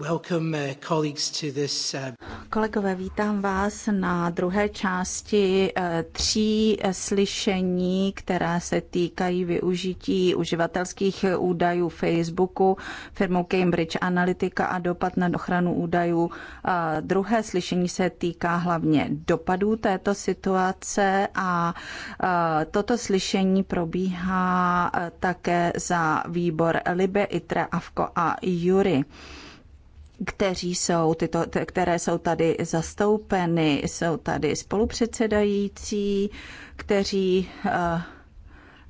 Uh, uh, Kolegové, vítám vás na druhé části eh, tří eh, slyšení, která se týkají využití uživatelských údajů Facebooku firmou Cambridge Analytica a dopad na ochranu údajů. Eh, druhé slyšení se týká hlavně dopadů této situace a toto slyšení probíhá také za výbor Libe, Itre, Avko a Jury kteří jsou tyto, které jsou tady zastoupeny. Jsou tady spolupředsedající, kteří eh,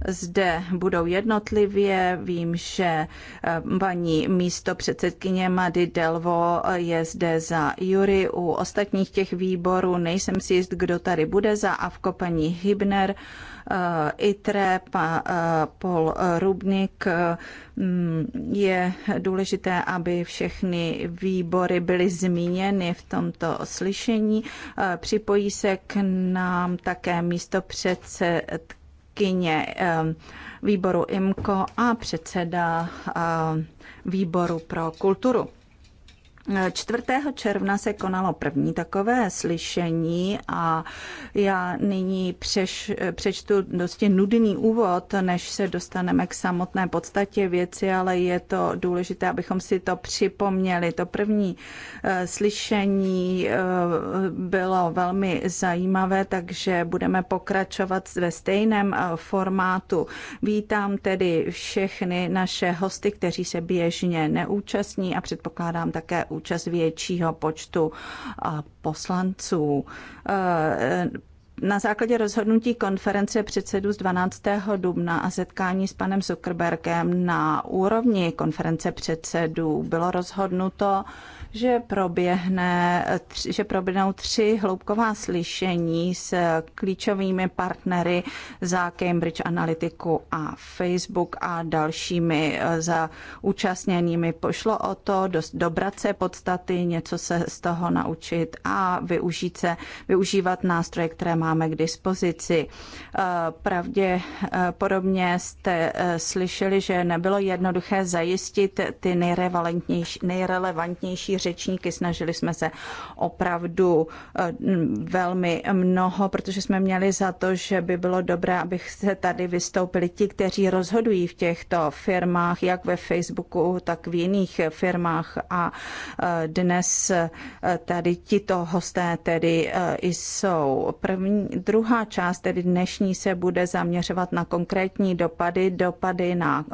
zde budou jednotlivě. Vím, že eh, paní místo předsedkyně Mady Delvo je zde za jury. U ostatních těch výborů nejsem si jist, kdo tady bude za Avko paní Hybner. Uh, Eh, ITRE, pa, eh, Paul Rubnik. Mm, je důležité, aby všechny výbory byly zmíněny v tomto slyšení. Eh, připojí se k nám také místo předsedkyně výboru IMKO a předseda výboru pro kulturu. 4. června se konalo první takové slyšení a já nyní přeš, přečtu dosti nudný úvod, než se dostaneme k samotné podstatě věci, ale je to důležité, abychom si to připomněli. To první eh, slyšení eh, bylo velmi zajímavé, takže budeme pokračovat ve stejném eh, formátu. Vítám tedy všechny naše hosty, kteří se běžně neúčastní a předpokládám také účast většího počtu poslanců. E, na základě rozhodnutí konference předsedů z 12. dubna a setkání s panem Zuckerbergem na úrovni konference předsedů bylo rozhodnuto, že, proběhne, že proběhnou tři hloubková slyšení s klíčovými partnery za Cambridge Analytiku a Facebook a dalšími eh, za účastněnými. Pošlo o to dost dobrat se podstaty, něco se z toho naučit a využít se, využívat nástroje, které máme k dispozici. Eh, Pravděpodobně eh, jste slyšeli, že nebylo jednoduché zajistit ty nejrelevantnější, nejrelevantnější řečníky, Snažili jsme se opravdu eh, velmi mnoho, protože jsme měli za to, že by bylo dobré, abych se tady vystoupili ti, kteří rozhodují v těchto firmách, jak ve Facebooku, tak v jiných firmách. A eh, dnes eh, tady tito hosté tedy jsou. První, druhá část, tedy dnešní, se bude zaměřovat na konkrétní dopady, dopady na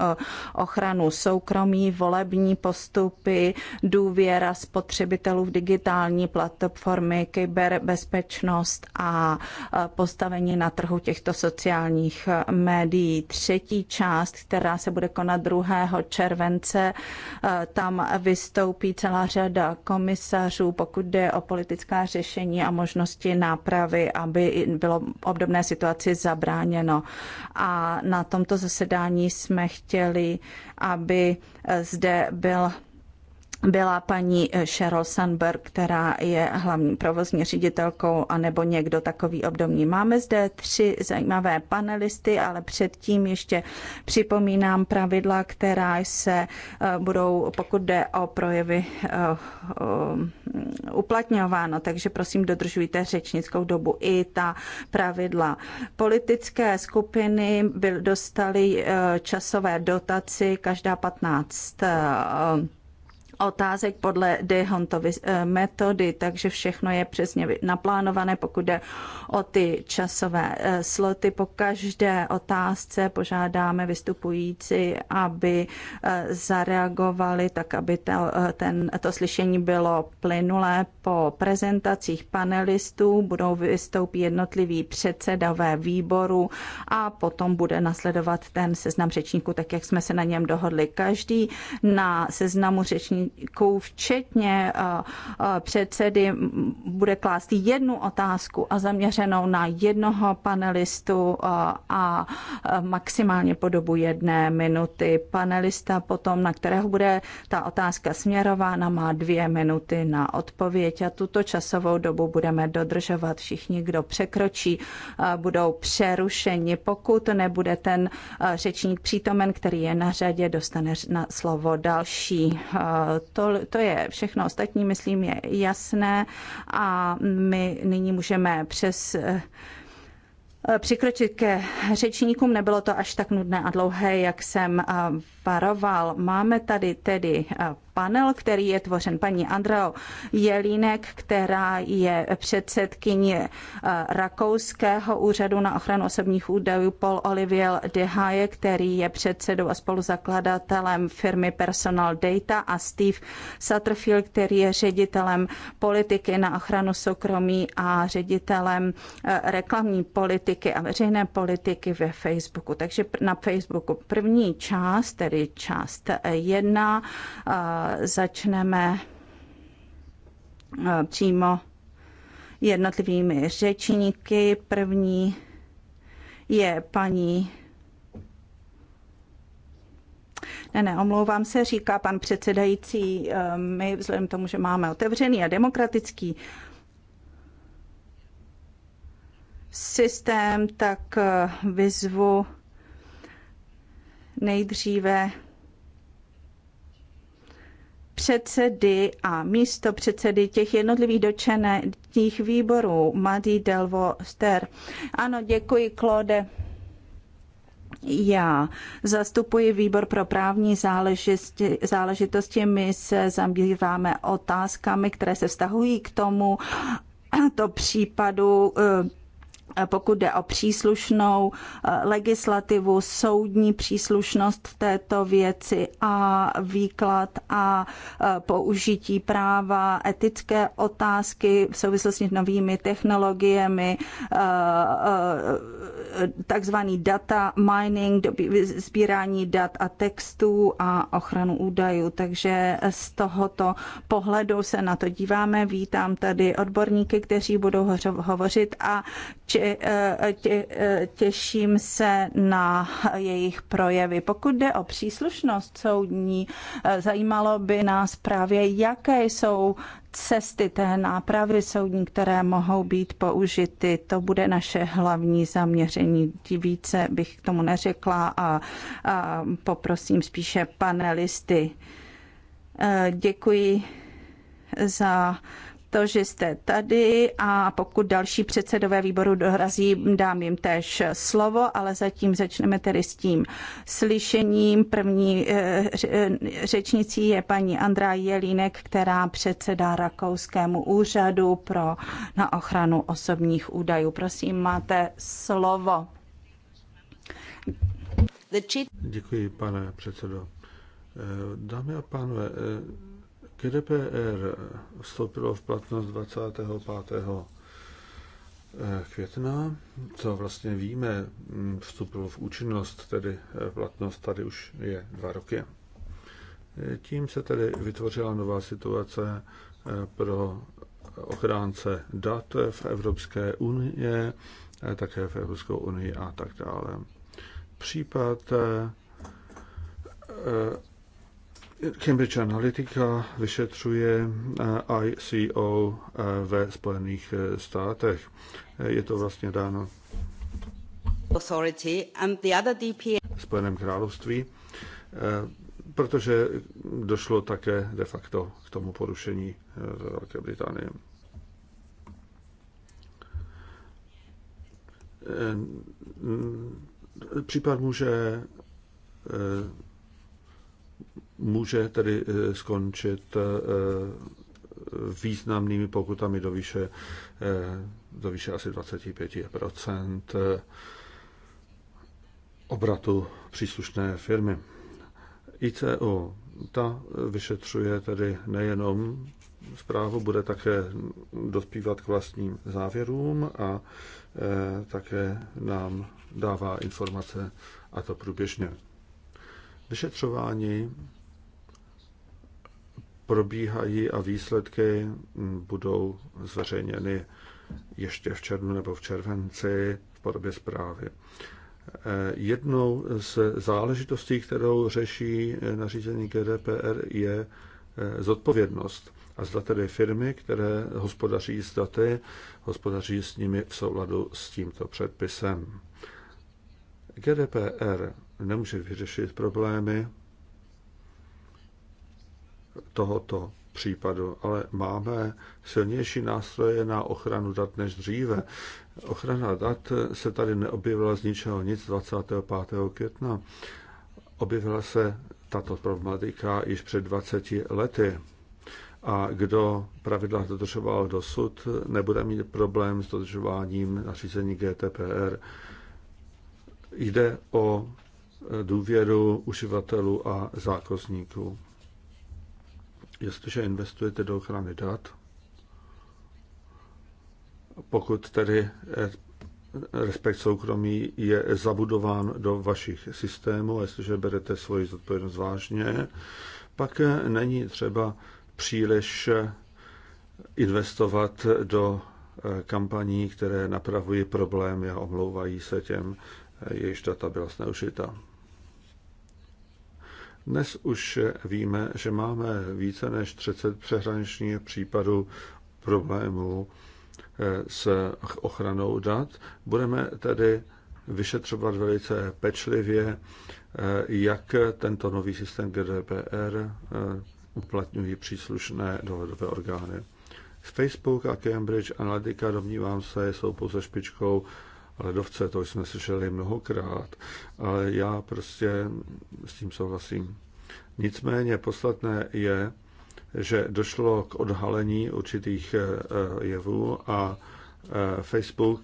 ochranu soukromí, volební postupy, důvěra spotřebitelů v digitální platformy, kyberbezpečnost a postavení na trhu těchto sociálních médií. Třetí část, která se bude konat 2. července, e, tam vystoupí celá řada komisařů, pokud jde o politická řešení a možnosti nápravy, aby bylo obdobné situaci zabráněno. A na tomto zasedání jsme chtěli, aby e, zde byl byla paní eh, Sheryl Sandberg, která je hlavní provozní ředitelkou, anebo někdo takový obdobný. Máme zde tři zajímavé panelisty, ale předtím ještě připomínám pravidla, která se eh, budou, pokud jde o projevy, eh, um, uplatňováno, takže prosím dodržujte řečnickou dobu i ta pravidla. Politické skupiny byl, dostali časové dotaci každá 15 otázek podle Dehontovy eh, metody, takže všechno je přesně naplánované, pokud jde o ty časové eh, sloty. Po každé otázce požádáme vystupující, aby eh, zareagovali tak, aby to, ten, to slyšení bylo plynulé. Po prezentacích panelistů budou vystoupit jednotliví předsedové výboru a potom bude nasledovat ten seznam řečníků, tak jak jsme se na něm dohodli. Každý na seznamu řečníků účastníků, včetně předsedy, bude klást jednu otázku a zaměřenou na jednoho panelistu a maximálně po dobu jedné minuty. Panelista potom, na kterého bude ta otázka směrována, má dvě minuty na odpověď a tuto časovou dobu budeme dodržovat všichni, kdo překročí, budou přerušeni. Pokud nebude ten řečník přítomen, který je na řadě, dostane na slovo další to, to je všechno ostatní, myslím, je jasné a my nyní můžeme přes eh, přikročit ke řečníkům. Nebylo to až tak nudné a dlouhé, jak jsem eh, varoval. Máme tady tedy eh, panel, který je tvořen paní Andreou Jelínek, která je předsedkyně eh, Rakouského úřadu na ochranu osobních údajů Paul Olivier Dehaye, který je předsedou a spoluzakladatelem firmy Personal Data a Steve Sutterfield, který je ředitelem politiky na ochranu soukromí a ředitelem eh, reklamní politiky a veřejné politiky ve Facebooku. Takže na Facebooku první část, tedy část eh, jedna, začneme eh, přímo jednotlivými řečníky. První je paní ne, ne, omlouvám se, říká pan předsedající, eh, my vzhledem k tomu, že máme otevřený a demokratický systém, tak eh, vyzvu nejdříve předsedy a místo předsedy těch jednotlivých dočených výborů, Madí Delvo Ster. Ano, děkuji, Claude. Já zastupuji výbor pro právní záležitosti, záležitosti. My se zabýváme otázkami, které se vztahují k tomu, to případu eh, Eh, pokud jde o příslušnou eh, legislativu, soudní příslušnost v této věci a výklad a eh, použití práva, etické otázky v souvislosti s novými technologiemi, takzvaný data mining, sbírání dat a textů a ochranu údajů. Takže z tohoto pohledu se na to díváme. Vítám tady odborníky, kteří budou hovořit a Eh, eh, těším se na jejich projevy. Pokud jde o příslušnost soudní, eh, zajímalo by nás právě, jaké jsou cesty té nápravy soudní, které mohou být použity, to bude naše hlavní zaměření. Více bych k tomu neřekla a, a poprosím spíše panelisty. Děkuji za to, že jste tady a pokud další předsedové výboru dorazí, dám jim též slovo, ale zatím začneme tedy s tím slyšením. První eh, eh, řečnicí je paní Andrá Jelínek, která předsedá Rakouskému úřadu pro, na ochranu osobních údajů. Prosím, máte slovo. Děkuji, pane předsedo. Eh, dámy a pánové, GDPR vstoupilo v platnost 25. Eh, května. Co vlastně víme, hm, vstoupilo v účinnost, tedy eh, platnost tady už je dva roky. Eh, tím se tedy vytvořila nová situace pro ochránce dat v Evropské unii, také v Evropskou unii a tak dále. Případ Cambridge Analytica vyšetřuje eh, ICO eh, ve Spojených eh, státech. Je to vlastně dáno Spojeném království, protože došlo také de facto k tomu porušení Velké Británie. Případ může může tedy eh, skončit eh, významnými pokutami do výše, eh, do výše asi 25 obratu příslušné firmy. ICO, ta vyšetřuje tedy nejenom zprávu, bude také dospívat k vlastním závěrům a také nám dává informace a to průběžně. Vyšetřování probíhají a výsledky budou zveřejněny ještě v červnu nebo v červenci v podobě zprávy. Eh, jednou z záležitostí, kterou řeší nařízení GDPR, je eh, zodpovědnost. A zda tedy firmy, které hospodaří s daty, hospodaří s nimi v souladu s tímto předpisem. GDPR nemůže vyřešit problémy, tohoto případu, ale máme silnější nástroje na ochranu dat než dříve. Ochrana dat se tady neobjevila z ničeho nic 25. května. Objevila se tato problematika již před 20 lety. A kdo pravidla dodržoval dosud, nebude mít problém s dodržováním nařízení GTPR. Jde o důvěru uživatelů a zákazníků jestliže investujete do ochrany dat, pokud tedy eh, respekt soukromí je zabudován do vašich systémů, jestliže berete svoji zodpovědnost vážně, pak eh, není třeba příliš eh, investovat do kampaní, které napravují problémy a omlouvají se těm, jejichž data byla zneužita. Dnes už víme, že máme více než 30 přehraničních případů problémů eh, s ochranou dat. Budeme tedy vyšetřovat velice pečlivě, eh, jak tento nový systém GDPR eh, uplatňují příslušné dohledové orgány. Facebook a Cambridge Analytica, domnívám se, jsou pouze špičkou ledovce, to jsme slyšeli mnohokrát, ale já prostě s tím souhlasím. Nicméně podstatné je, že došlo k odhalení určitých eh, eh, jevů a eh, Facebook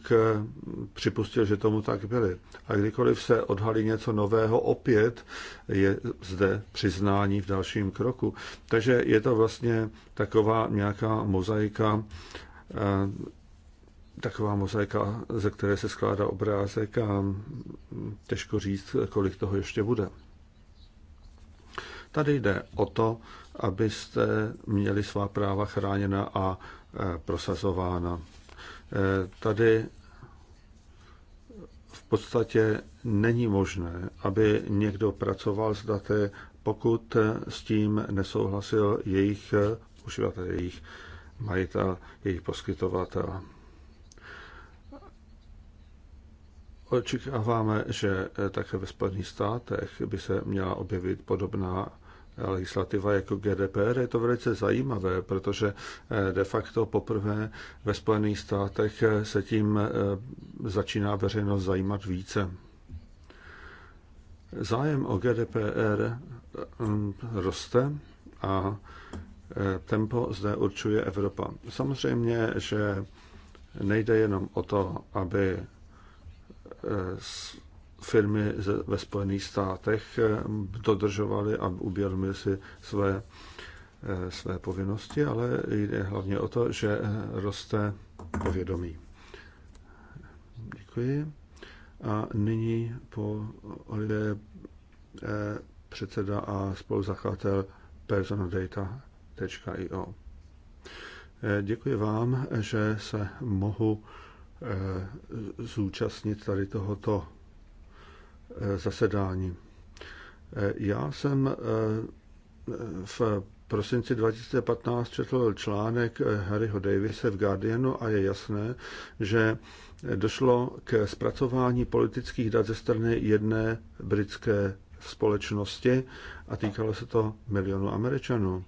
připustil, že tomu tak byly. A kdykoliv se odhalí něco nového, opět je zde přiznání v dalším kroku. Takže je to vlastně taková nějaká mozaika taková mozaika, ze které se skládá obrázek a těžko říct, kolik toho ještě bude. Tady jde o to, abyste měli svá práva chráněna a e, prosazována. E, tady v podstatě není možné, aby někdo pracoval s daty, pokud s tím nesouhlasil jejich uživatel, jejich majitel, jejich poskytovatel. Očekáváme, že eh, také ve Spojených státech by se měla objevit podobná eh, legislativa jako GDPR. Je to velice zajímavé, protože eh, de facto poprvé ve Spojených státech se tím začíná veřejnost zajímat více. Zájem o GDPR mm, roste a tempo zde určuje Evropa. Samozřejmě, že nejde jenom o to, aby Eh, firmy ve Spojených státech eh, dodržovaly a uvědomily si své, eh, své povinnosti, ale jde hlavně o to, že roste povědomí. Děkuji. A nyní po lidé předseda a spoluzakladatel personadata.io. Děkuji vám, že se mohu Eh, zúčastnit tady tohoto eh, zasedání. Eh, já jsem v prosinci 2015 četl článek Harryho Davise v Guardianu a je jasné, že došlo k zpracování politických dat ze strany jedné britské společnosti a týkalo se to milionu Američanů.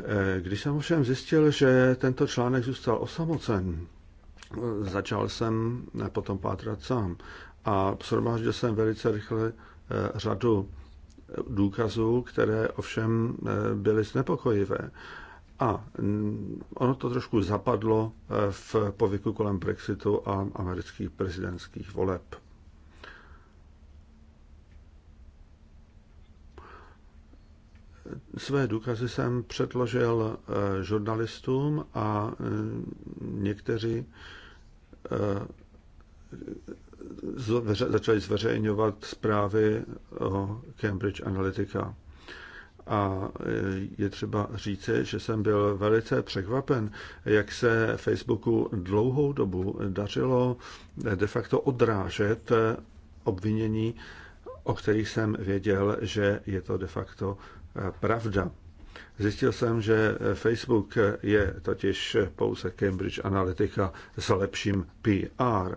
Eh, když jsem ovšem zjistil, že tento článek zůstal osamocen, eh, začal jsem eh, potom pátrat sám a shromáždil jsem velice rychle řadu důkazů, které ovšem byly znepokojivé. A mm, ono to trošku zapadlo v povyku kolem Brexitu a amerických prezidentských voleb. Své důkazy jsem předložil eh, žurnalistům a eh, někteří eh, začali zveřejňovat zprávy o Cambridge Analytica. A je třeba říci, že jsem byl velice překvapen, jak se Facebooku dlouhou dobu dařilo de facto odrážet obvinění, o kterých jsem věděl, že je to de facto pravda. Zjistil jsem, že Facebook je totiž pouze Cambridge Analytica s lepším PR.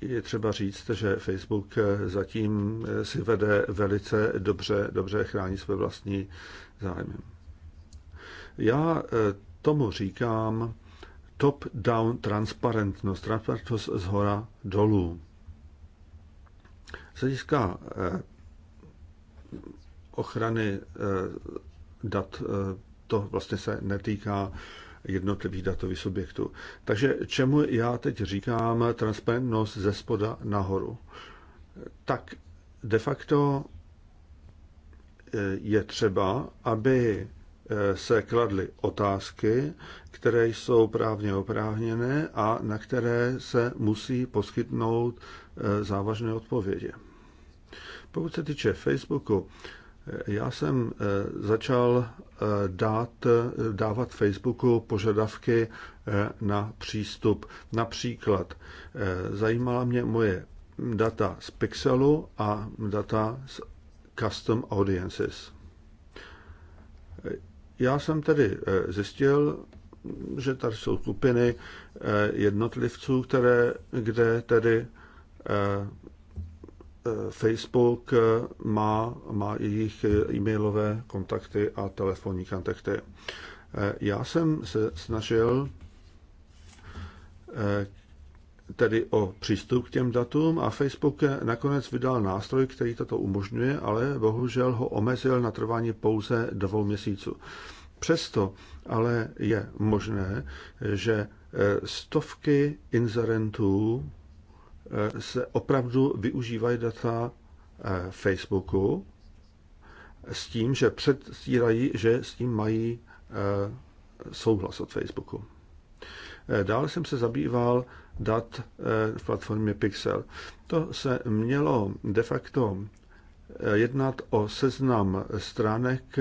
Je třeba říct, že Facebook zatím si vede velice dobře, dobře chrání své vlastní zájmy. Já eh, tomu říkám top-down transparentnost, transparentnost z hora dolů. Z hlediska eh, ochrany eh, dat eh, to vlastně se netýká jednotlivých datových subjektů. Takže čemu já teď říkám transparentnost ze spoda nahoru? Tak de facto je třeba, aby se kladly otázky, které jsou právně oprávněné a na které se musí poskytnout závažné odpovědi. Pokud se týče Facebooku, eh, já jsem eh, začal eh, dát, dávat Facebooku požadavky na přístup. Například zajímala mě moje data z Pixelu a data z Custom Audiences. Já jsem tedy zjistil, že tady jsou skupiny jednotlivců, které, kde tedy Eh, Facebook eh, má, má jejich eh, e-mailové kontakty a telefonní kontakty. Já jsem se snažil tedy o přístup k těm datům a Facebook nakonec vydal nástroj, který toto umožňuje, ale bohužel ho omezil na trvání pouze dvou měsíců. Přesto ale je možné, že stovky inzerentů Eh, se opravdu využívají data eh, Facebooku s tím, že předstírají, že s tím mají eh, souhlas od Facebooku. Dále jsem se zabýval dat v platformě Pixel. To se mělo de facto jednat o seznam stránek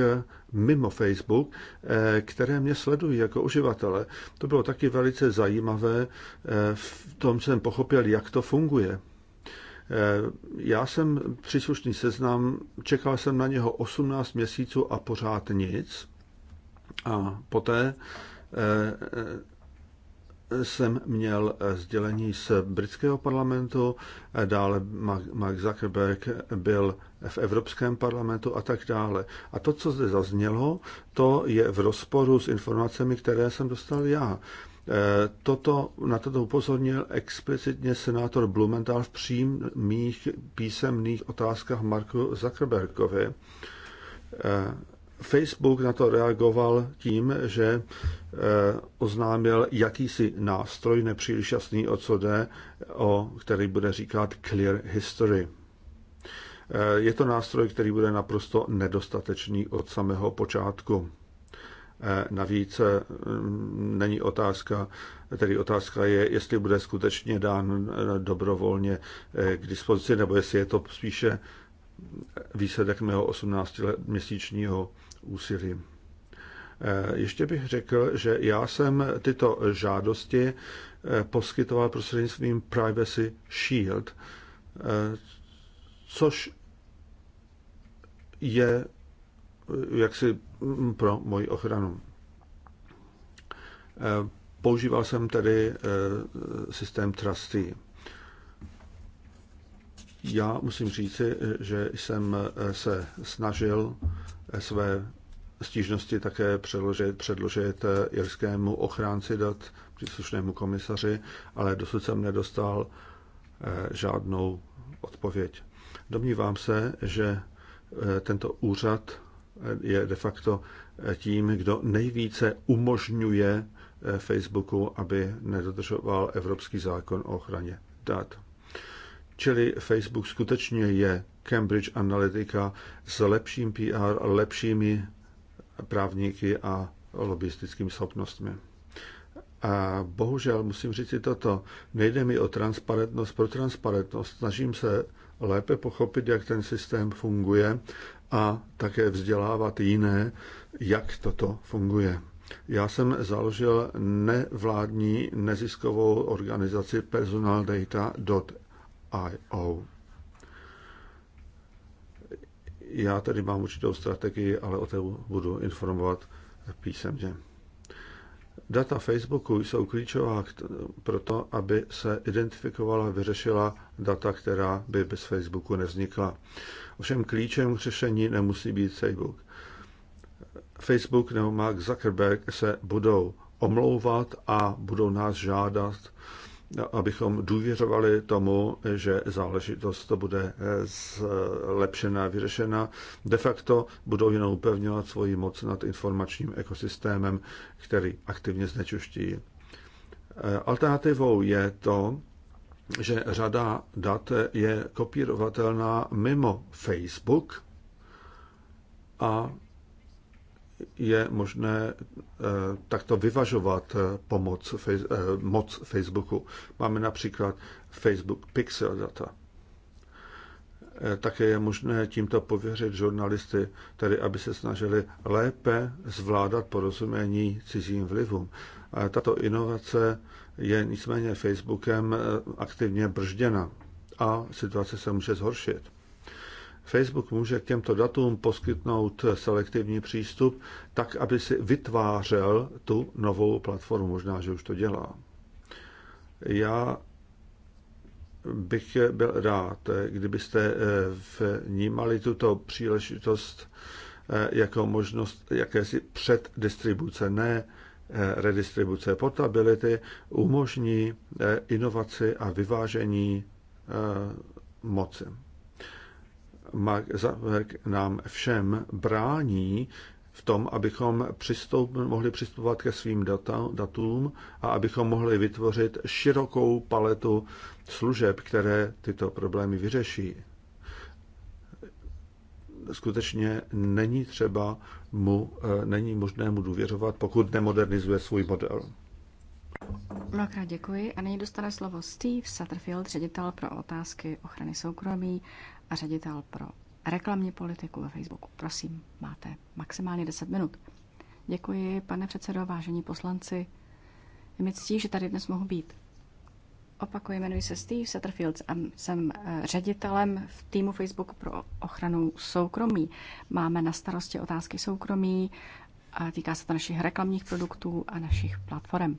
mimo Facebook, eh, které mě sledují jako uživatele. To bylo taky velice zajímavé, eh, v tom jsem pochopil, jak to funguje. Eh, já jsem příslušný seznam, čekal jsem na něho 18 měsíců a pořád nic. A poté jsem měl eh, sdělení z britského parlamentu, eh, dále Mark Zuckerberg byl v Evropském parlamentu a tak dále. A to, co zde zaznělo, to je v rozporu s informacemi, které jsem dostal já. Eh, toto, na toto upozornil explicitně senátor Blumenthal v přímých písemných otázkách Marku Zuckerbergovi. Facebook na to reagoval tím, že eh, oznámil jakýsi nástroj, nepříliš jasný, o co jde, o který bude říkat Clear History. Eh, je to nástroj, který bude naprosto nedostatečný od samého počátku. Eh, navíc není otázka, tedy otázka je, jestli bude skutečně dán dobrovolně k dispozici, nebo jestli je to spíše výsledek mého 18-měsíčního úsilí. Eh, ještě bych řekl, že já jsem tyto žádosti eh, poskytoval prostřednictvím Privacy Shield, eh, což je jaksi mm, pro moji ochranu. Používal jsem tedy systém Trusty. Já musím říci, že jsem se snažil své stížnosti také předložit, předložit eh, jirskému ochránci dat příslušnému komisaři, ale dosud jsem nedostal eh, žádnou odpověď. Domnívám se, že eh, tento úřad je de facto tím, kdo nejvíce umožňuje Facebooku, aby nedodržoval evropský zákon o ochraně dat. Čili Facebook skutečně je Cambridge Analytica s lepším PR, lepšími právníky a lobbystickými schopnostmi. A bohužel musím říct si toto, nejde mi o transparentnost pro transparentnost, snažím se lépe pochopit, jak ten systém funguje a také vzdělávat jiné, jak toto funguje. Já jsem založil nevládní neziskovou organizaci personaldata.io já tady mám určitou strategii, ale o té budu informovat písemně. Data Facebooku jsou klíčová pro to, aby se identifikovala, vyřešila data, která by bez Facebooku nevznikla. Ovšem klíčem k řešení nemusí být Facebook. Facebook nebo Mark Zuckerberg se budou omlouvat a budou nás žádat, No, abychom důvěřovali tomu, že záležitost to bude eh, zlepšená, vyřešena. De facto budou jenom upevňovat svoji moc nad informačním ekosystémem, který aktivně znečuští. Eh, alternativou je to, že řada dat je kopírovatelná mimo Facebook a je možné eh, takto vyvažovat eh, pomoc, eh, moc Facebooku. Máme například Facebook Pixel data. Také je možné tímto pověřit žurnalisty, tedy aby se snažili lépe zvládat porozumění cizím vlivům. Tato inovace je nicméně Facebookem aktivně bržděna a situace se může zhoršit. Facebook může k těmto datům poskytnout selektivní přístup, tak aby si vytvářel tu novou platformu. Možná, že už to dělá. Já bych byl rád, kdybyste eh, vnímali tuto příležitost eh, jako možnost jakési předdistribuce, ne eh, redistribuce. Portability umožní inovaci a vyvážení moci. Mark nám všem brání v tom, abychom přistoup, mohli přistupovat ke svým data, datům a abychom mohli vytvořit širokou paletu služeb, které tyto problémy vyřeší. Skutečně není třeba mu, eh, není možné mu důvěřovat, pokud nemodernizuje svůj model. Mnohokrát děkuji a nyní dostane slovo Steve Sutterfield, ředitel pro otázky ochrany soukromí a ředitel pro reklamní politiku ve Facebooku. Prosím, máte maximálně 10 minut. Děkuji, pane předsedo, vážení poslanci. Je mi ctí, že tady dnes mohu být. Opakuji, jmenuji se Steve Satterfield a jsem eh, ředitelem v týmu Facebooku pro ochranu soukromí. Máme na starosti otázky soukromí, a týká se to našich reklamních produktů a našich platform.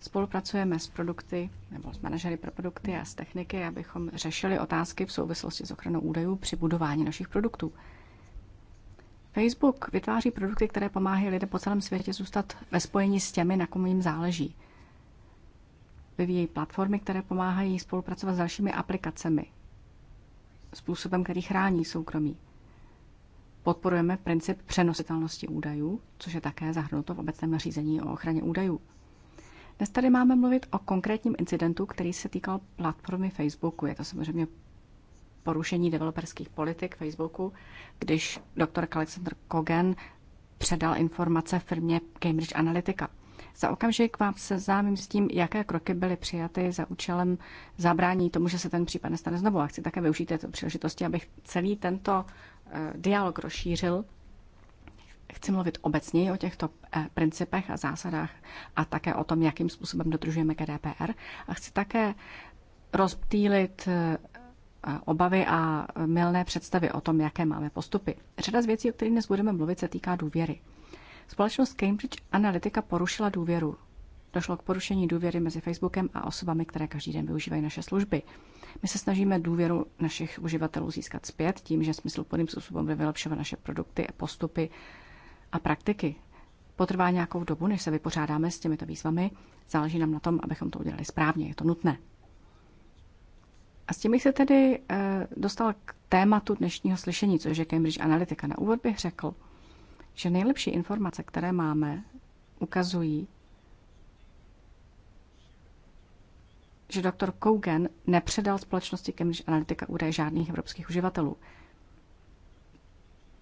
Spolupracujeme s produkty nebo s manažery pro produkty a s techniky, abychom řešili otázky v souvislosti s ochranou údajů při budování našich produktů. Facebook vytváří produkty, které pomáhají lidem po celém světě zůstat ve spojení s těmi, na kom jim záleží. Vyvíjí platformy, které pomáhají spolupracovat s dalšími aplikacemi, způsobem, který chrání soukromí. Podporujeme princip přenositelnosti údajů, což je také zahrnuto v obecném nařízení o ochraně údajů. Dnes tady máme mluvit o konkrétním incidentu, který se týkal platformy Facebooku. Je to samozřejmě porušení developerských politik Facebooku, když doktor Alexander Kogan předal informace firmě Cambridge Analytica. Za okamžik vám zámím s tím, jaké kroky byly přijaty za účelem zabrání tomu, že se ten případ nestane znovu. A chci také využít této příležitosti, abych celý tento eh, dialog rozšířil Chci mluvit obecněji o těchto eh, principech a zásadách a také o tom, jakým způsobem dodržujeme GDPR. A chci také rozptýlit eh, obavy a milné představy o tom, jaké máme postupy. Řada z věcí, o kterých dnes budeme mluvit, se týká důvěry. Společnost Cambridge Analytica porušila důvěru. Došlo k porušení důvěry mezi Facebookem a osobami, které každý den využívají naše služby. My se snažíme důvěru našich uživatelů získat zpět tím, že smysluplným způsobem vylepšovat naše produkty, postupy a praktiky. Potrvá nějakou dobu, než se vypořádáme s těmito výzvami. Záleží nám na tom, abychom to udělali správně. Je to nutné. A s tím bych se tedy eh, dostal k tématu dnešního slyšení, což je Cambridge Analytica. Na úvod bych řekl, že nejlepší informace, které máme, ukazují, že doktor Kogan nepředal společnosti Cambridge Analytica údaje žádných evropských uživatelů.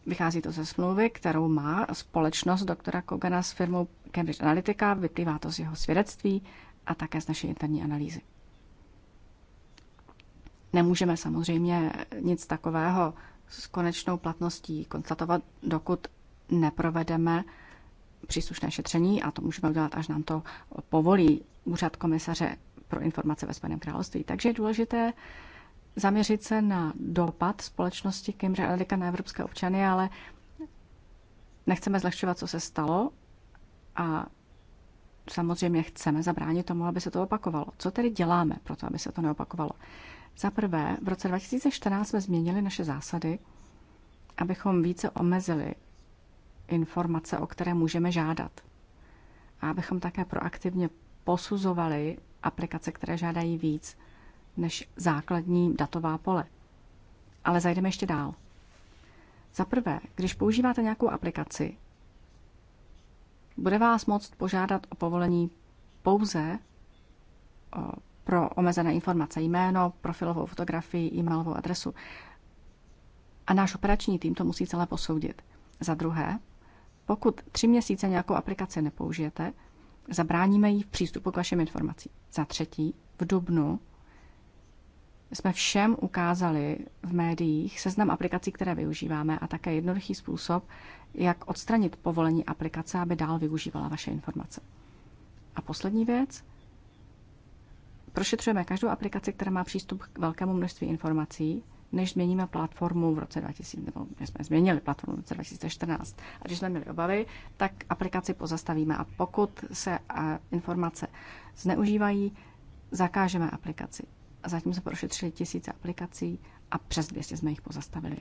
Vychází to ze smlouvy, kterou má společnost doktora Kogana s firmou Cambridge Analytica, vyplývá to z jeho svědectví a také z naší interní analýzy. Nemůžeme samozřejmě nic takového s konečnou platností konstatovat, dokud neprovedeme příslušné šetření a to můžeme udělat, až nám to povolí úřad komisaře pro informace ve Spojeném království. Takže je důležité zaměřit se na dopad společnosti Cambridge Analytica na evropské občany, ale nechceme zlehčovat, co se stalo a samozřejmě chceme zabránit tomu, aby se to opakovalo. Co tedy děláme pro to, aby se to neopakovalo? Za prvé, v roce 2014 jsme změnili naše zásady, abychom více omezili informace, o které můžeme žádat. A abychom také proaktivně posuzovali aplikace, které žádají víc – než základní datová pole. Ale zajdeme ještě dál. Za prvé, když používáte nějakou aplikaci, bude vás moct požádat o povolení pouze pro omezené informace, jméno, profilovou fotografii, e-mailovou adresu. A náš operační tým to musí celé posoudit. Za druhé, pokud tři měsíce nějakou aplikaci nepoužijete, zabráníme jí v přístupu k vašim informacím. Za třetí, v dubnu jsme všem ukázali v médiích seznam aplikací, které využíváme a také jednoduchý způsob, jak odstranit povolení aplikace, aby dál využívala vaše informace. A poslední věc. Prošetřujeme každou aplikaci, která má přístup k velkému množství informací, než změníme platformu v roce 2000, nebo než jsme změnili platformu v roce 2014. A když jsme měli obavy, tak aplikaci pozastavíme a pokud se eh, informace zneužívají, zakážeme aplikaci a zatím se prošetřili tisíce aplikací a přes 200 jsme jich pozastavili.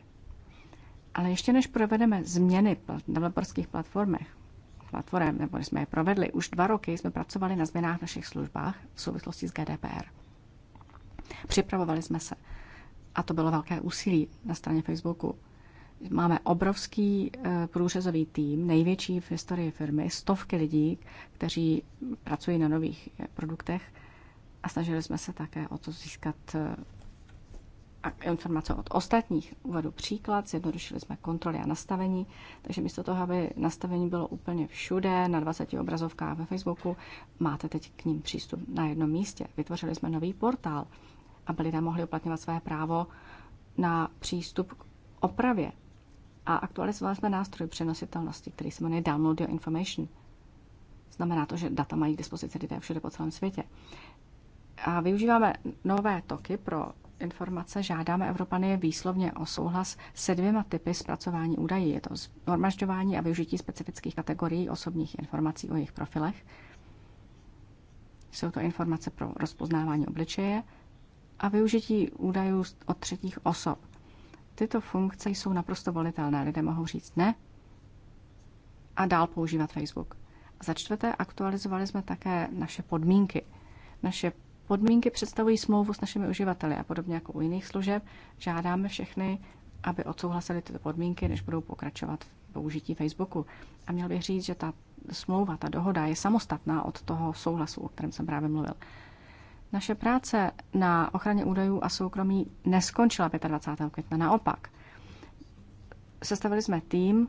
Ale ještě než provedeme změny na developerských platformech, platform, nebo jsme je provedli, už dva roky jsme pracovali na změnách v našich službách v souvislosti s GDPR. Připravovali jsme se. A to bylo velké úsilí na straně Facebooku. Máme obrovský eh, průřezový tým, největší v historii firmy, stovky lidí, kteří pracují na nových eh, produktech – a snažili jsme se také o to získat eh, informace od ostatních. Uvedu příklad, zjednodušili jsme kontroly a nastavení, takže místo toho, aby nastavení bylo úplně všude, na 20 obrazovkách ve Facebooku, máte teď k ním přístup na jednom místě. Vytvořili jsme nový portál, aby lidé mohli uplatňovat své právo na přístup k opravě. A aktualizovali jsme nástroj přenositelnosti, který se jmenuje Download Your Information. Znamená to, že data mají k dispozici lidé všude po celém světě. A využíváme nové toky pro informace, žádáme Evropany výslovně o souhlas se dvěma typy zpracování údají. Je to zhromažďování a využití specifických kategorií osobních informací o jejich profilech. Jsou to informace pro rozpoznávání obličeje a využití údajů od třetích osob. Tyto funkce jsou naprosto volitelné. Lidé mohou říct ne a dál používat Facebook. Za čtvrté, aktualizovali jsme také naše podmínky. Naše Podmínky představují smlouvu s našimi uživateli a podobně jako u jiných služeb žádáme všechny, aby odsouhlasili tyto podmínky, než budou pokračovat v použití Facebooku. A měl bych říct, že ta smlouva, ta dohoda je samostatná od toho souhlasu, o kterém jsem právě mluvil. Naše práce na ochraně údajů a soukromí neskončila 25. května, naopak. Sestavili jsme tým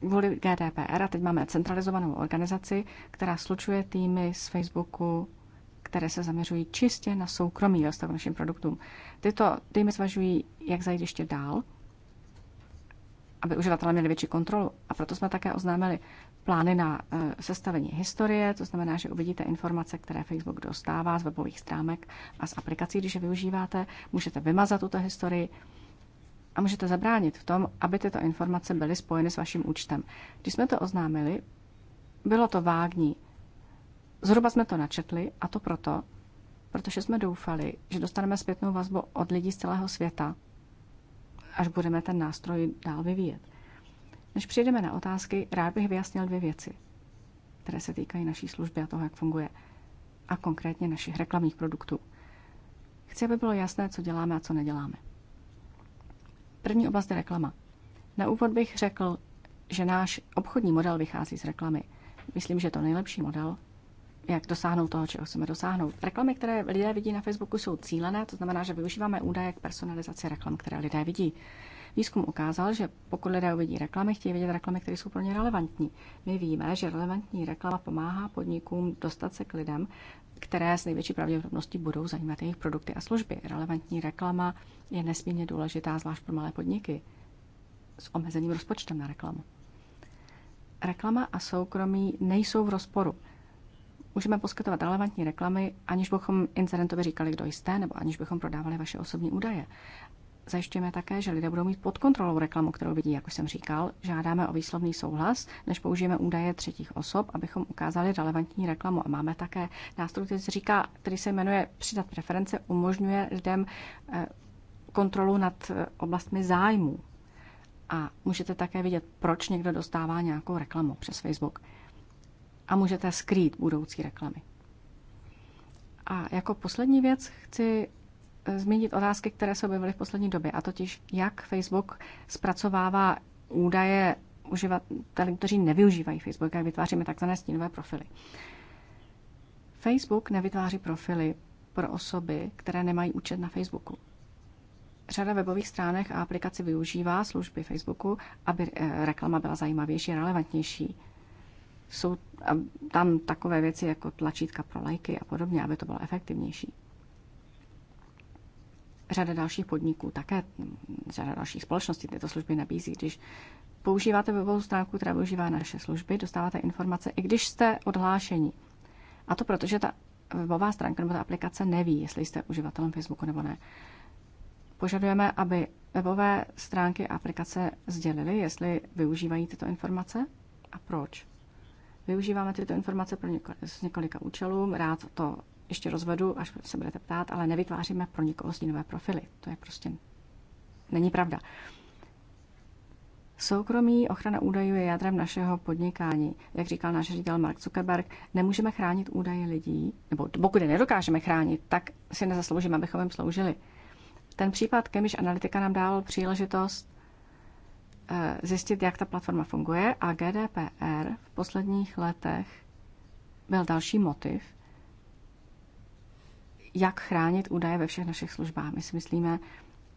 kvůli GDPR a teď máme centralizovanou organizaci, která slučuje týmy z Facebooku, které se zaměřují čistě na soukromý vztah k našim produktům. Tyto týmy zvažují, jak zajít ještě dál, aby uživatelé měli větší kontrolu. A proto jsme také oznámili plány na eh, sestavení historie, to znamená, že uvidíte informace, které Facebook dostává z webových stránek a z aplikací, když je využíváte. Můžete vymazat tuto historii a můžete zabránit v tom, aby tyto informace byly spojeny s vaším účtem. Když jsme to oznámili, bylo to vágní. Zhruba jsme to načetli a to proto, protože jsme doufali, že dostaneme zpětnou vazbu od lidí z celého světa, až budeme ten nástroj dál vyvíjet. Než přijdeme na otázky, rád bych vyjasnil dvě věci, které se týkají naší služby a toho, jak funguje, a konkrétně našich reklamních produktů. Chci, aby bylo jasné, co děláme a co neděláme. První oblast je reklama. Na úvod bych řekl, že náš obchodní model vychází z reklamy. Myslím, že je to nejlepší model, jak dosáhnout toho, čeho chceme dosáhnout. Reklamy, které lidé vidí na Facebooku, jsou cílené, to znamená, že využíváme údaje k personalizaci reklam, které lidé vidí. Výzkum ukázal, že pokud lidé uvidí reklamy, chtějí vidět reklamy, které jsou pro ně relevantní. My víme, že relevantní reklama pomáhá podnikům dostat se k lidem, které s největší pravděpodobností budou zajímat jejich produkty a služby. Relevantní reklama je nesmírně důležitá, zvlášť pro malé podniky s omezeným rozpočtem na reklamu. Reklama a soukromí nejsou v rozporu. Můžeme poskytovat relevantní reklamy, aniž bychom incidentovi říkali, kdo jste, nebo aniž bychom prodávali vaše osobní údaje. Zajišťujeme také, že lidé budou mít pod kontrolou reklamu, kterou vidí, jak už jsem říkal. Žádáme o výslovný souhlas, než použijeme údaje třetích osob, abychom ukázali relevantní reklamu. A máme také nástroj, který se, říká, který se jmenuje Přidat preference, umožňuje lidem eh, kontrolu nad eh, oblastmi zájmu. A můžete také vidět, proč někdo dostává nějakou reklamu přes Facebook a můžete skrýt budoucí reklamy. A jako poslední věc chci eh, zmínit otázky, které se objevily v poslední době, a totiž jak Facebook zpracovává údaje uživatelů, kteří nevyužívají Facebook, jak vytváříme takzvané stínové profily. Facebook nevytváří profily pro osoby, které nemají účet na Facebooku. Řada webových stránek a aplikací využívá služby Facebooku, aby eh, reklama byla zajímavější a relevantnější jsou tam takové věci jako tlačítka pro lajky a podobně, aby to bylo efektivnější. Řada dalších podniků také, řada dalších společností tyto služby nabízí. Když používáte webovou stránku, která využívá naše služby, dostáváte informace, i když jste odhlášení. A to proto, že ta webová stránka nebo ta aplikace neví, jestli jste uživatelem Facebooku nebo ne. Požadujeme, aby webové stránky a aplikace sdělily, jestli využívají tyto informace a proč. Využíváme tyto informace pro něko- z několika účelů. Rád to ještě rozvedu, až se budete ptát, ale nevytváříme pro nikoho stínové profily. To je prostě není pravda. Soukromí ochrana údajů je jádrem našeho podnikání. Jak říkal náš ředitel Mark Zuckerberg, nemůžeme chránit údaje lidí, nebo pokud je nedokážeme chránit, tak si nezasloužíme, abychom jim sloužili. Ten případ Kemiš Analytica nám dal příležitost Eh, zjistit, jak ta platforma funguje a GDPR v posledních letech byl další motiv, jak chránit údaje ve všech našich službách. My si myslíme,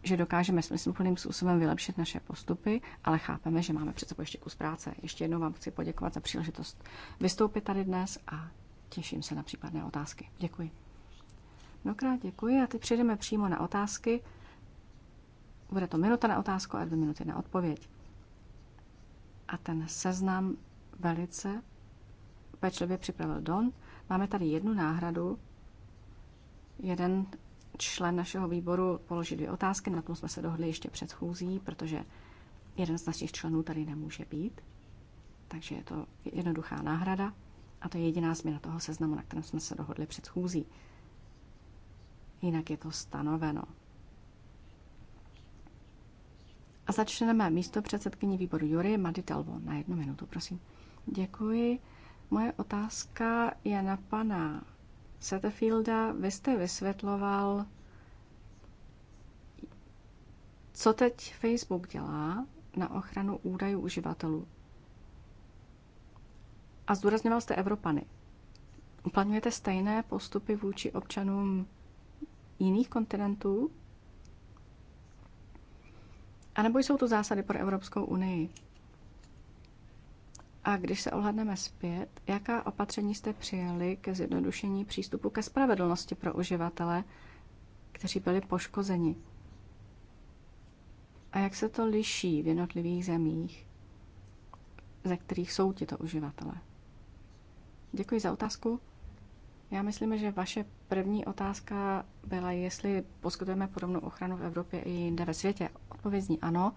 že dokážeme smysluplným způsobem vylepšit naše postupy, ale chápeme, že máme přece ještě kus práce. Ještě jednou vám chci poděkovat za příležitost vystoupit tady dnes a těším se na případné otázky. Děkuji. Mnohokrát děkuji a teď přejdeme přímo na otázky. Bude to minuta na otázku a dvě minuty na odpověď a ten seznam velice pečlivě připravil Don. Máme tady jednu náhradu. Jeden člen našeho výboru položil dvě otázky, na tom jsme se dohodli ještě předchůzí, protože jeden z našich členů tady nemůže být. Takže je to jednoduchá náhrada a to je jediná změna toho seznamu, na kterém jsme se dohodli předchůzí. Jinak je to stanoveno. A začneme místo předsedkyní výboru Jury Madi Delvo. Na jednu minutu, prosím. Děkuji. Moje otázka je na pana Setefielda. Vy jste vysvětloval, co teď Facebook dělá na ochranu údajů uživatelů. A zdůrazňoval jste Evropany. Uplňujete stejné postupy vůči občanům jiných kontinentů? A nebo jsou to zásady pro Evropskou unii? A když se ohledneme zpět, jaká opatření jste přijali ke zjednodušení přístupu ke spravedlnosti pro uživatele, kteří byli poškozeni? A jak se to liší v jednotlivých zemích, ze kterých jsou tito uživatelé? Děkuji za otázku. Já myslím, že vaše první otázka byla, jestli poskytujeme podobnou ochranu v Evropě i jinde ve světě. Odpověď zní ano.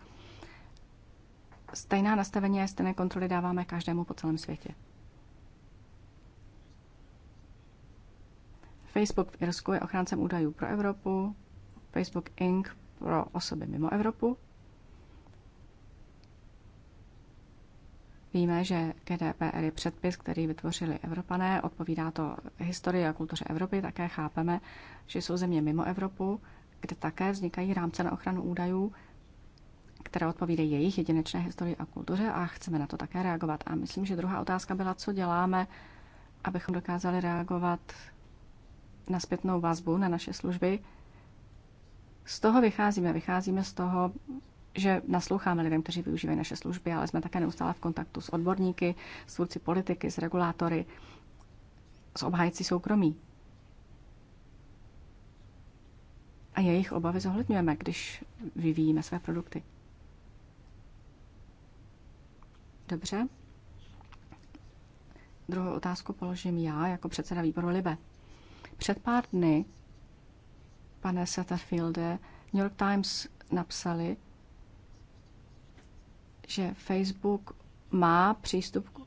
Stejná nastavení a stejné kontroly dáváme každému po celém světě. Facebook v Irsku je ochráncem údajů pro Evropu, Facebook Inc. pro osoby mimo Evropu. Víme, že GDPR je předpis, který vytvořili Evropané, odpovídá to historii a kultuře Evropy, také chápeme, že jsou země mimo Evropu, kde také vznikají rámce na ochranu údajů, které odpovídají jejich jedinečné historii a kultuře a chceme na to také reagovat. A myslím, že druhá otázka byla, co děláme, abychom dokázali reagovat na zpětnou vazbu, na naše služby. Z toho vycházíme. Vycházíme z toho, že nasloucháme lidem, kteří využívají naše služby, ale jsme také neustále v kontaktu s odborníky, s tvůrci politiky, s regulátory, s obhájci soukromí. A jejich obavy zohledňujeme, když vyvíjíme své produkty. Dobře. Druhou otázku položím já jako předseda výboru Libe. Před pár dny, pane Satterfielde, New York Times napsali, že Facebook má přístup k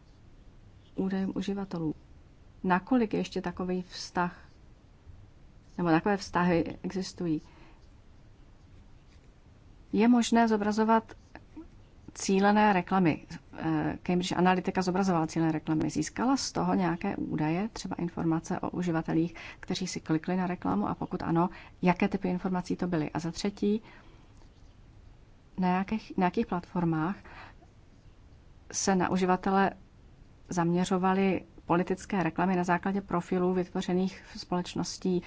údajům uživatelů. Nakolik ještě takový vztah, nebo takové vztahy existují? Je možné zobrazovat cílené reklamy. Eh, Cambridge Analytica zobrazovala cílené reklamy. Získala z toho nějaké údaje, třeba informace o uživatelích, kteří si klikli na reklamu a pokud ano, jaké typy informací to byly. A za třetí, na jakých, na jakých platformách se na uživatele zaměřovaly politické reklamy na základě profilů vytvořených v společností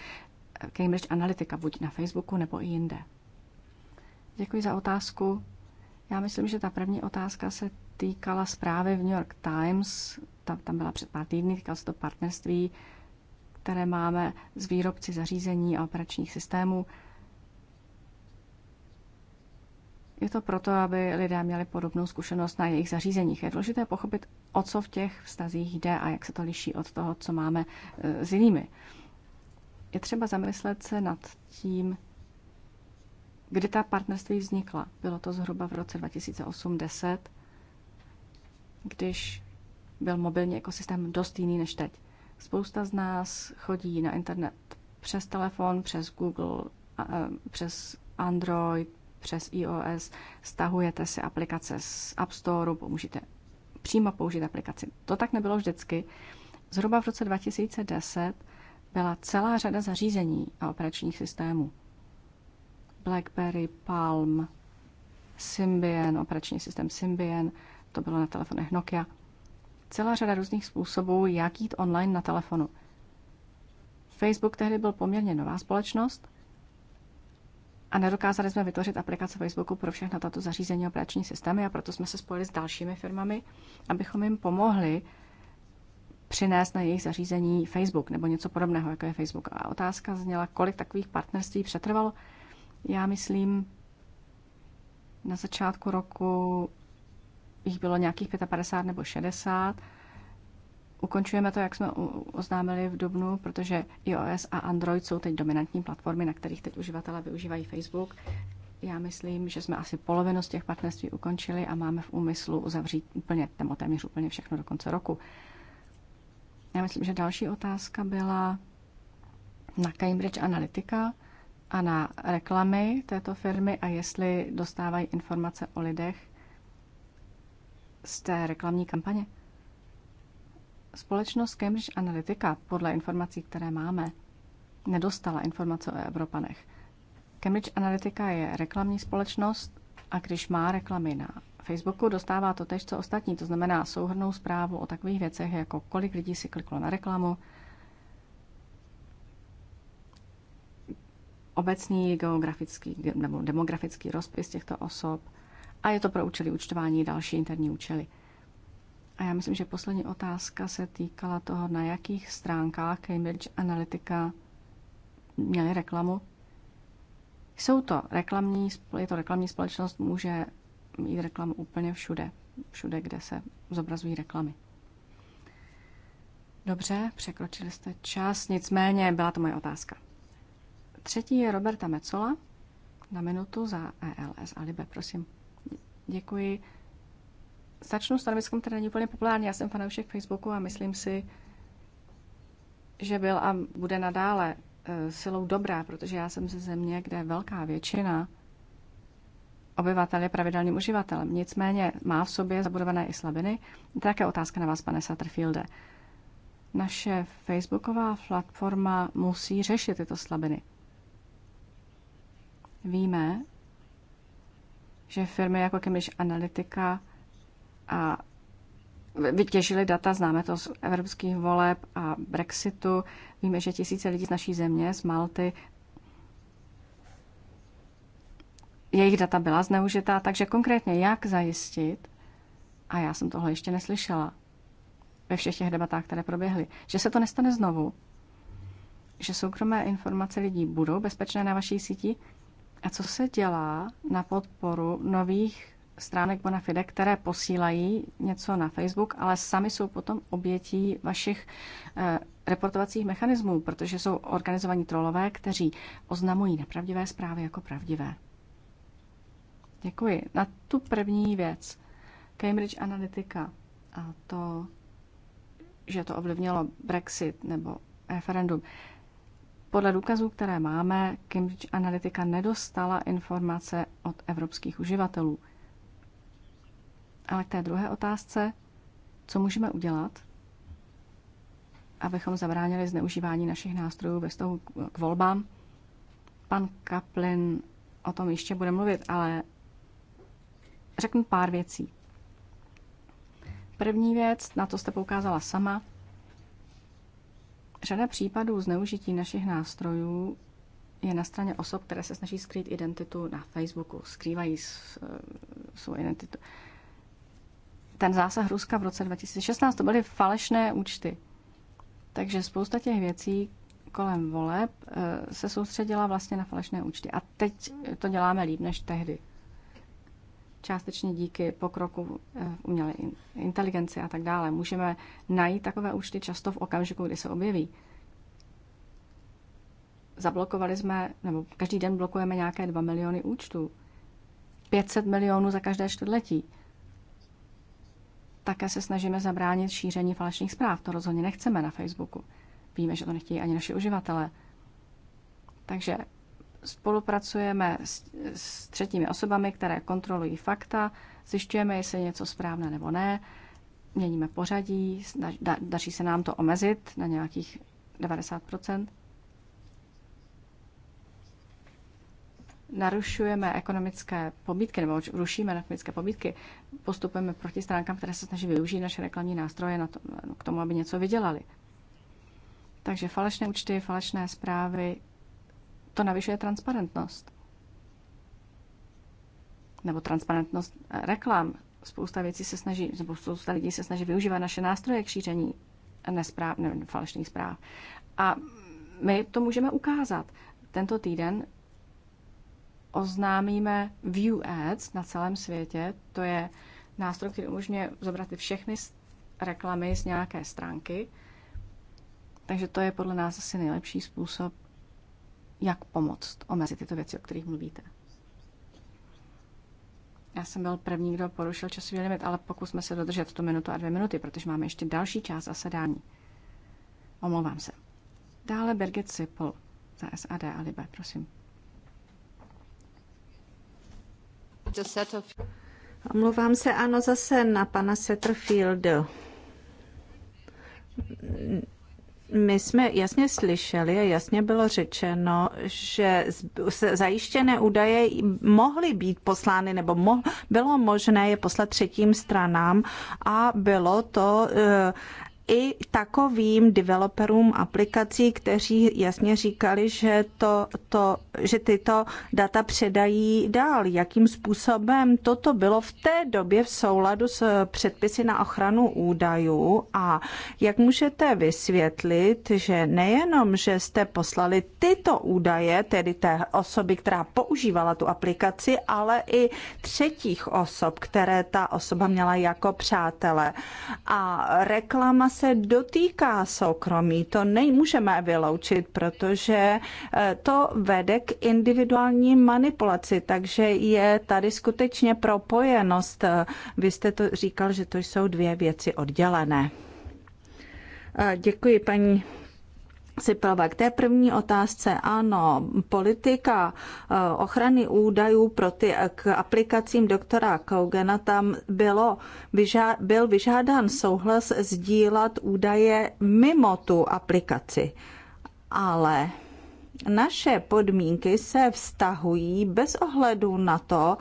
eh, Cambridge Analytica, buď na Facebooku nebo i jinde. Děkuji za otázku. Já myslím, že ta první otázka se týkala zprávy v New York Times, ta, tam byla před pár týdny, týkala se to partnerství, které máme s výrobci zařízení a operačních systémů. Je to proto, aby lidé měli podobnou zkušenost na jejich zařízeních. Je důležité pochopit, o co v těch vztazích jde a jak se to liší od toho, co máme e, s jinými. Je třeba zamyslet se nad tím, kdy ta partnerství vznikla. Bylo to zhruba v roce 2008-10, když byl mobilní ekosystém dost jiný než teď. Spousta z nás chodí na internet přes telefon, přes Google, přes Android, přes iOS, stahujete si aplikace z App Store, můžete přímo použít aplikaci. To tak nebylo vždycky. Zhruba v roce 2010 byla celá řada zařízení a operačních systémů. BlackBerry, Palm, Symbian, operační systém Symbian, to bylo na telefonech Nokia. Celá řada různých způsobů, jak jít online na telefonu. Facebook tehdy byl poměrně nová společnost a nedokázali jsme vytvořit aplikace Facebooku pro všechna tato zařízení a operační systémy a proto jsme se spojili s dalšími firmami, abychom jim pomohli přinést na jejich zařízení Facebook nebo něco podobného, jako je Facebook. A otázka zněla, kolik takových partnerství přetrvalo. Já myslím, na začátku roku jich bylo nějakých 55 nebo 60. Ukončujeme to, jak jsme oznámili v Dubnu, protože iOS a Android jsou teď dominantní platformy, na kterých teď uživatelé využívají Facebook. Já myslím, že jsme asi polovinu z těch partnerství ukončili a máme v úmyslu uzavřít úplně, nebo téměř úplně všechno do konce roku. Já myslím, že další otázka byla na Cambridge Analytica a na reklamy této firmy a jestli dostávají informace o lidech z té reklamní kampaně. Společnost Cambridge Analytica, podle informací, které máme, nedostala informace o Evropanech. Cambridge Analytica je reklamní společnost a když má reklamy na Facebooku, dostává to tež, co ostatní, to znamená souhrnou zprávu o takových věcech, jako kolik lidí si kliklo na reklamu, obecný geografický nebo demografický rozpis těchto osob a je to pro účely účtování další interní účely. A já myslím, že poslední otázka se týkala toho, na jakých stránkách Cambridge Analytica měli reklamu. Jsou to reklamní, je to reklamní společnost, může mít reklamu úplně všude, všude, kde se zobrazují reklamy. Dobře, překročili jste čas, nicméně byla to moje otázka. Třetí je Roberta Mecola na minutu za ELS Alibe, prosím. Děkuji. Začnu stanoviskem, které není úplně populární. Já jsem fanoušek Facebooku a myslím si, že byl a bude nadále eh, silou dobrá, protože já jsem ze země, kde velká většina obyvatel je pravidelným uživatelem. Nicméně má v sobě zabudované i slabiny. Také otázka na vás, pane Satterfielde. Naše facebooková platforma musí řešit tyto slabiny. Víme, že firmy jako Cambridge Analytica a vytěžili data, známe to z evropských voleb a Brexitu. Víme, že tisíce lidí z naší země, z Malty, jejich data byla zneužitá, takže konkrétně jak zajistit, a já jsem tohle ještě neslyšela ve všech těch debatách, které proběhly, že se to nestane znovu, že soukromé informace lidí budou bezpečné na vaší síti, a co se dělá na podporu nových stránek Bonafide, které posílají něco na Facebook, ale sami jsou potom obětí vašich eh, reportovacích mechanismů, protože jsou organizovaní trolové, kteří oznamují nepravdivé zprávy jako pravdivé. Děkuji. Na tu první věc. Cambridge Analytica a to, že to ovlivnilo Brexit nebo referendum. Podle důkazů, které máme, Cambridge Analytica nedostala informace od evropských uživatelů. Ale k té druhé otázce, co můžeme udělat, abychom zabránili zneužívání našich nástrojů ve vztahu k volbám. Pan Kaplin o tom ještě bude mluvit, ale řeknu pár věcí. První věc, na to jste poukázala sama, Řada případů zneužití našich nástrojů je na straně osob, které se snaží skrýt identitu na Facebooku, skrývají eh, svou identitu. Ten zásah Ruska v roce 2016 to byly falešné účty. Takže spousta těch věcí kolem voleb eh, se soustředila vlastně na falešné účty. A teď to děláme líp než tehdy částečně díky pokroku eh, v umělé inteligenci a tak dále. Můžeme najít takové účty často v okamžiku, kdy se objeví. Zablokovali jsme, nebo každý den blokujeme nějaké 2 miliony účtů. 500 milionů za každé čtvrtletí. Také se snažíme zabránit šíření falešných zpráv. To rozhodně nechceme na Facebooku. Víme, že to nechtějí ani naši uživatelé. Takže Spolupracujeme s, s třetími osobami, které kontrolují fakta, zjišťujeme, jestli je něco správné nebo ne, měníme pořadí, da, daří se nám to omezit na nějakých 90 narušujeme ekonomické pobídky, nebo rušíme ekonomické pobídky, postupujeme proti stránkám, které se snaží využít naše reklamní nástroje na to, k tomu, aby něco vydělali. Takže falešné účty, falešné zprávy, to navyšuje transparentnost. Nebo transparentnost reklam. Spousta věcí se snaží, nebo spousta lidí se snaží využívat naše nástroje k šíření nespráv, ne, falešných zpráv. A my to můžeme ukázat. Tento týden oznámíme View Ads na celém světě. To je nástroj, který umožňuje zobrat všechny reklamy z nějaké stránky. Takže to je podle nás asi nejlepší způsob, jak pomoct omezit tyto věci, o kterých mluvíte. Já jsem byl první, kdo porušil časový limit, ale pokusme se dodržet tu minutu a dvě minuty, protože máme ještě další část zasedání. Omlouvám se. Dále Birgit Sipol za SAD a Libe, prosím. Omlouvám se, ano, zase na pana Setterfield my jsme jasně slyšeli a jasně bylo řečeno, že zajištěné údaje mohly být poslány nebo mo, bylo možné je poslat třetím stranám a bylo to eh, i takovým developerům aplikací, kteří jasně říkali, že, to, to, že tyto data předají dál. Jakým způsobem toto bylo v té době v souladu s předpisy na ochranu údajů a jak můžete vysvětlit, že nejenom, že jste poslali tyto údaje, tedy té osoby, která používala tu aplikaci, ale i třetích osob, které ta osoba měla jako přátele. A reklama se dotýká soukromí. To nemůžeme vyloučit, protože eh, to vede k individuální manipulaci, takže je tady skutečně propojenost. Eh, vy jste to říkal, že to jsou dvě věci oddělené. Eh, děkuji, paní Sipelve, k té první otázce, ano, politika eh, ochrany údajů pro ty eh, k aplikacím doktora Kaugena, tam bylo, vyžá, byl vyžádán souhlas sdílat údaje mimo tu aplikaci. Ale naše podmínky se vztahují bez ohledu na to,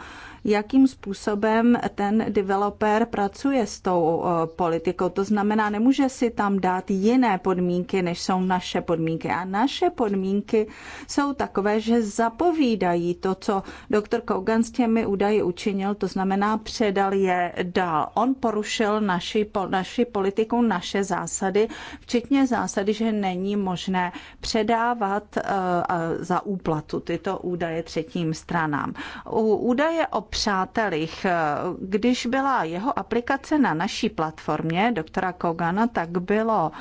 jakým způsobem ten developer pracuje s tou eh, politikou. To znamená, nemůže si tam dát jiné podmínky, než jsou naše podmínky. A naše podmínky jsou takové, že zapovídají to, co doktor Kogan s těmi údaji učinil, to znamená, předal je dál. On porušil naši, naši politiku, naše zásady, včetně zásady, že není možné předávat eh, za úplatu tyto údaje třetím stranám. Údaje o přátelích. Když byla jeho aplikace na naší platformě doktora Kogana, tak bylo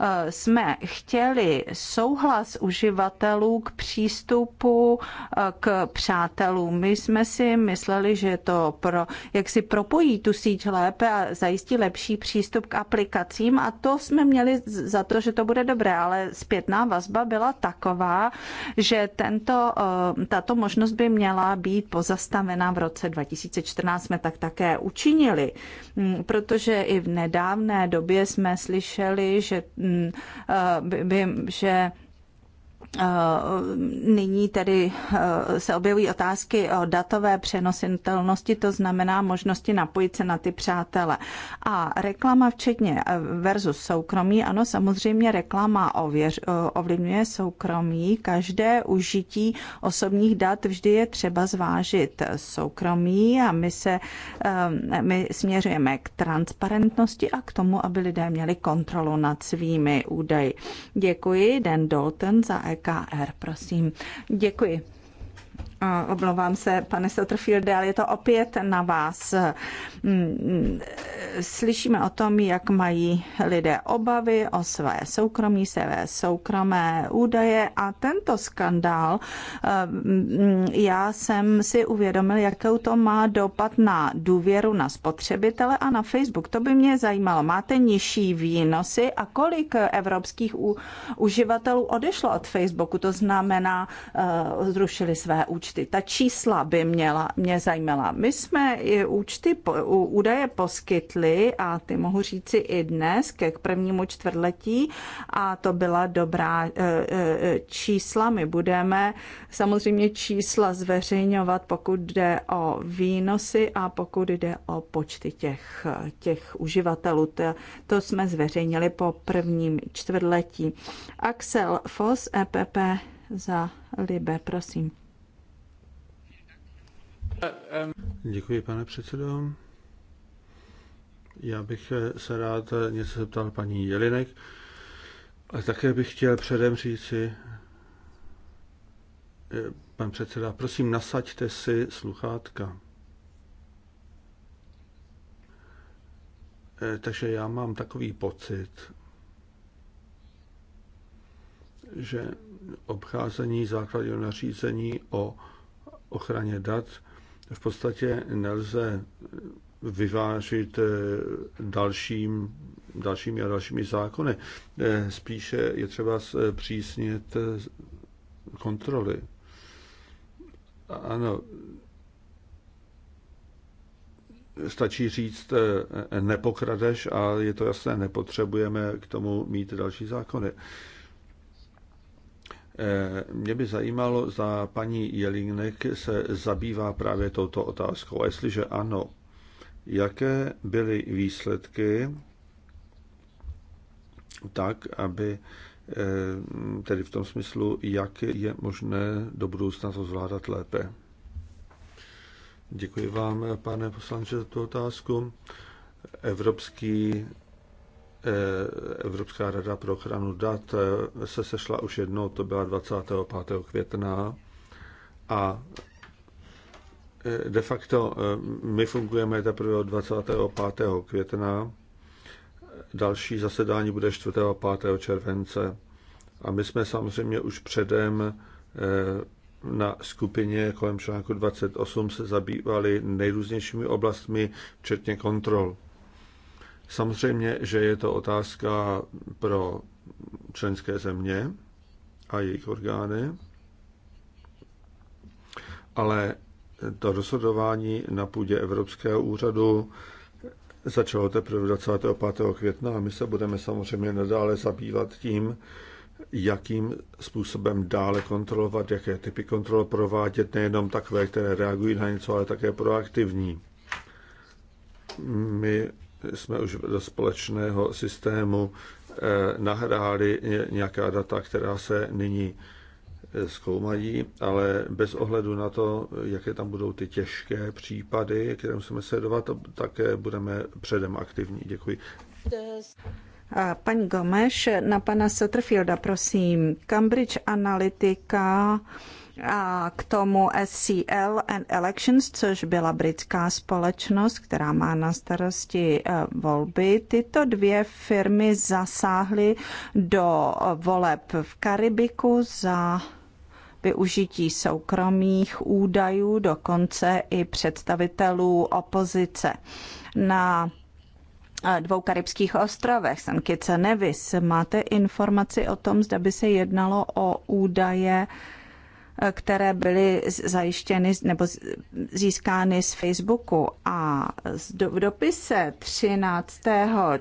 Eh, jsme chtěli souhlas uživatelů k přístupu eh, k přátelům. My jsme si mysleli, že to pro, jak si propojí tu síť lépe a zajistí lepší přístup k aplikacím a to jsme měli za to, že to bude dobré, ale zpětná vazba byla taková, že tento, eh, tato možnost by měla být pozastavena v roce 2014. Jsme tak také učinili, mm, protože i v nedávné době jsme slyšeli, že Eh, by, že Eh, nyní tedy eh, se objevují otázky o datové přenositelnosti, to znamená možnosti napojit se na ty přátele. A reklama včetně eh, versus soukromí, ano, samozřejmě reklama ověř, ovlivňuje soukromí. Každé užití osobních dat vždy je třeba zvážit soukromí a my se my směřujeme k transparentnosti a k tomu, aby lidé měli kontrolu nad svými údaji. Děkuji Dan Dalton za ek KR, Prosím. Děkuji. Omlouvám se, pane Sutterfielde, ale je to opět na vás. Mm, mm, slyšíme o tom, jak mají lidé obavy o své soukromí, své soukromé údaje a tento skandál, eh, mm, já jsem si uvědomil, jakou to má dopad na důvěru na spotřebitele a na Facebook. To by mě zajímalo. Máte nižší výnosy a kolik evropských uživatelů odešlo od Facebooku? To znamená, eh, zrušili své účty účty. Ta čísla by měla, mě zajímala. My jsme účty, údaje poskytli a ty mohu říci i dnes ke k prvnímu čtvrtletí a to byla dobrá e, e, čísla. My budeme samozřejmě čísla zveřejňovat, pokud jde o výnosy a pokud jde o počty těch, těch uživatelů. To, to jsme zveřejnili po prvním čtvrtletí. Axel Foss, EPP za Libe, prosím. Děkuji, pane předsedo. Já bych se rád něco zeptal paní Jelinek, ale také bych chtěl předem říci, eh, pan předseda, prosím, nasaďte si sluchátka. Eh, takže já mám takový pocit, že obcházení základního nařízení o ochraně dat v podstatě nelze vyvážit eh, dalším, dalšími a dalšími zákony. Eh, spíše je třeba eh, přísnit kontroly. Ano, stačí říct nepokradeš a je to jasné, nepotřebujeme k tomu mít další zákony. Eh, mě by zajímalo, za paní Jelinek se zabývá právě touto otázkou. A jestliže ano, jaké byly výsledky tak, aby eh, tedy v tom smyslu, jak je možné do budoucna to zvládat lépe. Děkuji vám, pane poslanče, za tu otázku. Evropský Eh, Evropská rada pro ochranu dat eh, se sešla už jednou, to byla 25. května a eh, de facto my fungujeme teprve od 25. května. Další zasedání bude 4. a 5. července. A my jsme samozřejmě už předem na skupině kolem článku 28 se zabývali nejrůznějšími oblastmi, včetně kontrol. Samozřejmě, že je to otázka pro členské země a jejich orgány, ale to rozhodování na půdě Evropského úřadu začalo teprve 25. května a my se budeme samozřejmě nadále zabývat tím, jakým způsobem dále kontrolovat, jaké typy kontrol provádět, nejenom takové, které reagují na něco, ale také proaktivní. My jsme už do společného systému eh, nahráli nějaká data, která se nyní eh, zkoumají, ale bez ohledu na to, jaké tam budou ty těžké případy, které musíme sledovat, také budeme předem aktivní. Děkuji. Paní Gomeš, na pana Sutterfielda, prosím. Cambridge Analytica a k tomu SCL and Elections, což byla britská společnost, která má na starosti e, volby. Tyto dvě firmy zasáhly do voleb v Karibiku za využití soukromých údajů, dokonce i představitelů opozice. Na e, dvou karibských ostrovech, San Kitts Nevis. Máte informaci o tom, zda by se jednalo o údaje, které byly zajištěny nebo získány z Facebooku. A v dopise 13.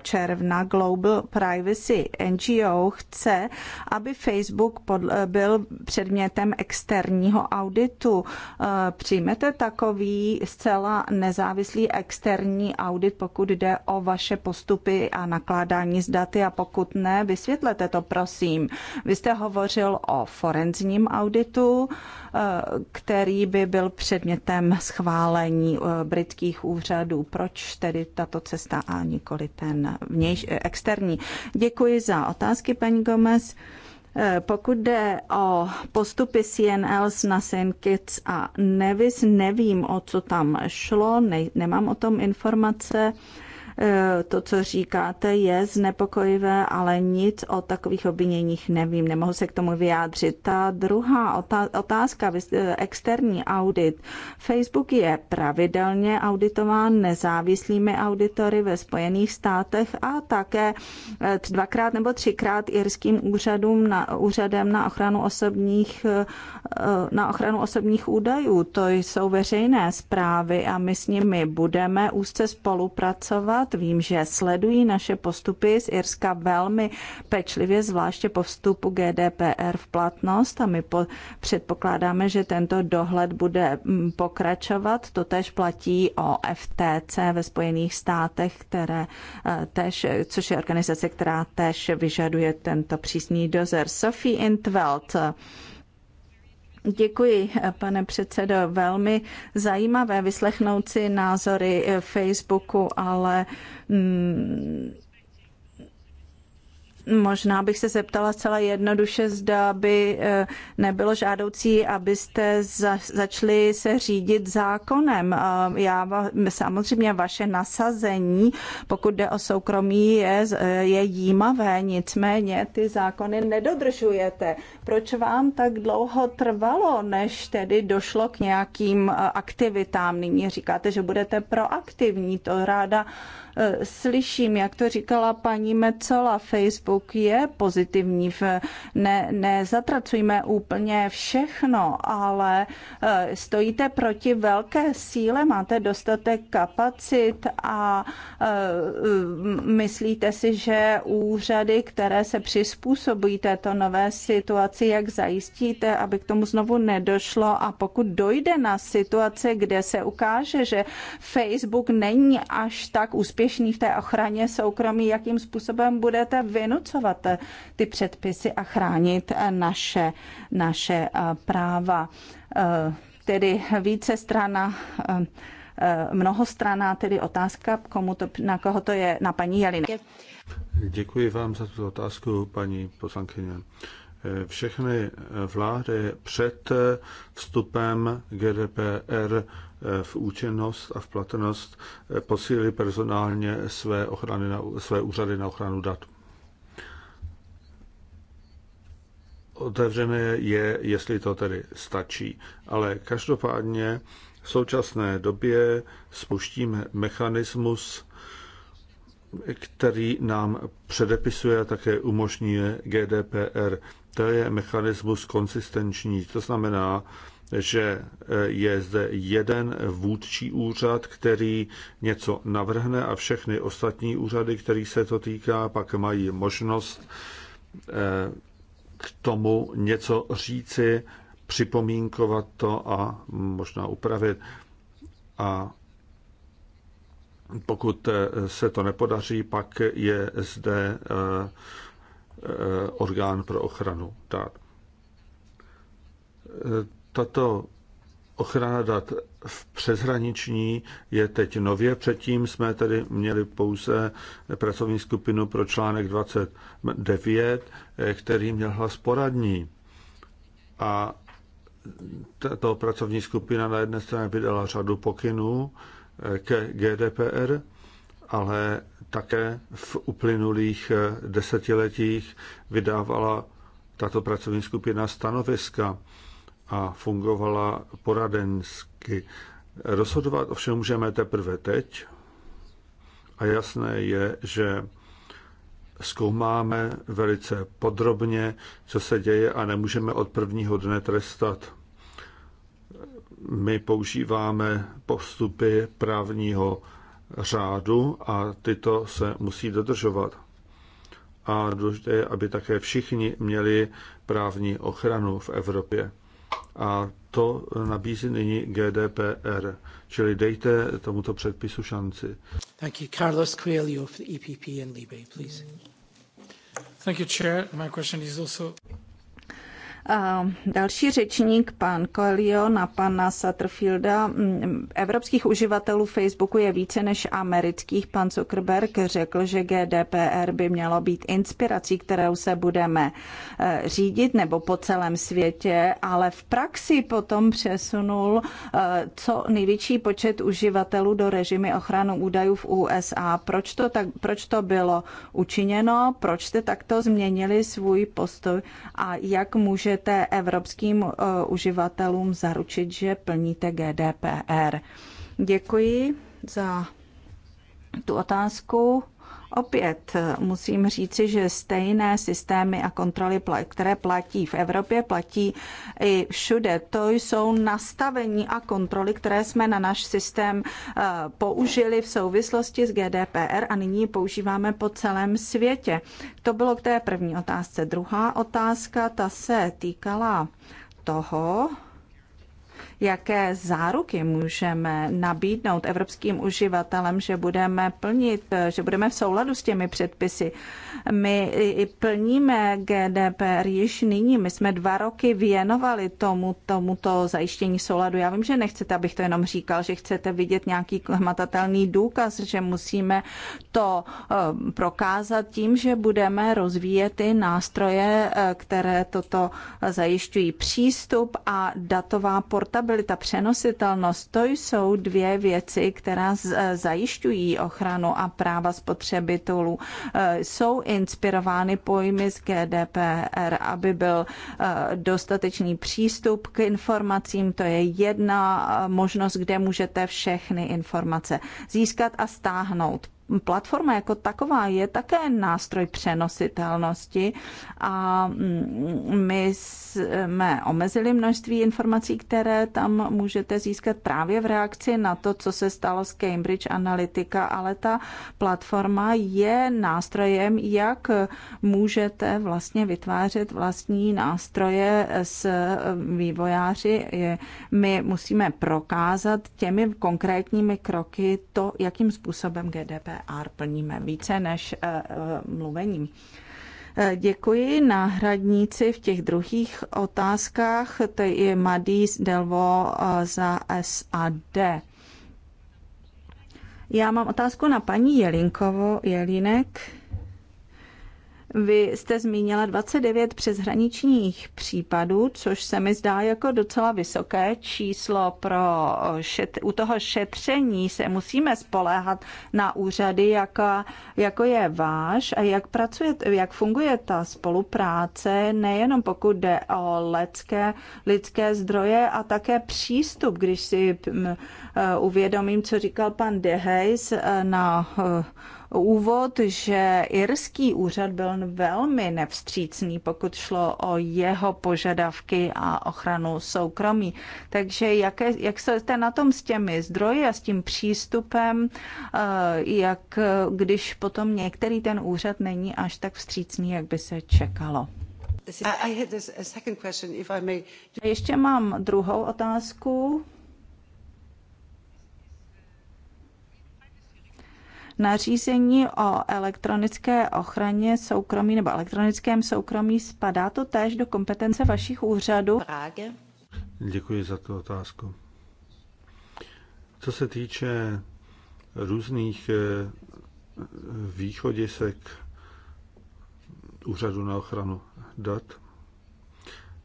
června Global Privacy NGO chce, aby Facebook byl předmětem externího auditu. Eh, přijmete takový zcela nezávislý externí audit, pokud jde o vaše postupy a nakládání s daty a pokud ne, vysvětlete to prosím. Vy jste hovořil o forenzním auditu, Eh, který by byl předmětem schválení eh, britských úřadů. Proč tedy tato cesta a nikoli ten vnějš, eh, externí? Děkuji za otázky, paní Gomez. Pokud jde o postupy CNL s Nasin Kids a Nevis, nevím, o co tam šlo, ne, nemám o tom informace. Eh, to, co říkáte, je znepokojivé, ale nic o takových obviněních nevím, nemohu se k tomu vyjádřit. Ta druhá otázka, eh, externí audit. Facebook je pravidelně auditován nezávislými auditory ve Spojených státech a také eh, dvakrát nebo třikrát irským úřadům na, úřadem na ochranu osobních, na ochranu osobních údajů. To jsou veřejné zprávy a my s nimi budeme úzce spolupracovat dělat. Vím, že sledují naše postupy z Irska velmi pečlivě, zvláště po vstupu GDPR v platnost a my po, předpokládáme, že tento dohled bude mm, pokračovat. To tež platí o FTC ve Spojených státech, které eh, tež, což je organizace, která tež vyžaduje tento přísný dozor. Sophie Intveld, Děkuji, pane předsedo. Velmi zajímavé vyslechnout si názory eh, Facebooku, ale mm, Možná bych se zeptala zcela jednoduše, zda by eh, nebylo žádoucí, abyste za, začali se řídit zákonem. Eh, já samozřejmě vaše nasazení, pokud jde o soukromí, je, eh, je jímavé, nicméně ty zákony nedodržujete. Proč vám tak dlouho trvalo, než tedy došlo k nějakým aktivitám? Nyní říkáte, že budete proaktivní, to ráda Eh, slyším, jak to říkala paní Mecola, Facebook je pozitivní, v, ne, nezatracujme úplně všechno, ale eh, stojíte proti velké síle, máte dostatek kapacit a eh, myslíte si, že úřady, které se přizpůsobují této nové situaci, jak zajistíte, aby k tomu znovu nedošlo a pokud dojde na situace, kde se ukáže, že Facebook není až tak úspěšný, úspěšní v té ochraně soukromí, jakým způsobem budete vynucovat ty předpisy a chránit naše, naše eh, práva. Eh, tedy více strana eh, mnohostraná, tedy otázka, komu to, na koho to je, na paní Jalina. Děkuji vám za tuto otázku, paní poslankyně. Všechny vlády před vstupem GDPR v účinnost a v platnost eh, posílili personálně své, ochrany na, své úřady na ochranu dat. Otevřené je, jestli to tedy stačí. Ale každopádně v současné době spuštíme mechanismus, který nám předepisuje a také umožňuje GDPR. To je mechanismus konsistenční, to znamená, že e, je zde jeden vůdčí úřad, který něco navrhne a všechny ostatní úřady, který se to týká, pak mají možnost e, k tomu něco říci, připomínkovat to a možná upravit. A pokud e, se to nepodaří, pak je zde orgán pro ochranu dát tato ochrana dat v přeshraniční je teď nově. Předtím jsme tedy měli pouze pracovní skupinu pro článek 29, který měl hlas poradní. A tato pracovní skupina na jedné straně vydala řadu pokynů ke GDPR, ale také v uplynulých desetiletích vydávala tato pracovní skupina stanoviska a fungovala poradensky. Rozhodovat ovšem můžeme teprve teď a jasné je, že zkoumáme velice podrobně, co se děje a nemůžeme od prvního dne trestat. My používáme postupy právního řádu a tyto se musí dodržovat. A důležité je, aby také všichni měli právní ochranu v Evropě. A to nabízí nyní GDPR, čili dejte tomuto předpisu šanci. Thank you. Carlos Coelho for EPP e and Libe, please. Thank you, Chair. My question is also... Další řečník, pan Coelho, na pana Satterfielda. Evropských uživatelů Facebooku je více než amerických. Pan Zuckerberg řekl, že GDPR by mělo být inspirací, kterou se budeme eh, řídit nebo po celém světě, ale v praxi potom přesunul eh, co největší počet uživatelů do režimy ochranu údajů v USA. Proč to, tak, proč to bylo učiněno? Proč jste takto změnili svůj postoj a jak může můžete evropským eh, uživatelům zaručit, že plníte GDPR? Děkuji za tu otázku. Opět eh, musím říci, že stejné systémy a kontroly, které platí v Evropě, platí i všude. To jsou nastavení a kontroly, které jsme na náš systém eh, použili v souvislosti s GDPR a nyní používáme po celém světě. To bylo k té první otázce. Druhá otázka, ta se týkala toho, jaké záruky můžeme nabídnout evropským uživatelem, že budeme plnit, že budeme v souladu s těmi předpisy. My plníme GDPR již nyní, my jsme dva roky věnovali tomu, tomuto zajištění souladu. Já vím, že nechcete, abych to jenom říkal, že chcete vidět nějaký hmatatelný důkaz, že musíme to eh, prokázat tím, že budeme rozvíjet ty nástroje, eh, které toto zajišťují přístup a datová portabilita stabilita, přenositelnost, to jsou dvě věci, která eh, zajišťují ochranu a práva spotřebitelů. Eh, jsou inspirovány pojmy z GDPR, aby byl eh, dostatečný přístup k informacím. To je jedna možnost, kde můžete všechny informace získat a stáhnout platforma jako taková je také nástroj přenositelnosti a mm, my jsme omezili množství informací, které tam můžete získat právě v reakci na to, co se stalo s Cambridge Analytica, ale ta platforma je nástrojem, jak můžete vlastně vytvářet vlastní nástroje s vývojáři. My musíme prokázat těmi konkrétními kroky to, jakým způsobem GDPR PR plníme více než eh, eh, mluvením. Eh, děkuji náhradníci v těch druhých otázkách. To je Madis Delvo za SAD. Já mám otázku na paní Jelinkovo, Jelinek. Vy jste zmínila 29 přeshraničních případů, což se mi zdá jako docela vysoké číslo pro šet, u toho šetření se musíme spoléhat na úřady, jaka, jako je váš a jak, pracuje, jak funguje ta spolupráce, nejenom pokud jde o lidské, lidské zdroje a také přístup, když si e, uvědomím, co říkal pan Dehejs e, na e, úvod, že irský úřad byl velmi nevstřícný, pokud šlo o jeho požadavky a ochranu soukromí. Takže jaké, jak jste na tom s těmi zdroji a s tím přístupem, eh, jak když potom některý ten úřad není až tak vstřícný, jak by se čekalo? A ještě mám druhou otázku Nařízení o elektronické ochraně soukromí nebo elektronickém soukromí spadá to též do kompetence vašich úřadů? Děkuji za tu otázku. Co se týče různých eh, východisek úřadu na ochranu dat,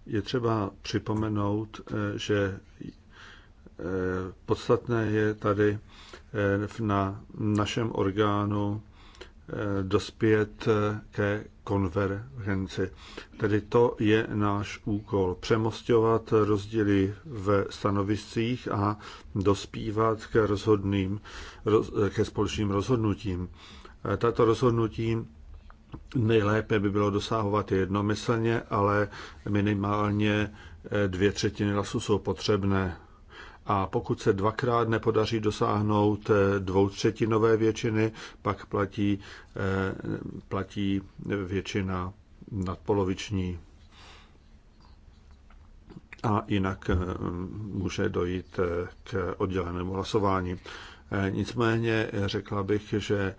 je třeba připomenout, eh, že eh, podstatné je tady Eh, na našem orgánu eh, dospět eh, ke konvergenci. Tedy to je náš úkol. Přemostovat rozdíly v stanoviscích a dospívat ke, rozhodným, ke společným rozhodnutím. Tato rozhodnutí nejlépe by bylo dosahovat jednomyslně, ale minimálně dvě třetiny hlasů jsou potřebné a pokud se dvakrát nepodaří dosáhnout eh, dvoutřetinové většiny, pak platí, eh, platí většina nadpoloviční. A jinak eh, může dojít k oddělenému hlasování. Nicméně řekla bych, že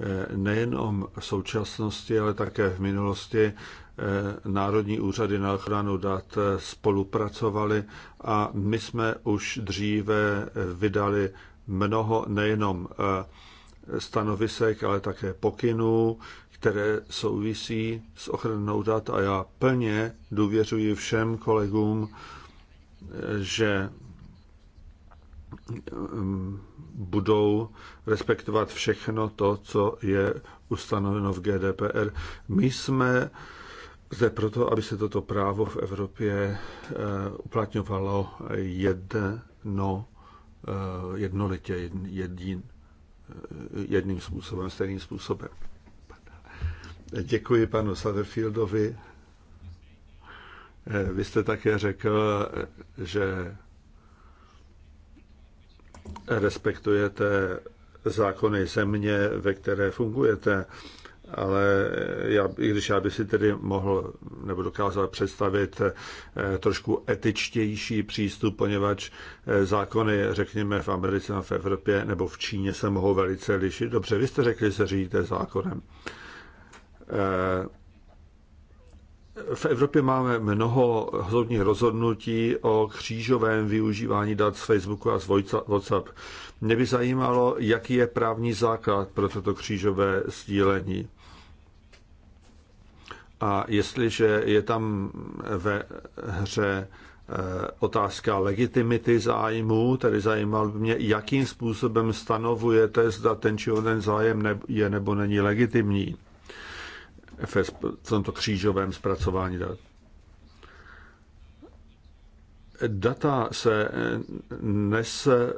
Eh, nejenom v současnosti, ale také v minulosti eh, Národní úřady na ochranu dat eh, spolupracovaly a my jsme už dříve vydali mnoho nejenom stanovisek, ale také pokynů, které souvisí s ochranou dat a já plně důvěřuji všem kolegům, že mm, budou respektovat všechno to, co je ustanoveno v GDPR. My jsme zde proto, aby se toto právo v Evropě eh, uplatňovalo jedno, eh, jednolitě, jedin, eh, jedním způsobem, stejným způsobem. Děkuji panu Sutherfieldovi. Vy jste také řekl, že respektujete zákony země, ve které fungujete, ale já, i když já bych si tedy mohl nebo dokázal představit eh, trošku etičtější přístup, poněvadž eh, zákony, řekněme, v Americe a v Evropě nebo v Číně se mohou velice lišit. Dobře, vy jste řekli, že se řídíte zákonem. Eh, v Evropě máme mnoho hodně rozhodnutí o křížovém využívání dat z Facebooku a z WhatsApp. Mě by zajímalo, jaký je právní základ pro toto křížové sdílení. A jestliže je tam ve hře eh, otázka legitimity zájmu, tedy zajímal by mě, jakým způsobem stanovujete, zda ten či onen zájem je nebo není legitimní v tomto křížovém zpracování dat. Data se eh, nes eh,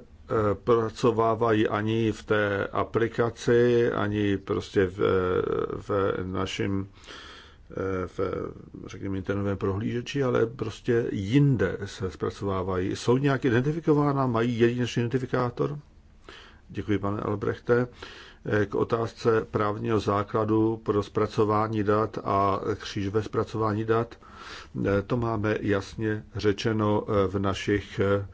pracovávají ani v té aplikaci, ani prostě v, eh, v našem v, řekněme, internetovém prohlížeči, ale prostě jinde se zpracovávají. Jsou nějak identifikována, mají jedinečný identifikátor? Děkuji, pane Albrechte k otázce právního základu pro zpracování dat a kříž ve zpracování dat. To máme jasně řečeno v našich eh,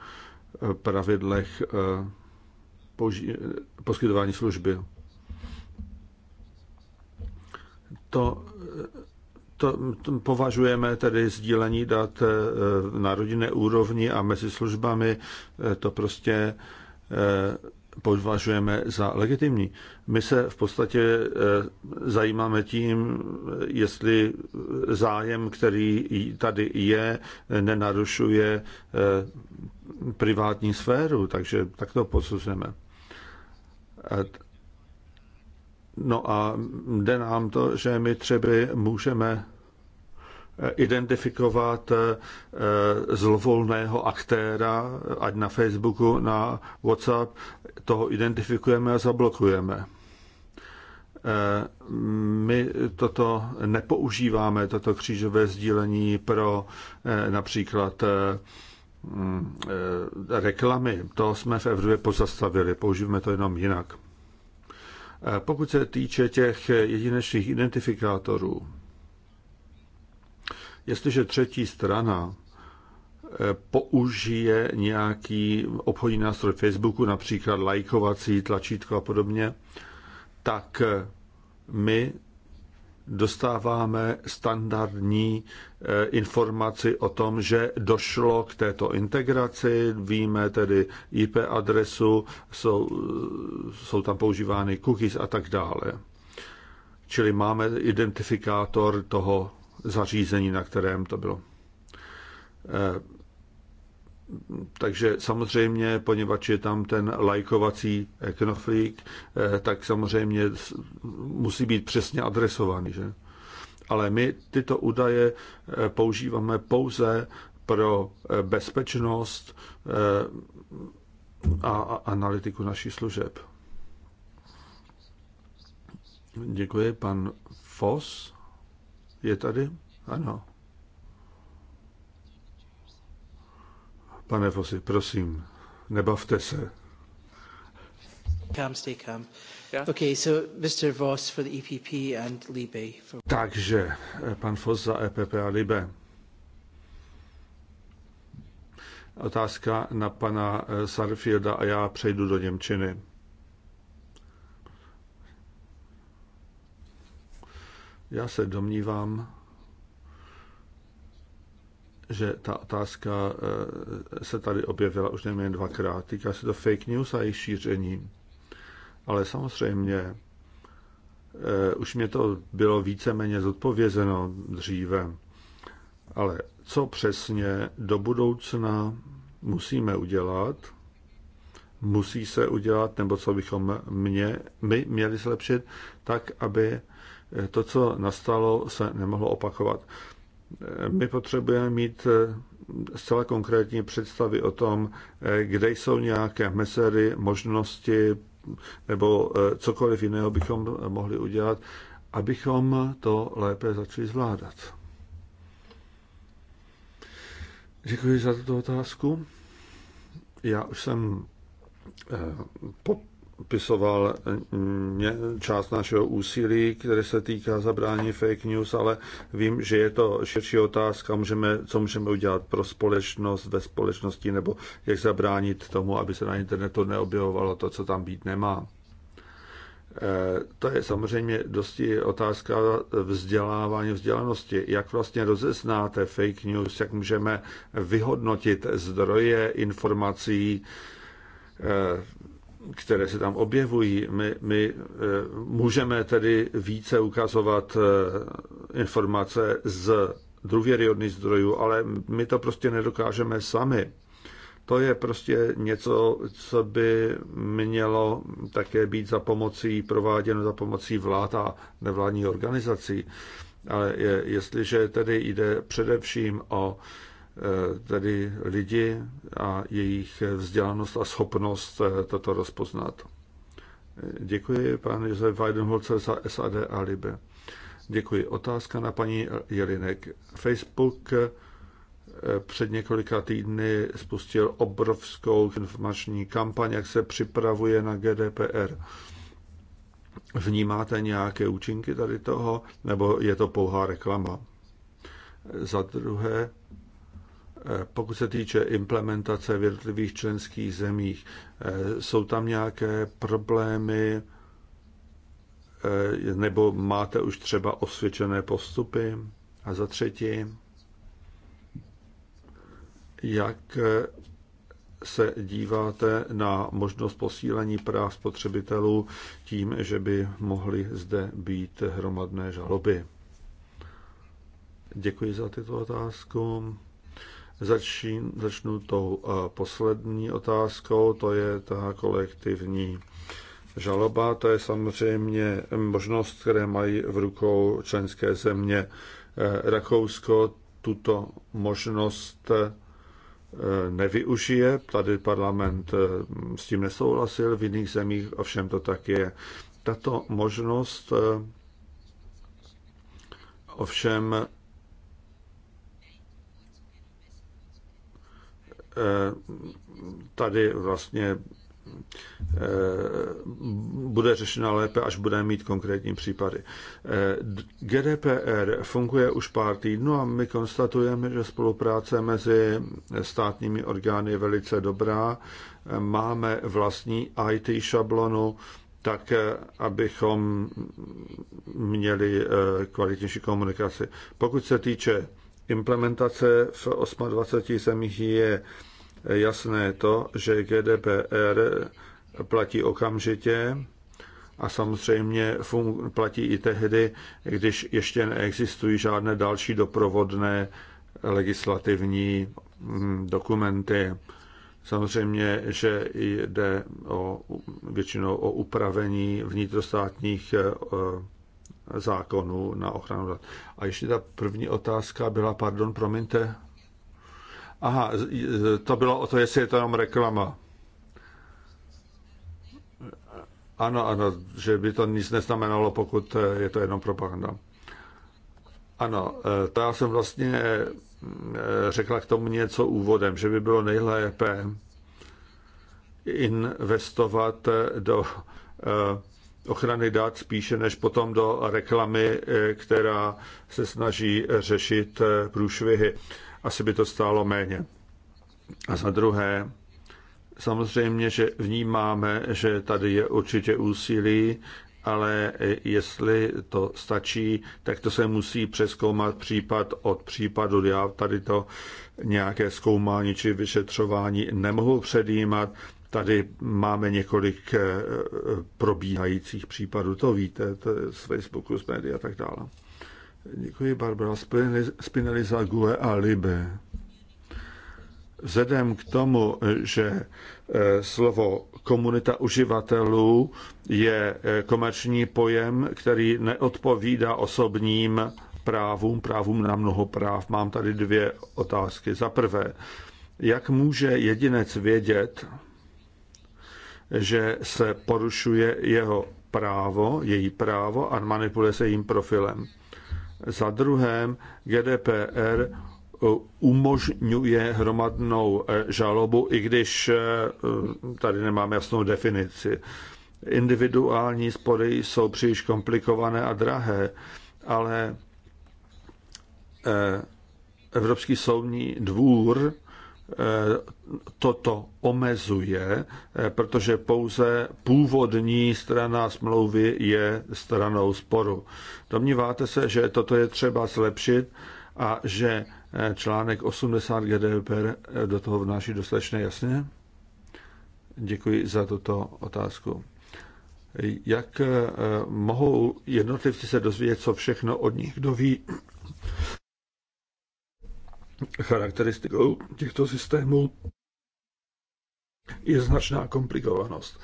pravidlech eh, poskytování služby. To, eh, to, to považujeme tedy sdílení dat na rodinné úrovni a mezi službami. To prostě považujeme za legitimní. My se v podstatě eh, zajímáme tím, jestli zájem, který tady je, nenarušuje eh, privátní sféru, takže tak to posuzujeme. Eh, no a jde nám to, že my třeba můžeme Eh, identifikovat eh, eh, zlovolného aktéra, ať na Facebooku, na WhatsApp, toho identifikujeme a zablokujeme. My toto nepoužíváme, toto křížové sdílení pro například mm, reklamy. To jsme v Evropě pozastavili, Používáme to jenom jinak. Pokud se týče těch jedinečných identifikátorů, Jestliže třetí strana eh, použije nějaký obchodní nástroj Facebooku, například lajkovací tlačítko a podobně, tak eh, my dostáváme standardní eh, informaci o tom, že došlo k této integraci, víme tedy IP adresu, jsou, jsou tam používány cookies a tak dále. Čili máme identifikátor toho zařízení, na kterém to bylo. Eh, takže samozřejmě, poněvadž je tam ten lajkovací knoflík, eh, tak samozřejmě musí být přesně adresovaný. Že? Ale my tyto údaje eh, používáme pouze pro bezpečnost a analytiku našich služeb. Děkuji, pan Foss. Je tady? Ano. Pane Fosy, prosím, nebavte se. Calm, stay calm. Yeah. Okay, so Mr. Voss for the EPP and Libe. For... Takže eh, pan Voss za EPP a Libe. Otázka na pana eh, Sarfielda a já přejdu do Němčiny. Já se domnívám, že ta otázka eh, se tady objevila už nejméně dvakrát. Týká se to fake news a jejich šíření. Ale samozřejmě eh, už mě to bylo víceméně zodpovězeno dříve. Ale co přesně do budoucna musíme udělat, musí se udělat, nebo co bychom mě, my měli zlepšit, tak, aby to, co nastalo, se nemohlo opakovat. My potřebujeme mít eh, zcela konkrétní představy o tom, eh, kde jsou nějaké mezery, možnosti nebo eh, cokoliv jiného bychom mohli udělat, abychom to lépe začali zvládat. Děkuji za tuto otázku. Já už jsem po popisoval eh, část našeho úsilí, které se týká zabrání fake news, ale vím, že je to širší otázka, můžeme, co můžeme udělat pro společnost ve společnosti, nebo jak zabránit tomu, aby se na internetu neobjevovalo to, co tam být nemá. Eh, to je samozřejmě dosti otázka vzdělávání vzdělanosti. Jak vlastně rozeznáte fake news, jak můžeme vyhodnotit zdroje informací, eh, které se tam objevují. My, my eh, můžeme tedy více ukazovat eh, informace z důvěryhodných zdrojů, ale my to prostě nedokážeme sami. To je prostě něco, co by mělo také být za pomocí, prováděno za pomocí vlád a nevládních organizací. Ale je, jestliže tedy jde především o Eh, tedy lidi a jejich vzdělanost a schopnost eh, toto rozpoznat. Eh, děkuji pan Josef Weidenholzer za SAD a Libe. Děkuji. Otázka na paní Jelinek. Facebook před několika týdny spustil obrovskou informační kampaň, jak se připravuje na GDPR. Vnímáte nějaké účinky tady toho, nebo je to pouhá reklama? Za druhé, Eh, pokud se týče implementace v jednotlivých členských zemích, eh, jsou tam nějaké problémy eh, nebo máte už třeba osvědčené postupy? A za třetí, jak se díváte na možnost posílení práv spotřebitelů tím, že by mohly zde být hromadné žaloby? Děkuji za tyto otázku. Začín, začnu tou poslední otázkou, to je ta kolektivní žaloba. To je samozřejmě možnost, které mají v rukou členské země. E, Rakousko tuto možnost e, nevyužije. Tady parlament e, s tím nesouhlasil, v jiných zemích ovšem to tak je. Tato možnost ovšem tady vlastně eh, bude řešena lépe, až budeme mít konkrétní případy. Eh, GDPR funguje už pár týdnů a my konstatujeme, že spolupráce mezi státními orgány je velice dobrá. Máme vlastní IT šablonu, tak eh, abychom měli kvalitnější komunikaci. Pokud se týče implementace v 28 zemích je jasné to, že GDPR platí okamžitě a samozřejmě platí i tehdy, když ještě neexistují žádné další doprovodné legislativní mm, dokumenty. Samozřejmě, že jde o, většinou o upravení vnitrostátních eh, zákonu na ochranu dat. A ještě ta první otázka byla, pardon, promiňte. Aha, to bylo o to, jestli je to jenom reklama. Ano, ano, že by to nic neznamenalo, pokud eh, je to jenom propaganda. Ano, eh, to já jsem vlastně mm, eh, řekla k tomu něco úvodem, že by bylo nejlépe investovat do ochrany dat spíše než potom do reklamy, eh, která se snaží řešit eh, průšvihy. Asi by to stálo méně. A za druhé, samozřejmě, že vnímáme, že tady je určitě úsilí, ale jestli to stačí, tak to se musí přeskoumat případ od případu. Já tady to nějaké zkoumání či vyšetřování nemohu předjímat, Tady máme několik eh, probíhajících případů, to víte, to je z Facebooku, z médií a tak dále. Děkuji, Barbara. Spinelli za Gue a Libe. Vzhledem k tomu, že eh, slovo komunita uživatelů je eh, komerční pojem, který neodpovídá osobním právům, právům na mnoho práv, mám tady dvě otázky. Za prvé, jak může jedinec vědět, že se porušuje jeho právo, její právo a manipuluje se jím profilem. Za druhém, GDPR eh, umožňuje hromadnou eh, žalobu, i když eh, tady nemám jasnou definici. Individuální spory jsou příliš komplikované a drahé, ale Evropský soudní dvůr Eh, toto omezuje, eh, protože pouze původní strana smlouvy je stranou sporu. Domníváte se, že toto je třeba zlepšit a že eh, článek 80 GDPR do toho vnáší dostatečně jasně? Děkuji za tuto otázku. Jak mohou jednotlivci se dozvědět, co všechno od nich doví Charakteristikou těchto systémů je značná komplikovanost.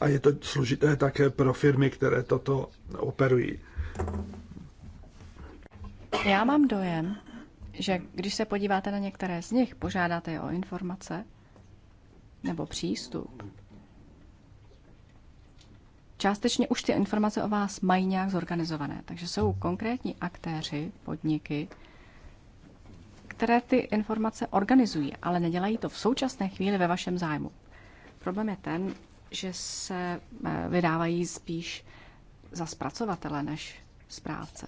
A je to složité také pro firmy, které toto operují. Já mám dojem, že když se podíváte na některé z nich, požádáte je o informace nebo přístup, částečně už ty informace o vás mají nějak zorganizované. Takže jsou konkrétní aktéři, podniky, které ty informace organizují, ale nedělají to v současné chvíli ve vašem zájmu. Problém je ten, že se eh, vydávají spíš za zpracovatele než správce.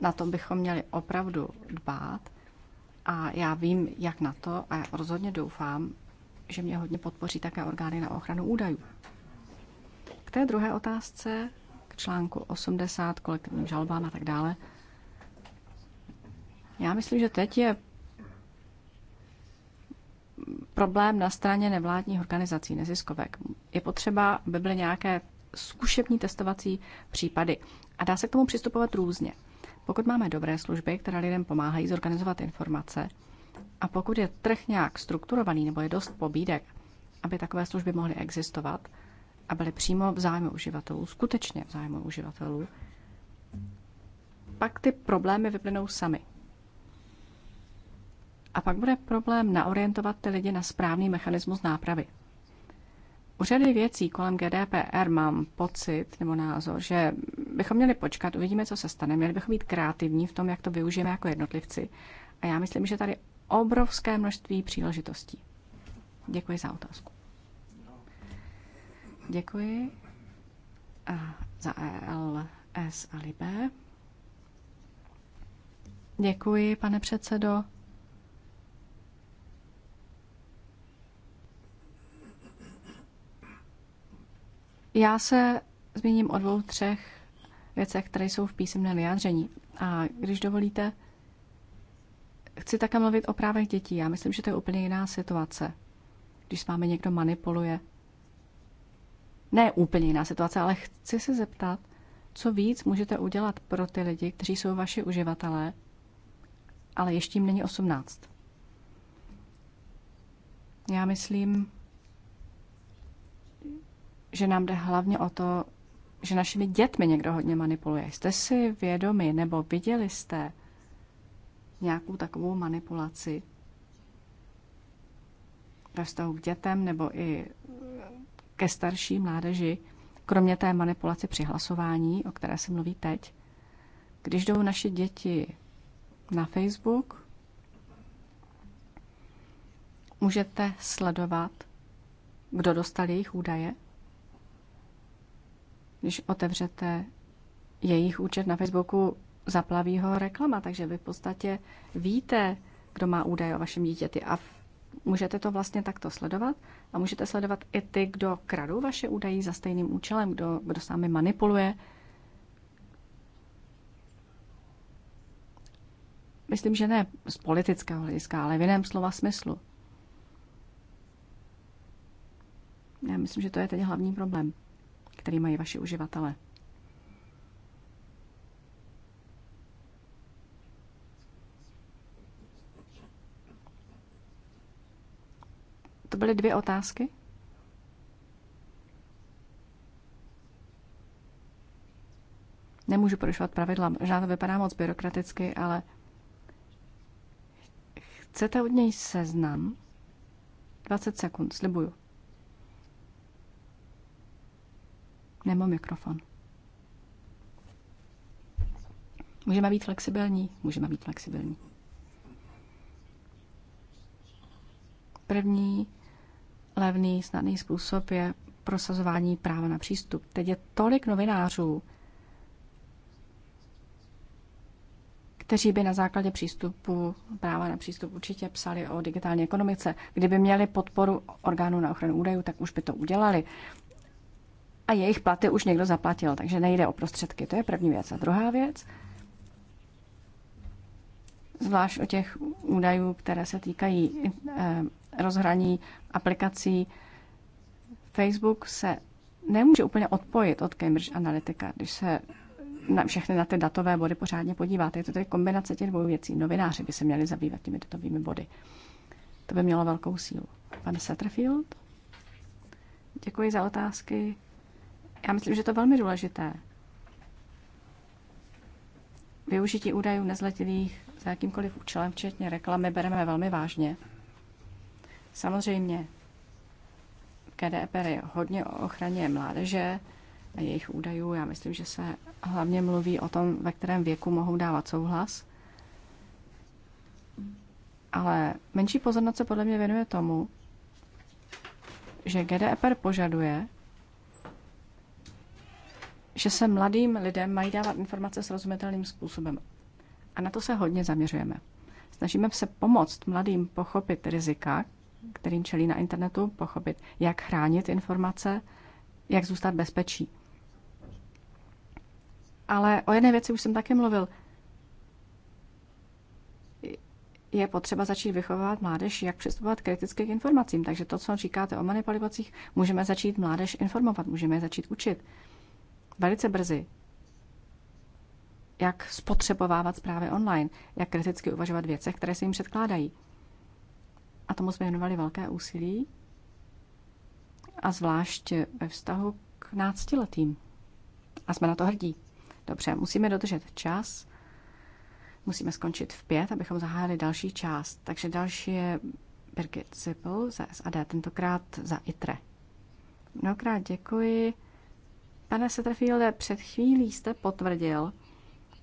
Na to bychom měli opravdu dbát a já vím, jak na to a já rozhodně doufám, že mě hodně podpoří také orgány na ochranu údajů. K té druhé otázce, k článku 80, kolektivní žalbám a tak dále, já myslím, že teď je problém na straně nevládních organizací, neziskovek. Je potřeba, aby byly nějaké zkušební testovací případy. A dá se k tomu přistupovat různě. Pokud máme dobré služby, které lidem pomáhají zorganizovat informace, a pokud je trh nějak strukturovaný nebo je dost pobídek, aby takové služby mohly existovat a byly přímo v zájmu uživatelů, skutečně v zájmu uživatelů, pak ty problémy vyplynou sami. A pak bude problém naorientovat ty lidi na správný mechanismus nápravy. U řady věcí kolem GDPR mám pocit nebo názor, že bychom měli počkat, uvidíme, co se stane, měli bychom být kreativní v tom, jak to využijeme jako jednotlivci. A já myslím, že tady obrovské množství příležitostí. Děkuji za otázku. Děkuji a za ELS a Libé. Děkuji, pane předsedo. Já se zmíním o dvou, třech věcech, které jsou v písemném vyjádření. A když dovolíte, chci také mluvit o právech dětí. Já myslím, že to je úplně jiná situace, když s vámi někdo manipuluje. Ne úplně jiná situace, ale chci se zeptat, co víc můžete udělat pro ty lidi, kteří jsou vaši uživatelé, ale ještě jim není 18. Já myslím, že nám jde hlavně o to, že našimi dětmi někdo hodně manipuluje. Jste si vědomi nebo viděli jste nějakou takovou manipulaci ve vztahu k dětem nebo i ke starší mládeži, kromě té manipulace při hlasování, o které se mluví teď. Když jdou naše děti na Facebook, můžete sledovat, kdo dostal jejich údaje když otevřete jejich účet na Facebooku, zaplaví ho reklama, takže vy v podstatě víte, kdo má údaje o vašem dítěti a můžete to vlastně takto sledovat a můžete sledovat i ty, kdo kradou vaše údaje za stejným účelem, kdo, kdo s námi manipuluje. Myslím, že ne z politického hlediska, ale v jiném slova smyslu. Já myslím, že to je teď hlavní problém který mají vaši uživatelé. To byly dvě otázky. Nemůžu porušovat pravidla, možná to vypadá moc byrokraticky, ale chcete od něj seznam? 20 sekund, slibuju. nebo mikrofon. Můžeme být flexibilní? Můžeme být flexibilní. První levný, snadný způsob je prosazování práva na přístup. Teď je tolik novinářů, kteří by na základě přístupu, práva na přístup určitě psali o digitální ekonomice. Kdyby měli podporu orgánů na ochranu údajů, tak už by to udělali a jejich platy už někdo zaplatil, takže nejde o prostředky. To je první věc. A druhá věc, zvlášť o těch údajů, které se týkají eh, rozhraní aplikací, Facebook se nemůže úplně odpojit od Cambridge Analytica, když se na všechny na ty datové body pořádně podíváte. Je to tedy kombinace těch dvou věcí. Novináři by se měli zabývat těmi datovými body. To by mělo velkou sílu. Pane Sutterfield, Děkuji za otázky. Já myslím, že to je velmi důležité. Využití údajů nezletilých za jakýmkoliv účelem, včetně reklamy, bereme velmi vážně. Samozřejmě, GDPR je hodně o ochraně mládeže a jejich údajů. Já myslím, že se hlavně mluví o tom, ve kterém věku mohou dávat souhlas. Ale menší pozornost se podle mě věnuje tomu, že GDPR požaduje, že se mladým lidem mají dávat informace srozumitelným způsobem. A na to se hodně zaměřujeme. Snažíme se pomoct mladým pochopit rizika, kterým čelí na internetu, pochopit, jak chránit informace, jak zůstat bezpečí. Ale o jedné věci už jsem také mluvil. Je potřeba začít vychovávat mládež, jak přistupovat kriticky k informacím. Takže to, co říkáte o manipulacích, můžeme začít mládež informovat, můžeme je začít učit velice brzy, jak spotřebovávat zprávy online, jak kriticky uvažovat věcech, které se jim předkládají. A tomu jsme věnovali velké úsilí a zvlášť ve vztahu k náctiletým. A jsme na to hrdí. Dobře, musíme dodržet čas, musíme skončit v pět, abychom zahájili další část. Takže další je Birgit Zippel za SAD, tentokrát za ITRE. Mnohokrát děkuji. Pane Setterfielde, před chvílí jste potvrdil,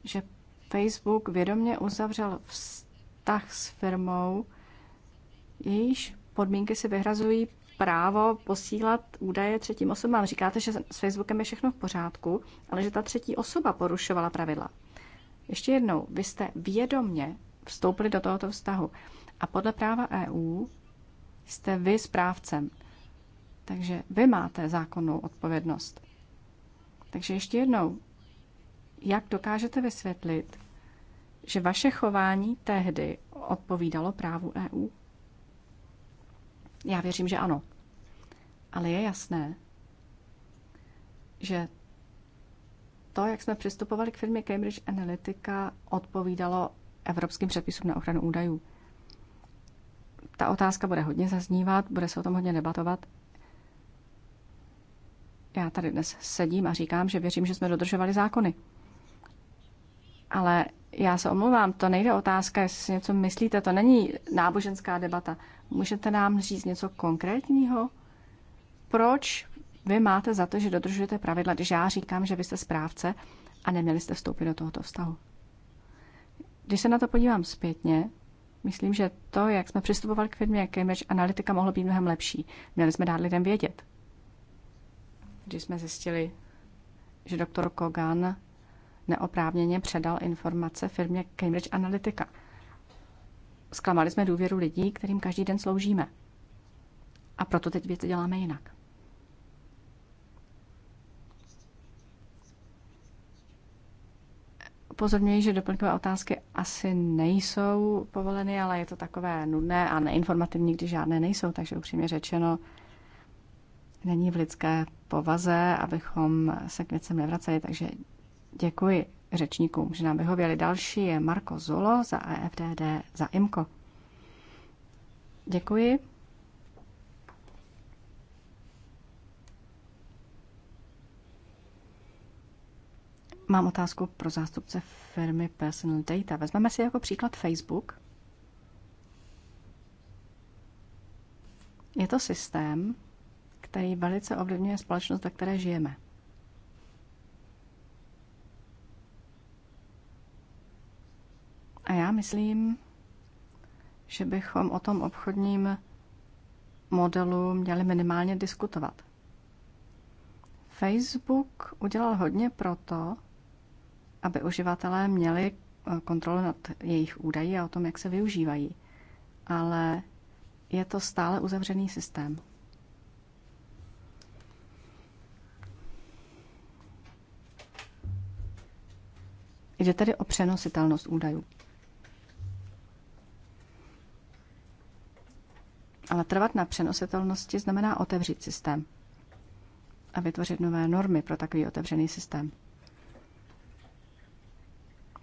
že Facebook vědomě uzavřel vztah s firmou, jejíž podmínky si vyhrazují právo posílat údaje třetím osobám. Říkáte, že s Facebookem je všechno v pořádku, ale že ta třetí osoba porušovala pravidla. Ještě jednou, vy jste vědomně vstoupili do tohoto vztahu a podle práva EU jste vy správcem. Takže vy máte zákonnou odpovědnost. Takže ještě jednou, jak dokážete vysvětlit, že vaše chování tehdy odpovídalo právu EU? Já věřím, že ano. Ale je jasné, že to, jak jsme přistupovali k firmě Cambridge Analytica, odpovídalo evropským předpisům na ochranu údajů. Ta otázka bude hodně zaznívat, bude se o tom hodně debatovat já tady dnes sedím a říkám, že věřím, že jsme dodržovali zákony. Ale já se omlouvám, to nejde otázka, jestli si něco myslíte, to není náboženská debata. Můžete nám říct něco konkrétního? Proč vy máte za to, že dodržujete pravidla, když já říkám, že vy jste správce a neměli jste vstoupit do tohoto vztahu? Když se na to podívám zpětně, myslím, že to, jak jsme přistupovali k firmě Cambridge Analytica, mohlo být mnohem lepší. Měli jsme dát lidem vědět když jsme zjistili, že doktor Kogan neoprávněně předal informace firmě Cambridge Analytica. Zklamali jsme důvěru lidí, kterým každý den sloužíme. A proto teď věci děláme jinak. Pozorňuji, že doplňkové otázky asi nejsou povoleny, ale je to takové nudné a neinformativní, když žádné nejsou, takže upřímně řečeno není v lidské povaze, abychom se k věcem nevraceli, takže děkuji řečníkům, že nám vyhověli. Další je Marko Zolo za EFDD, za IMKO. Děkuji. Mám otázku pro zástupce firmy Personal Data. Vezmeme si jako příklad Facebook. Je to systém, který velice ovlivňuje společnost, ve které žijeme. A já myslím, že bychom o tom obchodním modelu měli minimálně diskutovat. Facebook udělal hodně proto, aby uživatelé měli eh, kontrolu nad jejich údaji a o tom, jak se využívají. Ale je to stále uzavřený systém. Jde tedy o přenositelnost údajů. Ale trvat na přenositelnosti znamená otevřít systém a vytvořit nové normy pro takový otevřený systém.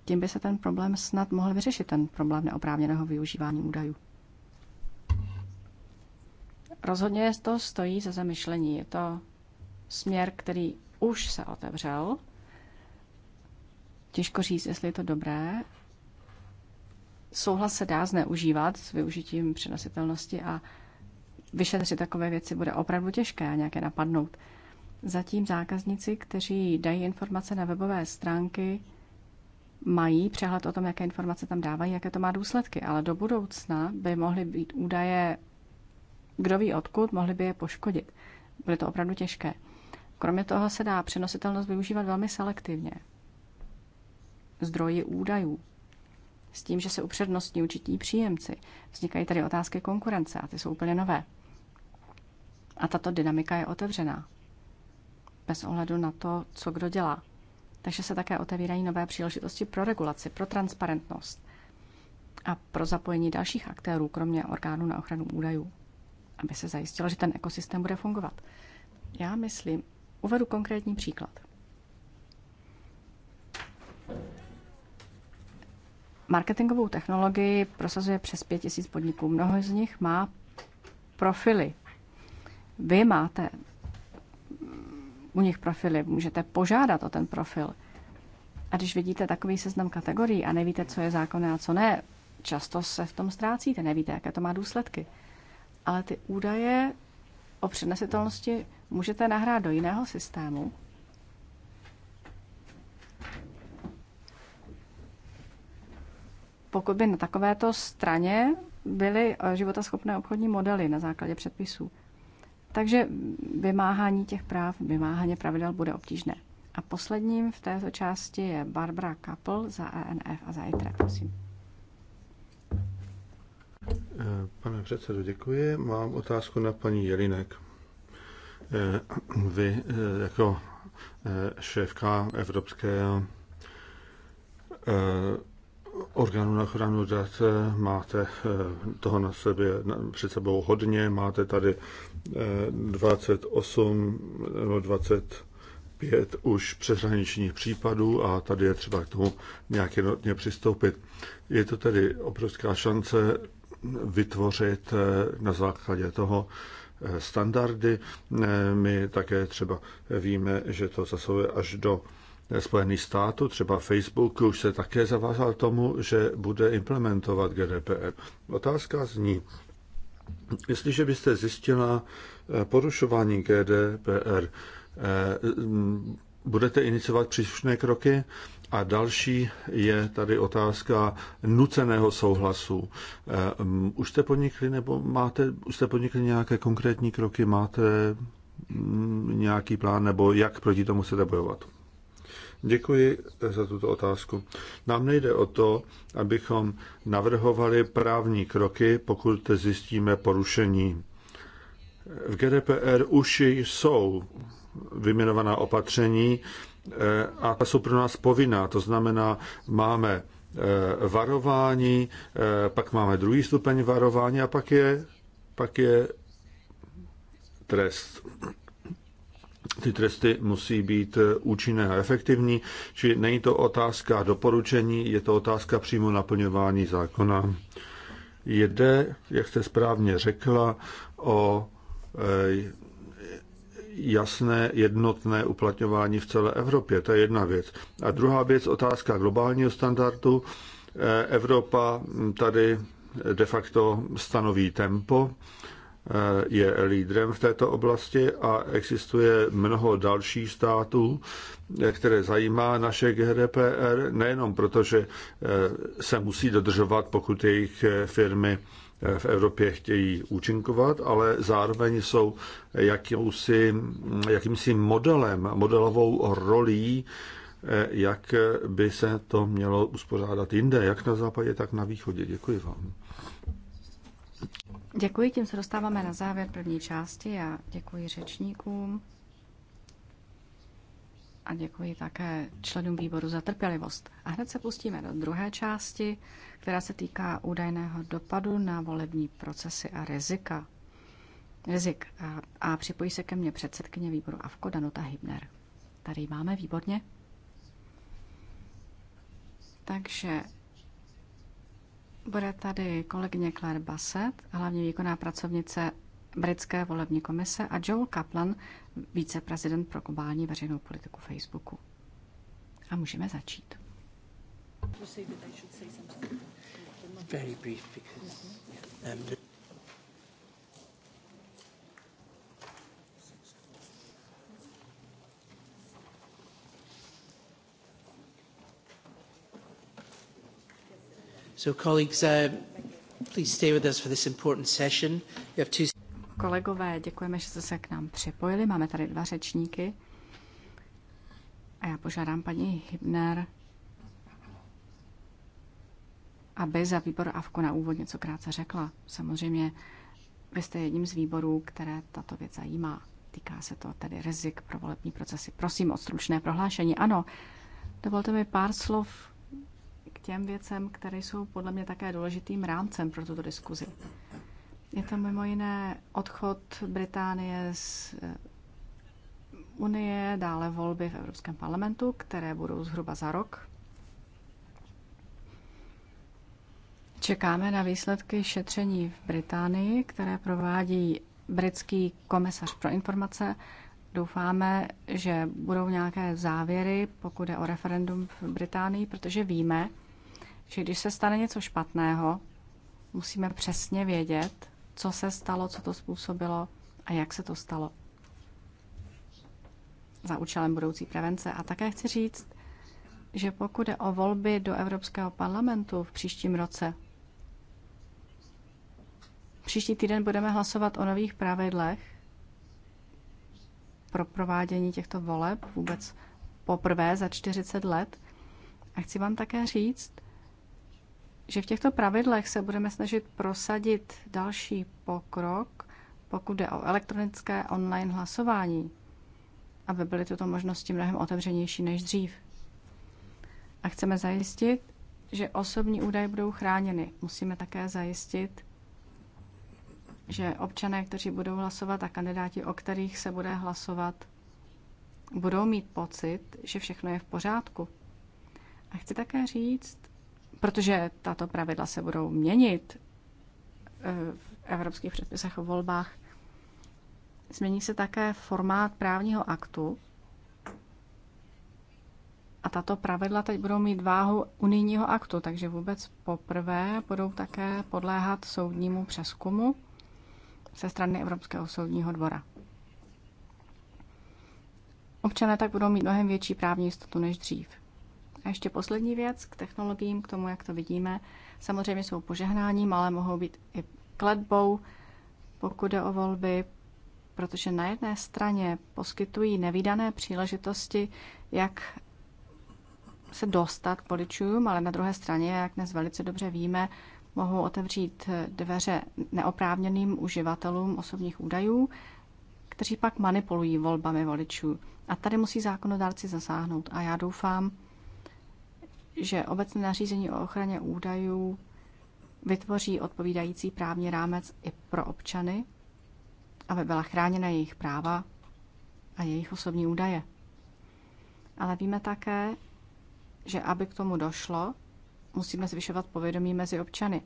Tím by se ten problém snad mohl vyřešit, ten problém neoprávněného využívání údajů. Rozhodně to stojí za zamyšlení. Je to směr, který už se otevřel Těžko říct, jestli je to dobré. Souhlas se dá zneužívat s využitím přenositelnosti a vyšetřit takové věci bude opravdu těžké a nějaké napadnout. Zatím zákazníci, kteří dají informace na webové stránky, mají přehled o tom, jaké informace tam dávají, jaké to má důsledky, ale do budoucna by mohly být údaje, kdo ví odkud, mohly by je poškodit. Bude to opravdu těžké. Kromě toho se dá přenositelnost využívat velmi selektivně zdroji údajů. S tím, že se upřednostní určití příjemci. Vznikají tady otázky konkurence a ty jsou úplně nové. A tato dynamika je otevřená. Bez ohledu na to, co kdo dělá. Takže se také otevírají nové příležitosti pro regulaci, pro transparentnost a pro zapojení dalších aktérů, kromě orgánů na ochranu údajů, aby se zajistilo, že ten ekosystém bude fungovat. Já myslím, uvedu konkrétní příklad. Marketingovou technologii prosazuje přes 5000 podniků. Mnoho z nich má profily. Vy máte u nich profily, můžete požádat o ten profil. A když vidíte takový seznam kategorií a nevíte, co je zákonné a co ne, často se v tom ztrácíte, nevíte, jaké to má důsledky. Ale ty údaje o přenesitelnosti můžete nahrát do jiného systému, pokud by na takovéto straně byly eh, životaschopné obchodní modely na základě předpisů. Takže vymáhání těch práv, vymáhání pravidel bude obtížné. A posledním v této části je Barbara Kapl za ENF a za ITRE, prosím. Eh, pane předsedo, děkuji. Mám otázku na paní Jelinek. Eh, vy jako šéfka Evropské orgánů na ochranu dat eh, máte eh, toho na sebe před sebou hodně. Máte tady 28 eh, nebo 25 už přeshraničních případů a tady je třeba k tomu nějak jednotně přistoupit. Je to tedy obrovská šance vytvořit na základě toho standardy. My také třeba víme, že to zasahuje až do Spojených států, třeba Facebook, už se také zavázal tomu, že bude implementovat GDPR. Otázka zní, jestliže byste zjistila eh, porušování GDPR, eh, budete iniciovat příslušné kroky? A další je tady otázka nuceného souhlasu. Eh, už jste podnikli, nebo máte, už jste podnikli nějaké konkrétní kroky, máte mm, nějaký plán, nebo jak proti tomu chcete bojovat? Děkuji za tuto otázku. Nám nejde o to, abychom navrhovali právní kroky, pokud zjistíme porušení. V GDPR už jsou vyjmenovaná opatření eh, a ta jsou pro nás povinná. To znamená, máme eh, varování, eh, pak máme druhý stupeň varování a pak je, pak je trest ty tresty musí být eh, účinné a efektivní, či není to otázka doporučení, je to otázka přímo naplňování zákona. Jde, jak jste správně řekla, o eh, jasné, jednotné uplatňování v celé Evropě. To je jedna věc. A druhá věc, otázka globálního standardu. Eh, Evropa tady de facto stanoví tempo je lídrem v této oblasti a existuje mnoho dalších států, které zajímá naše GDPR, nejenom proto, že eh, se musí dodržovat, pokud jejich eh, firmy eh, v Evropě chtějí účinkovat, ale zároveň jsou jakýmsi, mm, jakýmsi modelem, modelovou rolí, jak by se to mělo uspořádat jinde, jak na západě, tak na východě. Děkuji vám. Děkuji, tím se dostáváme na závěr první části. Já děkuji řečníkům a děkuji také členům výboru za trpělivost. A hned se pustíme do druhé části, která se týká údajného dopadu na volební procesy a rizika. Rizik. A, a připojí se ke mně předsedkyně výboru Avko Danuta Hybner. Tady máme výborně. Takže bude tady kolegyně Claire Bassett, hlavně výkonná pracovnice britské volební komise a Joel Kaplan, víceprezident pro globální veřejnou politiku Facebooku. A můžeme začít. Very brief because, um, So colleagues, uh, please stay with us for this important session. have two... Kolegové, děkujeme, že jste se k nám připojili. Máme tady dva řečníky. A já požádám paní Hybner, aby za výbor AVKO na úvod něco krátce řekla. Samozřejmě vy jste jedním z výborů, které tato věc zajímá. Týká se to tedy rizik pro volební procesy. Prosím o stručné prohlášení. Ano, dovolte mi pár slov těm věcem, které jsou podle mě také důležitým rámcem pro tuto diskuzi. Je to mimo jiné odchod Británie z eh, Unie, dále volby v Evropském parlamentu, které budou zhruba za rok. Čekáme na výsledky šetření v Británii, které provádí britský komisař pro informace. Doufáme, že budou nějaké závěry, pokud je o referendum v Británii, protože víme, že když se stane něco špatného, musíme přesně vědět, co se stalo, co to způsobilo a jak se to stalo. Za účelem budoucí prevence. A také chci říct, že pokud jde o volby do Evropského parlamentu v příštím roce, příští týden budeme hlasovat o nových pravidlech pro provádění těchto voleb vůbec poprvé za 40 let. A chci vám také říct, že v těchto pravidlech se budeme snažit prosadit další pokrok, pokud jde o elektronické online hlasování, aby byly tyto možnosti mnohem otevřenější než dřív. A chceme zajistit, že osobní údaje budou chráněny. Musíme také zajistit, že občané, kteří budou hlasovat a kandidáti, o kterých se bude hlasovat, budou mít pocit, že všechno je v pořádku. A chci také říct, protože tato pravidla se budou měnit eh, v evropských předpisech o volbách. Změní se také formát právního aktu a tato pravidla teď budou mít váhu unijního aktu, takže vůbec poprvé budou také podléhat soudnímu přeskumu ze strany Evropského soudního dvora. Občané tak budou mít mnohem větší právní jistotu než dřív. A ještě poslední věc k technologiím, k tomu, jak to vidíme. Samozřejmě jsou požehnáním, ale mohou být i kletbou, pokud jde o volby, protože na jedné straně poskytují nevýdané příležitosti, jak se dostat k voličům, ale na druhé straně, jak dnes velice dobře víme, mohou otevřít dveře neoprávněným uživatelům osobních údajů, kteří pak manipulují volbami voličů. A tady musí zákonodárci zasáhnout. A já doufám, že obecné nařízení o ochraně údajů vytvoří odpovídající právní rámec i pro občany, aby byla chráněna jejich práva a jejich osobní údaje. Ale víme také, že aby k tomu došlo, musíme zvyšovat povědomí mezi občany.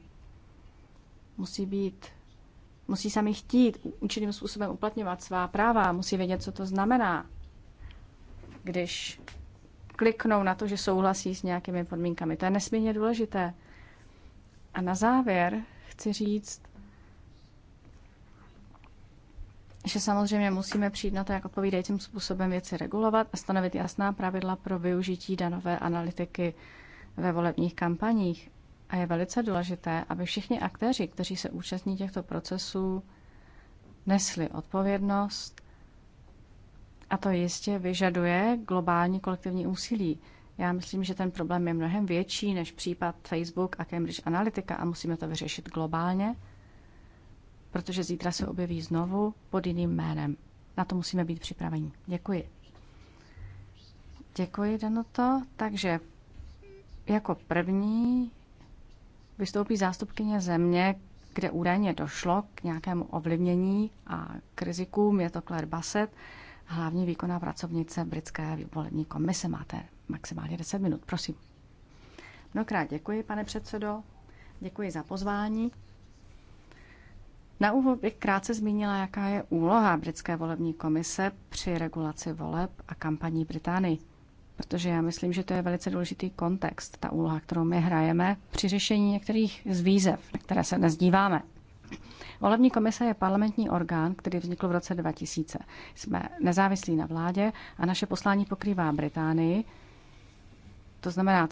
Musí být, musí sami chtít účinným způsobem uplatňovat svá práva, musí vědět, co to znamená, když kliknou na to, že souhlasí s nějakými podmínkami. To je nesmírně důležité. A na závěr chci říct, že samozřejmě musíme přijít na to, jak odpovídajícím způsobem věci regulovat a stanovit jasná pravidla pro využití danové analytiky ve volebních kampaních. A je velice důležité, aby všichni aktéři, kteří se účastní těchto procesů, nesli odpovědnost a to jistě vyžaduje globální kolektivní úsilí. Já myslím, že ten problém je mnohem větší než případ Facebook a Cambridge Analytica a musíme to vyřešit globálně, protože zítra se objeví znovu pod jiným jménem. Na to musíme být připraveni. Děkuji. Děkuji, Danoto. Takže jako první vystoupí zástupkyně země, kde údajně došlo k nějakému ovlivnění a k rizikům. Je to Claire Bassett hlavní výkonná pracovnice britské volební komise. Máte maximálně 10 minut, prosím. Mnohokrát děkuji, pane předsedo. Děkuji za pozvání. Na úvod bych krátce zmínila, jaká je úloha britské volební komise při regulaci voleb a kampaní Británii. Protože já myslím, že to je velice důležitý kontext, ta úloha, kterou my hrajeme při řešení některých z výzev, na které se dnes díváme. Volební komise je parlamentní orgán, který vznikl v roce 2000. Jsme nezávislí na vládě a naše poslání pokrývá Británii, to znamená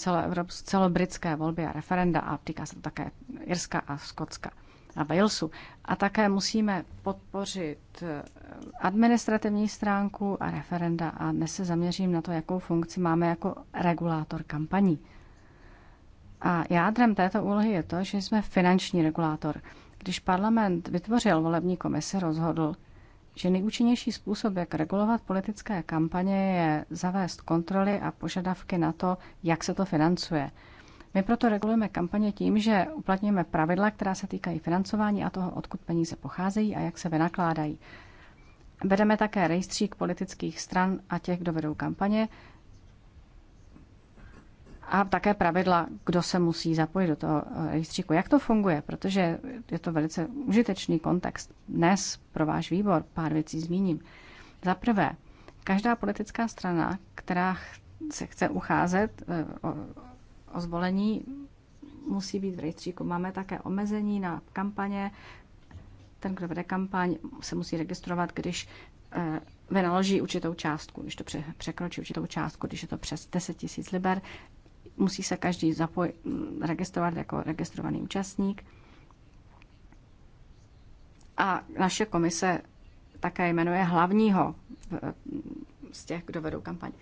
celobritské volby a referenda a týká se to také Irska a Skotska a Walesu. A také musíme podpořit eh, administrativní stránku a referenda a dnes se zaměřím na to, jakou funkci máme jako regulátor kampaní. A jádrem této úlohy je to, že jsme finanční regulátor. Když parlament vytvořil volební komisi, rozhodl, že nejúčinnější způsob, jak regulovat politické kampaně, je zavést kontroly a požadavky na to, jak se to financuje. My proto regulujeme kampaně tím, že uplatňujeme pravidla, která se týkají financování a toho, odkud peníze pocházejí a jak se vynakládají. Vedeme také rejstřík politických stran a těch, kdo vedou kampaně, a také pravidla, kdo se musí zapojit do toho eh, rejstříku. Jak to funguje? Protože je to velice užitečný kontext. Dnes pro váš výbor pár věcí zmíním. Za prvé, každá politická strana, která se chce ucházet eh, o, o zvolení, musí být v rejstříku. Máme také omezení na kampaně. Ten, kdo vede kampaň, se musí registrovat, když eh, vynaloží určitou částku, když to překročí určitou částku, když je to přes 10 tisíc liber, musí se každý zapoj- registrovat jako registrovaný účastník. A naše komise také jmenuje hlavního z těch, kdo vedou kampaň.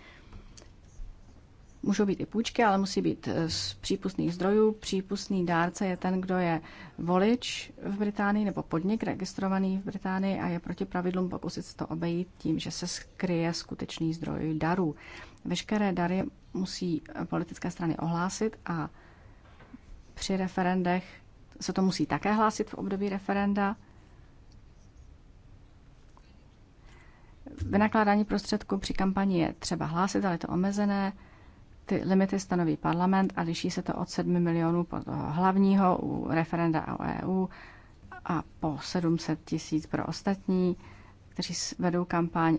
Můžou být i půjčky, ale musí být z přípustných zdrojů. Přípustný dárce je ten, kdo je volič v Británii nebo podnik registrovaný v Británii a je proti pravidlům pokusit se to obejít tím, že se skryje skutečný zdroj darů. Veškeré dary musí eh, politické strany ohlásit a při referendech se to musí také hlásit v období referenda. Vynakládání prostředků při kampani je třeba hlásit, ale je to omezené. Ty limity stanoví parlament a liší se to od 7 milionů po toho hlavního u referenda o EU a po 700 tisíc pro ostatní, kteří vedou kampaň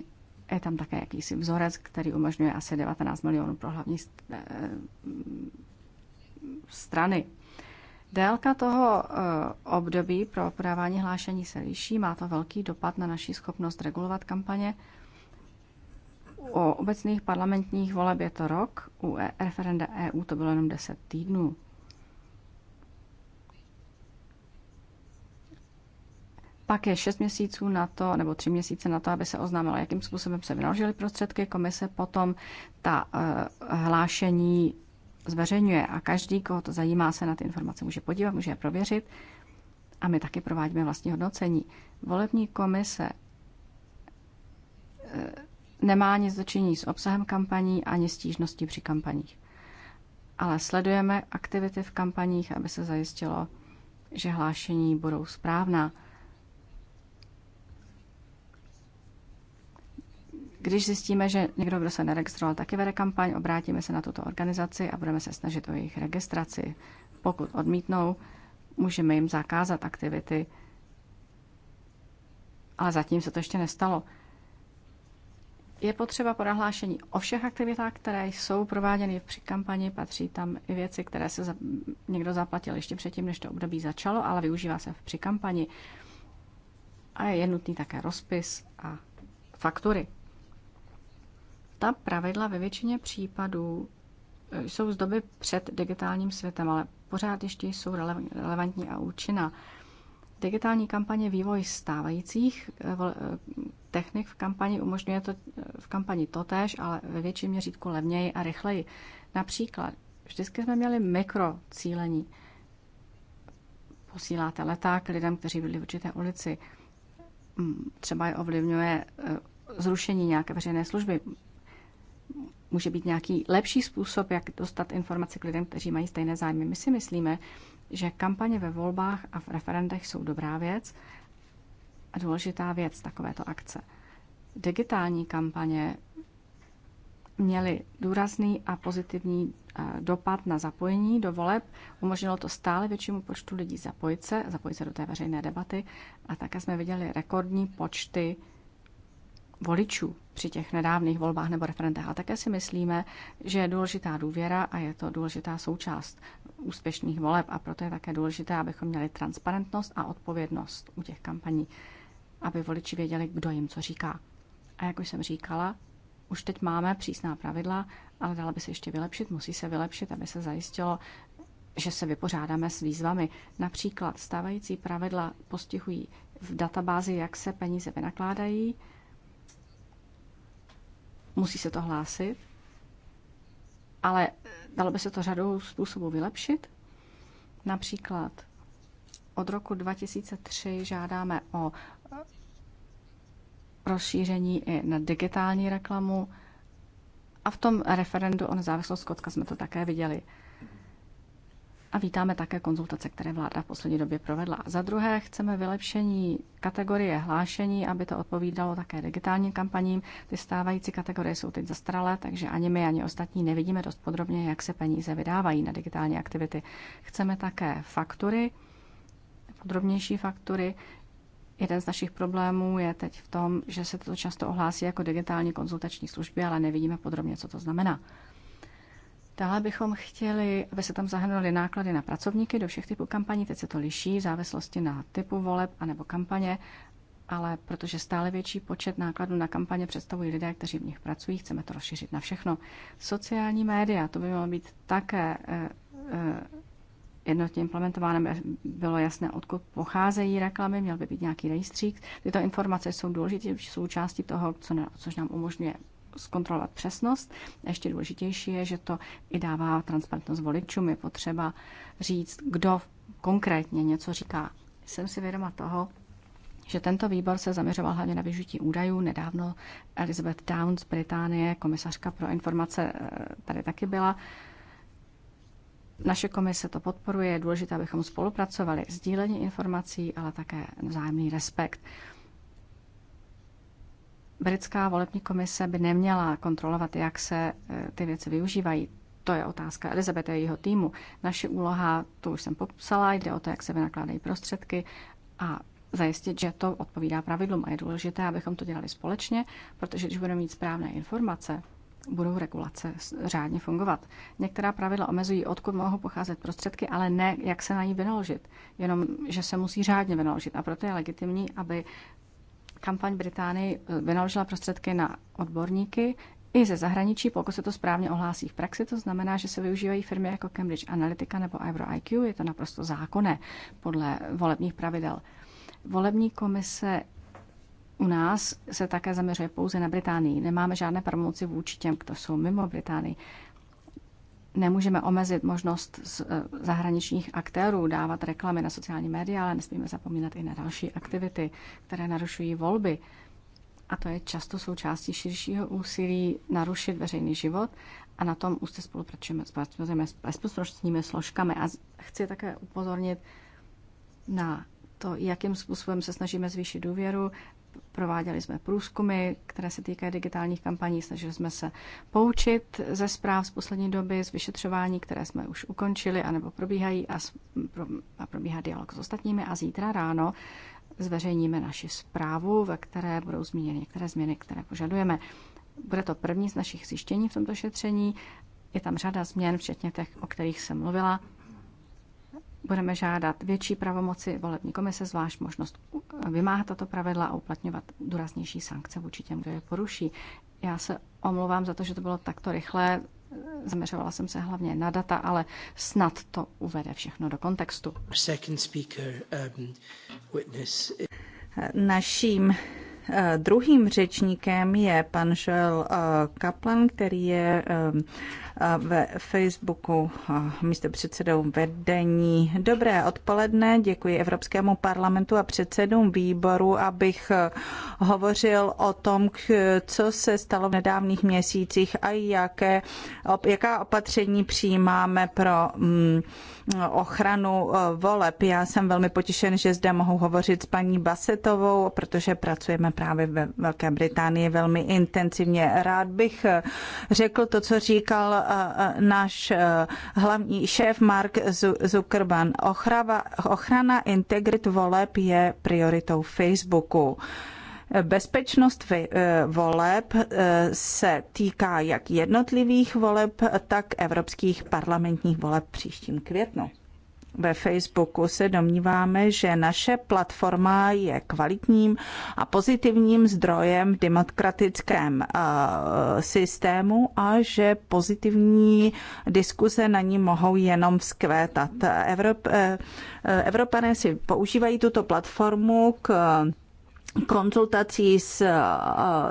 je tam také jakýsi vzorec, který umožňuje asi 19 milionů pro hlavní eh, strany. Délka toho eh, období pro podávání hlášení se liší, má to velký dopad na naši schopnost regulovat kampaně. U obecných parlamentních voleb je to rok, u e-, referenda EU to bylo jenom 10 týdnů. Pak je šest měsíců na to, nebo tři měsíce na to, aby se oznámilo, jakým způsobem se vynaložily prostředky. Komise potom ta uh, hlášení zveřejňuje a každý, koho to zajímá, se na ty informace může podívat, může je prověřit. A my taky provádíme vlastní hodnocení. Volební komise uh, nemá nic dočinění s obsahem kampaní ani stížností při kampaních. Ale sledujeme aktivity v kampaních, aby se zajistilo, že hlášení budou správná Když zjistíme, že někdo, kdo se neregistroval, taky vede kampaň, obrátíme se na tuto organizaci a budeme se snažit o jejich registraci. Pokud odmítnou, můžeme jim zakázat aktivity, ale zatím se to ještě nestalo. Je potřeba po nahlášení o všech aktivitách, které jsou prováděny při kampani, patří tam i věci, které se za, někdo zaplatil ještě předtím, než to období začalo, ale využívá se při kampani. A je nutný také rozpis a faktury. Ta pravidla ve většině případů eh, jsou z doby před digitálním světem, ale pořád ještě jsou relevantní a účinná. Digitální kampaně vývoj stávajících eh, eh, technik v kampani umožňuje to v kampani totéž, ale ve větším měřítku levněji a rychleji. Například vždycky jsme měli mikrocílení. Posíláte leták lidem, kteří byli v určité ulici. Hmm, třeba je ovlivňuje zrušení nějaké veřejné služby může být nějaký lepší způsob, jak dostat informace k lidem, kteří mají stejné zájmy. My si myslíme, že kampaně ve volbách a v referendech jsou dobrá věc a důležitá věc takovéto akce. Digitální kampaně měly důrazný a pozitivní eh, dopad na zapojení do voleb. Umožnilo to stále většímu počtu lidí zapojit se, zapojit se do té veřejné debaty a také jsme viděli rekordní počty voličů při těch nedávných volbách nebo referendech. A také si myslíme, že je důležitá důvěra a je to důležitá součást úspěšných voleb a proto je také důležité, abychom měli transparentnost a odpovědnost u těch kampaní, aby voliči věděli, kdo jim co říká. A jak už jsem říkala, už teď máme přísná pravidla, ale dala by se ještě vylepšit, musí se vylepšit, aby se zajistilo, že se vypořádáme s výzvami. Například stávající pravidla postihují v databázi, jak se peníze vynakládají, musí se to hlásit, ale dalo by se to řadou způsobů vylepšit. Například od roku 2003 žádáme o rozšíření i na digitální reklamu a v tom referendu o nezávislost Skotka jsme to také viděli. A vítáme také konzultace, které vláda v poslední době provedla. Za druhé, chceme vylepšení kategorie hlášení, aby to odpovídalo také digitálním kampaním. Ty stávající kategorie jsou teď zastaralé, takže ani my, ani ostatní nevidíme dost podrobně, jak se peníze vydávají na digitální aktivity. Chceme také faktury, podrobnější faktury. Jeden z našich problémů je teď v tom, že se to často ohlásí jako digitální konzultační služby, ale nevidíme podrobně, co to znamená. Dále bychom chtěli, aby se tam zahrnuly náklady na pracovníky do všech typů kampaní. Teď se to liší v závislosti na typu voleb anebo kampaně, ale protože stále větší počet nákladů na kampaně představují lidé, kteří v nich pracují, chceme to rozšířit na všechno. Sociální média, to by mělo být také eh, eh, jednotně implementováno, bylo jasné, odkud pocházejí reklamy, měl by být nějaký rejstřík. Tyto informace jsou důležitější součástí toho, co, což nám umožňuje zkontrolovat přesnost. A ještě důležitější je, že to i dává transparentnost voličům. Je potřeba říct, kdo konkrétně něco říká. Jsem si vědoma toho, že tento výbor se zaměřoval hlavně na využití údajů. Nedávno Elizabeth Downs z Británie, komisařka pro informace, eh, tady taky byla. Naše komise to podporuje, je důležité, abychom spolupracovali, sdílení informací, ale také vzájemný respekt britská volební komise by neměla kontrolovat, jak se e, ty věci využívají. To je otázka Elizabety a jejího týmu. Naše úloha, tu už jsem popsala, jde o to, jak se vynakládají prostředky a zajistit, že to odpovídá pravidlům. A je důležité, abychom to dělali společně, protože když budeme mít správné informace, budou regulace řádně fungovat. Některá pravidla omezují, odkud mohou pocházet prostředky, ale ne, jak se na ní vynaložit. Jenom, že se musí řádně vynaložit. A proto je legitimní, aby kampaň Británii eh, vynaložila prostředky na odborníky i ze zahraničí, pokud se to správně ohlásí v praxi, to znamená, že se využívají firmy jako Cambridge Analytica nebo IQ. je to naprosto zákonné podle volebních pravidel. Volební komise u nás se také zaměřuje pouze na Británii. Nemáme žádné pravomoci vůči těm, kdo jsou mimo Británii nemůžeme omezit možnost eh, zahraničních aktérů dávat reklamy na sociální média, ale nesmíme zapomínat i na další aktivity, které narušují volby. A to je často součástí širšího úsilí narušit veřejný život a na tom úzce spolupracujeme, spolupracujeme s bezprostředními složkami. A chci také upozornit na to, jakým způsobem se snažíme zvýšit důvěru Prováděli jsme průzkumy, které se týkají digitálních kampaní. Snažili jsme se poučit ze zpráv z poslední doby, z vyšetřování, které jsme už ukončili anebo probíhají a, a probíhá dialog s ostatními. A zítra ráno zveřejníme naši zprávu, ve které budou zmíněny některé změny, které požadujeme. Bude to první z našich zjištění v tomto šetření. Je tam řada změn, včetně těch, o kterých jsem mluvila budeme žádat větší pravomoci volební komise, zvlášť možnost vymáhat tato pravidla a uplatňovat důraznější sankce vůči těm, kdo je poruší. Já se omlouvám za to, že to bylo takto rychlé. Zaměřovala jsem se hlavně na data, ale snad to uvede všechno do kontextu. Speaker, um, Naším eh, Druhým řečníkem je pan Joel eh, Kaplan, který je eh, ve Facebooku místo předsedou vedení. Dobré odpoledne, děkuji Evropskému parlamentu a předsedům výboru, abych e, hovořil o tom, co se stalo v nedávných měsících a jaké, jaká opatření přijímáme pro mm, ochranu e, voleb. Já jsem velmi potěšen, že zde mohu hovořit s paní Basetovou, protože pracujeme právě ve Velké Británii velmi intenzivně. Rád bych e, řekl to, co říkal náš e, hlavní šéf Mark Zuckerman. Ochrava, ochrana integrit voleb je prioritou Facebooku. Bezpečnost e, voleb e, se týká jak jednotlivých voleb, tak evropských parlamentních voleb příštím květnu ve Facebooku se domníváme, že naše platforma je kvalitním a pozitivním zdrojem v demokratickém eh, systému a že pozitivní diskuse na ní mohou jenom vzkvétat. Evrop, eh, eh, Evropané si používají tuto platformu k konzultací s eh,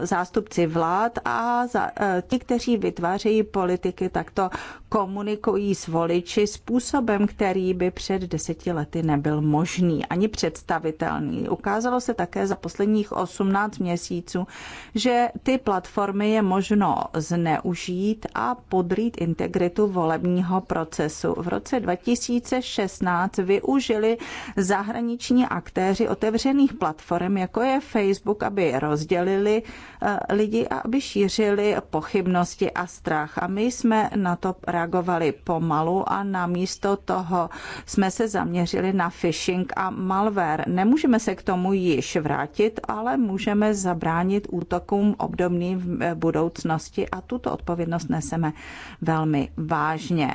zástupci vlád a za, eh, ti, kteří vytvářejí politiky, tak to komunikují s voliči způsobem, který by před deseti lety nebyl možný ani představitelný. Ukázalo se také za posledních 18 měsíců, že ty platformy je možno zneužít a podrít integritu volebního procesu. V roce 2016 využili zahraniční aktéři otevřených platform, jako je je Facebook, aby rozdělili eh, lidi a aby šířili pochybnosti a strach. A my jsme na to reagovali pomalu a namísto toho jsme se zaměřili na phishing a malware. Nemůžeme se k tomu již vrátit, ale můžeme zabránit útokům obdobným v eh, budoucnosti a tuto odpovědnost neseme velmi vážně.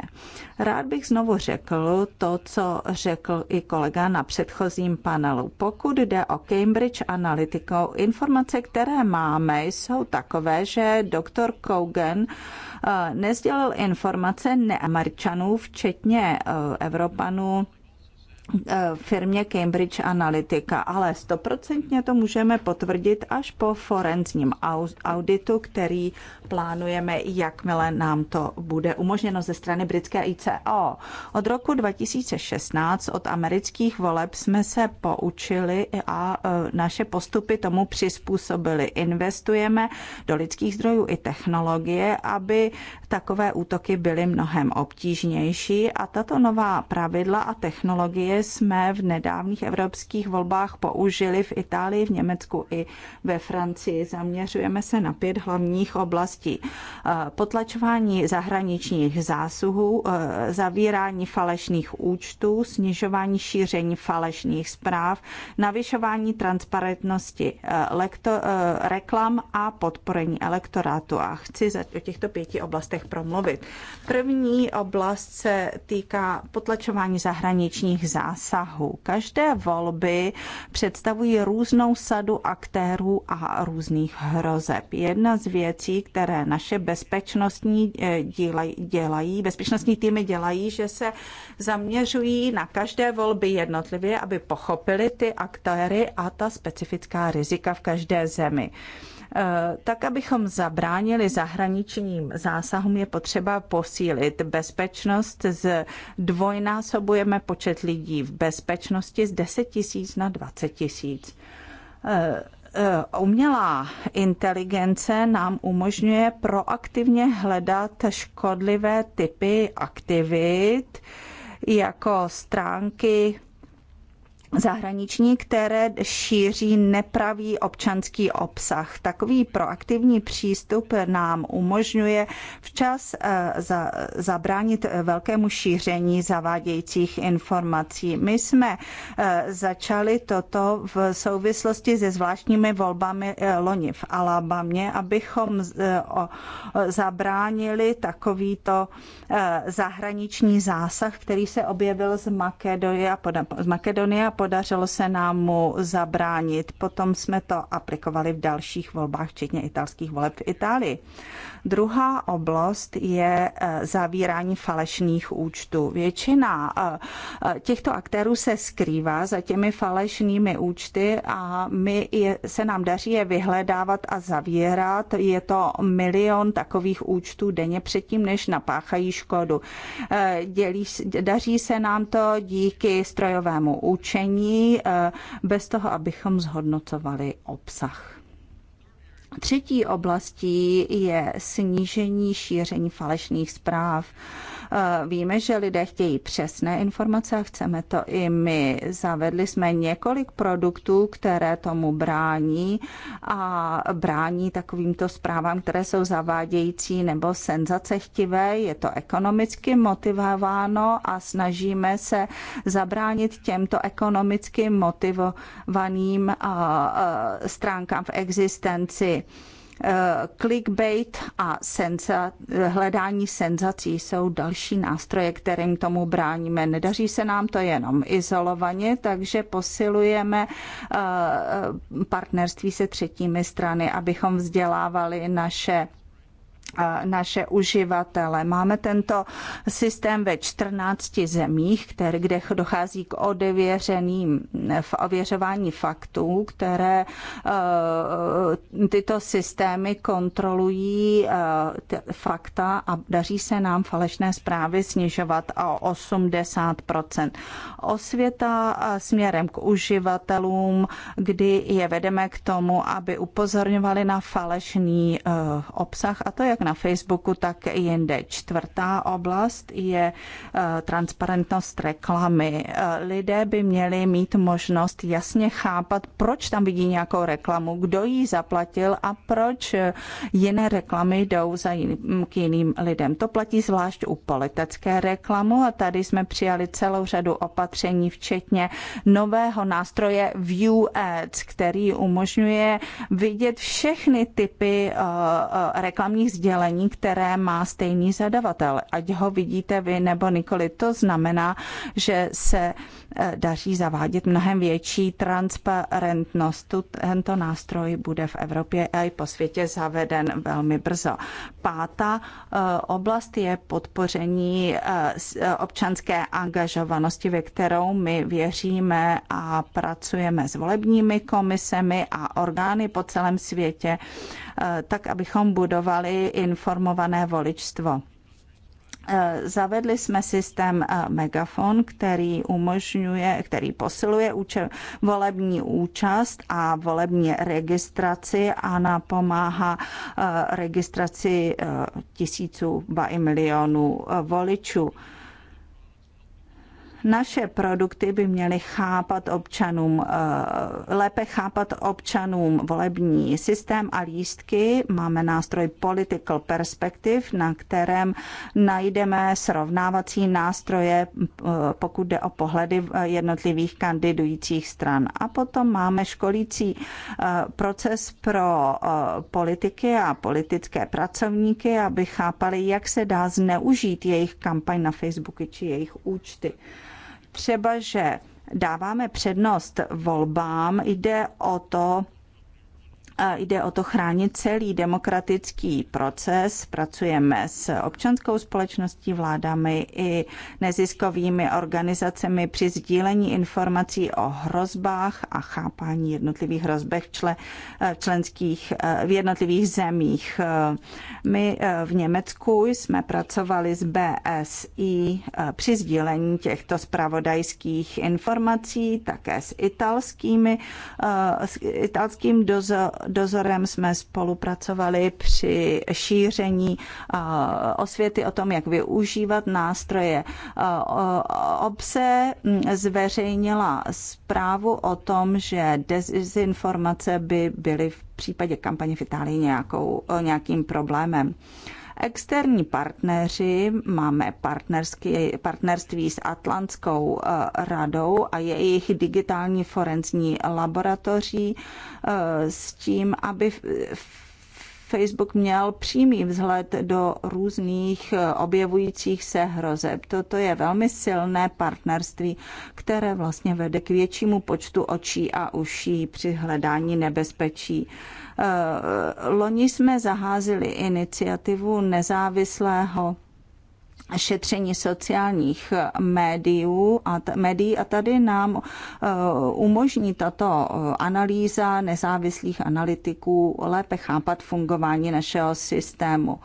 Rád bych znovu řekl to, co řekl i kolega na předchozím panelu. Pokud jde o Cambridge a analytikou. Informace, které máme, jsou takové, že doktor Kogan eh, nezdělil informace neameričanů, včetně eh, Evropanů, E, firmě Cambridge Analytica, ale stoprocentně to můžeme potvrdit až po forenzním auditu, který plánujeme, jakmile nám to bude umožněno ze strany britské ICO. Od roku 2016 od amerických voleb jsme se poučili a e, naše postupy tomu přizpůsobili. Investujeme do lidských zdrojů i technologie, aby takové útoky byly mnohem obtížnější a tato nová pravidla a technologie právě jsme v nedávných evropských volbách použili v Itálii, v Německu i ve Francii. Zaměřujeme se na pět hlavních oblastí. Eh, potlačování zahraničních zásuhů, eh, zavírání falešných účtů, snižování šíření falešných zpráv, navyšování transparentnosti eh, reklam a podporení elektorátu. A chci o těchto pěti oblastech promluvit. První oblast se týká potlačování zahraničních zásuhů zásahu. Každé volby představují různou sadu aktérů a různých hrozeb. Jedna z věcí, které naše bezpečnostní eh, dílaj, dělají, bezpečnostní týmy dělají, že se zaměřují na každé volby jednotlivě, aby pochopili ty aktéry a ta specifická rizika v každé zemi. Eh, tak, abychom zabránili zahraničním zásahům, je potřeba posílit bezpečnost. Z dvojnásobujeme počet lidí v bezpečnosti z 10 tisíc na 20 tisíc eh, eh, umělá inteligence nám umožňuje proaktivně hledat škodlivé typy aktivit, jako stránky zahraniční, které šíří nepravý občanský obsah. Takový proaktivní přístup nám umožňuje včas eh, za, zabránit eh, velkému šíření zavádějících informací. My jsme eh, začali toto v souvislosti se zvláštními volbami loni v Alabamě, abychom zabránili takovýto zahraniční zásah, který se objevil z Makedonie a podobně podařilo se nám mu zabránit. Potom jsme to aplikovali v dalších volbách, včetně italských voleb v Itálii. Druhá oblast je eh, zavírání falešných účtů. Většina eh, eh, těchto aktérů se skrývá za těmi falešnými účty a my je, se nám daří je vyhledávat a zavírat. Je to milion takových účtů denně předtím, než napáchají škodu. Dělí, daří se nám to díky strojovému učení, bez toho, abychom zhodnocovali obsah. Třetí oblastí je snížení šíření falešných zpráv. Víme, že lidé chtějí přesné informace a chceme to i my. Zavedli jsme několik produktů, které tomu brání a brání takovýmto zprávám, které jsou zavádějící nebo senzacechtivé. Je to ekonomicky motivováno a snažíme se zabránit těmto ekonomicky motivovaným stránkám v existenci. Clickbait a senza, hledání senzací jsou další nástroje, kterým tomu bráníme. Nedaří se nám to jenom izolovaně, takže posilujeme eh, partnerství se třetími strany, abychom vzdělávali naše naše uživatele. Máme tento systém ve 14 zemích, které, kde dochází k odevěřeným v ověřování faktů, které eh, tyto systémy kontrolují eh, fakta a daří se nám falešné zprávy snižovat o 80 Osvěta eh, směrem k uživatelům, kdy je vedeme k tomu, aby upozorňovali na falešný obsah a to, jak na Facebooku, tak i jinde. Čtvrtá oblast je eh, transparentnost reklamy. Eh, lidé by měli mít možnost jasně chápat, proč tam vidí nějakou reklamu, kdo ji zaplatil a proč eh, jiné reklamy jdou za jiným, k jiným lidem. To platí zvlášť u politické reklamu a tady jsme přijali celou řadu opatření, včetně nového nástroje View Ads, který umožňuje vidět všechny typy reklamních sdělení sdělení, které má stejný zadavatel. Ať ho vidíte vy nebo nikoli, to znamená, že se eh, daří zavádět mnohem větší transparentnost. Tento nástroj bude v Evropě a i po světě zaveden velmi brzo. Pátá eh, oblast je podpoření eh, občanské angažovanosti, ve kterou my věříme a pracujeme s volebními komisemi a orgány po celém světě Eh, tak abychom budovali informované voličstvo. Eh, zavedli jsme systém eh, Megafon, který umožňuje, který posiluje účel, volební účast a volební registraci a napomáhá registraci tisíců, ba i milionů voličů naše produkty by měly chápat občanům, eh, lépe chápat občanům volební systém a lístky. Máme nástroj Political Perspective, na kterém najdeme srovnávací nástroje, eh, pokud jde o pohledy jednotlivých kandidujících stran. A potom máme školící eh, proces pro politiky a politické pracovníky, aby chápali, jak se dá zneužít jejich kampaň na Facebooku či jejich účty třeba, že dáváme přednost volbám, jde o to, Jde o to chránit celý demokratický proces. Pracujeme s občanskou společností, vládami i neziskovými organizacemi při sdílení informací o hrozbách a chápání jednotlivých hrozbech v, členských, v jednotlivých zemích. My v Německu jsme pracovali s BSI při sdílení těchto spravodajských informací, také s italskými, s italským dozorem dozorem jsme spolupracovali při šíření osvěty o tom, jak využívat nástroje. Obce zveřejnila zprávu o tom, že dezinformace by byly v případě kampaně v Itálii nějakou, nějakým problémem. Externí partneři, máme partnerství s Atlantskou eh, radou a jejich digitální forenzní laboratoří eh, s tím, aby Facebook měl přímý vzhled do různých eh, objevujících se hrozeb. Toto je velmi silné partnerství, které vlastně vede k většímu počtu očí a uší při hledání nebezpečí. Eh, loni jsme zaházili iniciativu nezávislého šetření sociálních médiů a t- médií a tady nám eh, umožní tato eh, analýza nezávislých analytiků lépe chápat fungování našeho systému.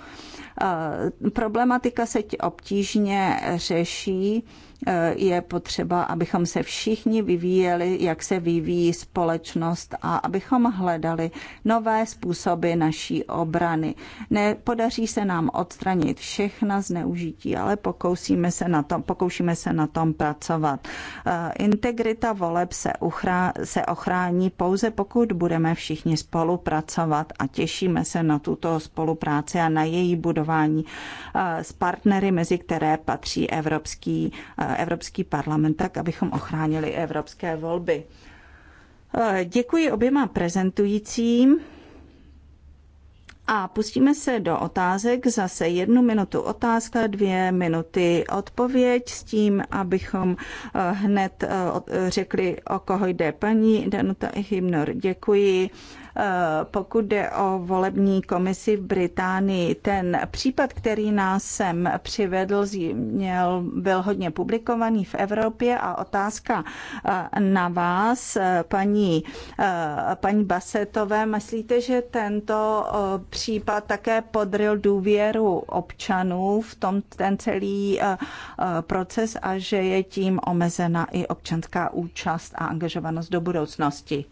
Problematika se obtížně řeší Eh, je potřeba, abychom se všichni vyvíjeli, jak se vyvíjí společnost a abychom hledali nové způsoby naší obrany. Nepodaří se nám odstranit všechna zneužití, ale pokoušíme se na tom, pokoušíme se na tom pracovat. Eh, integrita voleb se, uchrá, se ochrání pouze pokud budeme všichni spolupracovat a těšíme se na tuto spolupráci a na její budování eh, s partnery, mezi které patří Evropský Evropský parlament tak, abychom ochránili evropské volby. Eh, děkuji oběma prezentujícím. A pustíme se do otázek. Zase jednu minutu otázka, dvě minuty odpověď s tím, abychom eh, hned eh, řekli, o koho jde. Paní Danuta Hymnor, děkuji Eh, pokud jde o volební komisi v Británii, ten případ, který nás sem přivedl, měl, byl hodně publikovaný v Evropě a otázka eh, na vás, eh, paní, paní Basetové, myslíte, že tento případ také podryl důvěru občanů v tom, ten celý proces a že je tím omezena i občanská účast a angažovanost do budoucnosti?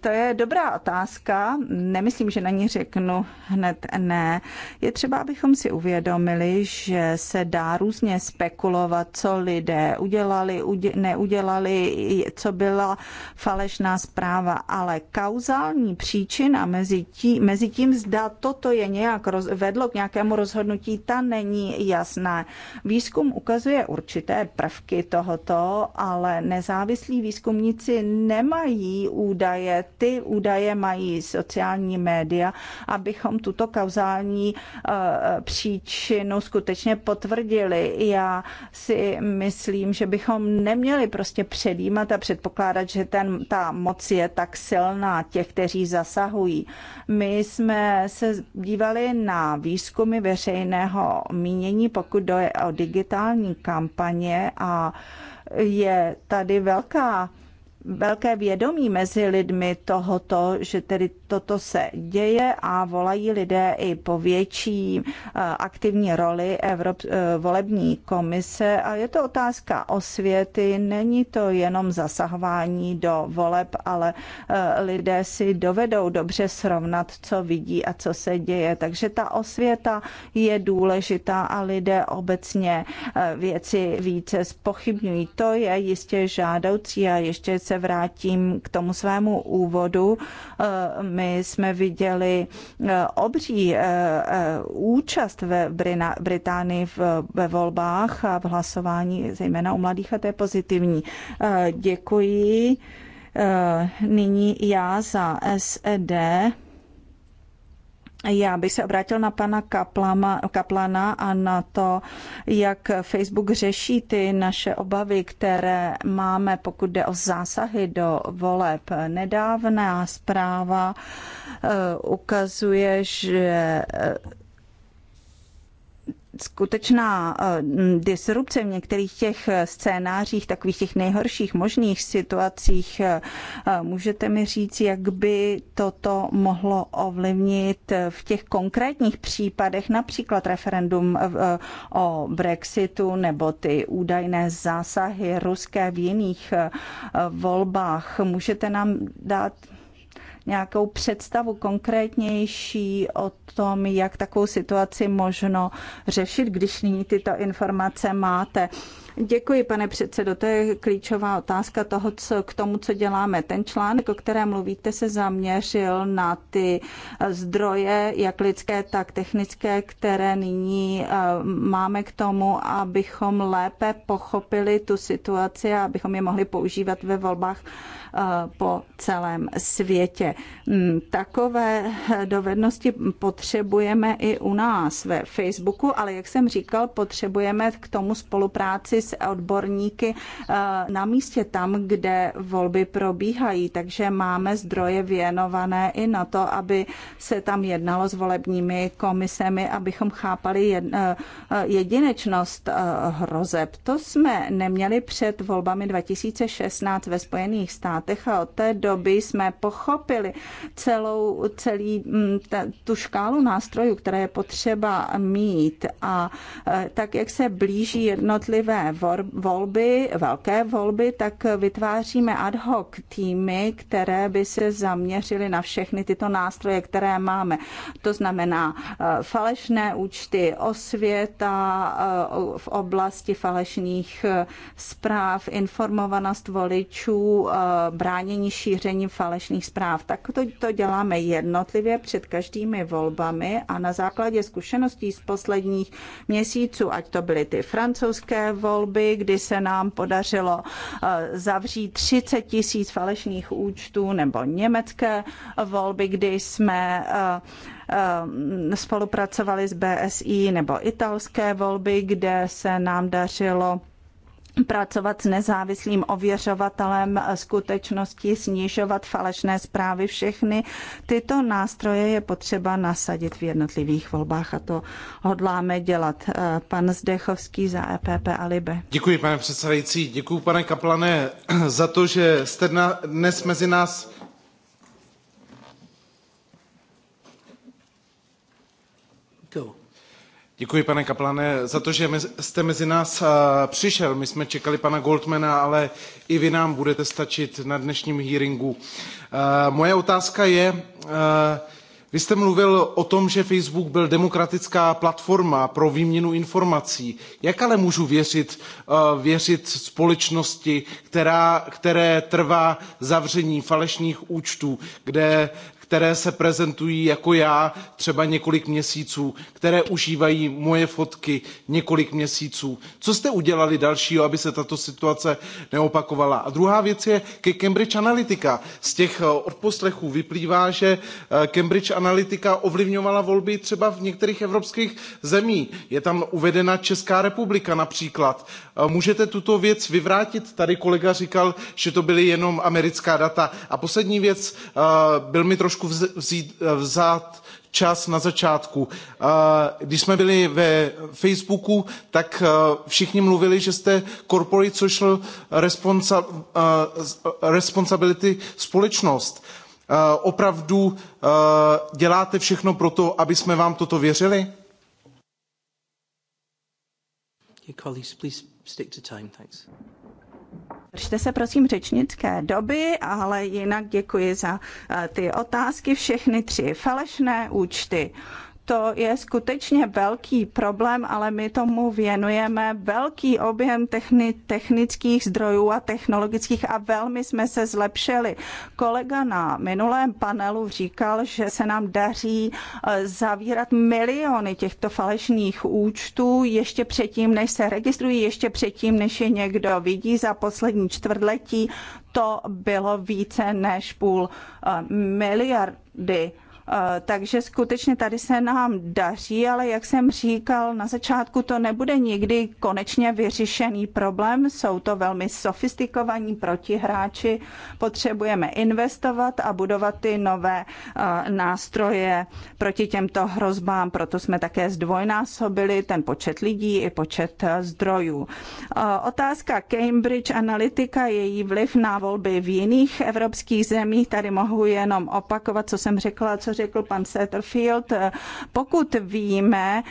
To je dobrá otázka, nemyslím, že na ní řeknu hned ne. Je třeba, abychom si uvědomili, že se dá různě spekulovat, co lidé udělali, udě, neudělali, co byla falešná zpráva, ale kauzální příčina mezi tím, mezi tím zda toto je nějak roz, vedlo k nějakému rozhodnutí, ta není jasná. Výzkum ukazuje určité prvky tohoto, ale nezávislí výzkumníci nemají údaje, ty údaje mají sociální média, abychom tuto kauzální eh, příčinu skutečně potvrdili. Já si myslím, že bychom neměli prostě předjímat a předpokládat, že ten, ta moc je tak silná těch, kteří zasahují. My jsme se dívali na výzkumy veřejného mínění, pokud jde o digitální kampaně a je tady velká velké vědomí mezi lidmi tohoto, že tedy toto se děje a volají lidé i po větší eh, aktivní roli Evrop, eh, volební komise a je to otázka osvěty, není to jenom zasahování do voleb, ale eh, lidé si dovedou dobře srovnat, co vidí a co se děje. Takže ta osvěta je důležitá a lidé obecně věci více spochybňují. To je jistě žádoucí a ještě se vrátím k tomu svému úvodu. My my jsme viděli eh, obří eh, eh, účast ve Británii ve volbách a v hlasování, zejména u mladých, a to je pozitivní. Děkuji nyní já za SED já bych se obrátil na pana Kaplama, Kaplana a na to, jak Facebook řeší ty naše obavy, které máme, pokud jde o zásahy do voleb. Nedávná zpráva eh, ukazuje, že eh, skutečná eh, disrupce v některých těch eh, scénářích, takových těch nejhorších možných situacích, eh, můžete mi říct, jak by toto mohlo ovlivnit v těch konkrétních případech, například referendum o Brexitu nebo ty údajné zásahy ruské v jiných volbách. Můžete nám dát nějakou představu konkrétnější o tom, jak takovou situaci možno řešit, když nyní tyto informace máte. Děkuji, pane předsedo. To je klíčová otázka toho, co, k tomu, co děláme. Ten článek, o kterém mluvíte, se zaměřil na ty eh, zdroje, jak lidské, tak technické, které nyní eh, máme k tomu, abychom lépe pochopili tu situaci a abychom je mohli používat ve volbách Eh, po celém světě. Mm, takové dovednosti potřebujeme i u nás ve Facebooku, ale jak jsem říkal, potřebujeme k tomu spolupráci s odborníky eh, na místě tam, kde volby probíhají, takže máme zdroje věnované i na to, aby se tam jednalo s volebními komisemi, abychom chápali eh, jedinečnost hrozeb. To jsme neměli před volbami 2016 ve Spojených státech státech a od té doby jsme pochopili celou, celý mm, ta, tu škálu nástrojů, které je potřeba mít a e, tak, jak se blíží jednotlivé volby, velké volby, tak vytváříme ad hoc týmy, které by se zaměřily na všechny tyto nástroje, které máme. To znamená e, falešné účty, osvěta e, v oblasti falešných zpráv, informovanost voličů, bránění šíření falešných zpráv. Tak to, to děláme jednotlivě před každými volbami a na základě zkušeností z posledních měsíců, ať to byly ty francouzské volby, kdy se nám podařilo eh, zavřít 30 tisíc falešných účtů, nebo německé volby, kdy jsme eh, eh, spolupracovali s BSI, nebo italské volby, kde se nám dařilo pracovat s nezávislým ověřovatelem skutečnosti, snižovat falešné zprávy. Všechny tyto nástroje je potřeba nasadit v jednotlivých volbách a to hodláme dělat. Eh, pan Zdechovský za EPP Alibe. Děkuji, pane předsedající. Děkuji, pane Kaplané, za to, že jste dnes mezi nás Děkuji, pane Kaplane, za to, že jste mezi nás přišel. My jsme čekali pana Goldmana, ale i vy nám budete stačit na dnešním hearingu. Moje otázka je, vy jste mluvil o tom, že Facebook byl demokratická platforma pro výměnu informací. Jak ale můžu věřit, věřit společnosti, která, které trvá zavření falešných účtů, kde které se prezentují jako já třeba několik měsíců, které užívají moje fotky několik měsíců. Co jste udělali dalšího, aby se tato situace neopakovala? A druhá věc je ke Cambridge Analytica. Z těch eh, odposlechů vyplývá, že eh, Cambridge Analytica ovlivňovala volby třeba v některých evropských zemích. Je tam uvedena Česká republika například. Eh, můžete tuto věc vyvrátit? Tady kolega říkal, že to byly jenom americká data. A poslední věc, byl mi trošku trošku vzít, eh, vzát čas na začátku. Eh, když jsme byli ve Facebooku, tak eh, všichni mluvili, že jste corporate social responsibility společnost. Opravdu děláte všechno pro to, aby jsme vám toto věřili? Your colleagues, please stick to time. Thanks. Držte se prosím řečnické doby, ale jinak děkuji za eh, ty otázky, všechny tři falešné účty to je skutečně velký problém, ale my tomu věnujeme velký objem techni- technických zdrojů a technologických a velmi jsme se zlepšili. Kolega na minulém panelu říkal, že se nám daří eh, zavírat miliony těchto falešných účtů ještě předtím, než se registrují, ještě předtím, než je někdo vidí za poslední čtvrtletí. To bylo více než půl eh, miliardy Eh, takže skutečně tady se nám daří, ale jak jsem říkal, na začátku to nebude nikdy konečně vyřešený problém. Jsou to velmi sofistikovaní protihráči. Potřebujeme investovat a budovat ty nové eh, nástroje proti těmto hrozbám. Proto jsme také zdvojnásobili ten počet lidí i počet eh, zdrojů. Otázka Cambridge Analytica, její vliv na volby v jiných evropských zemích. Tady mohu jenom opakovat, co jsem řekla, co řekl pan Setterfield. Eh, pokud víme,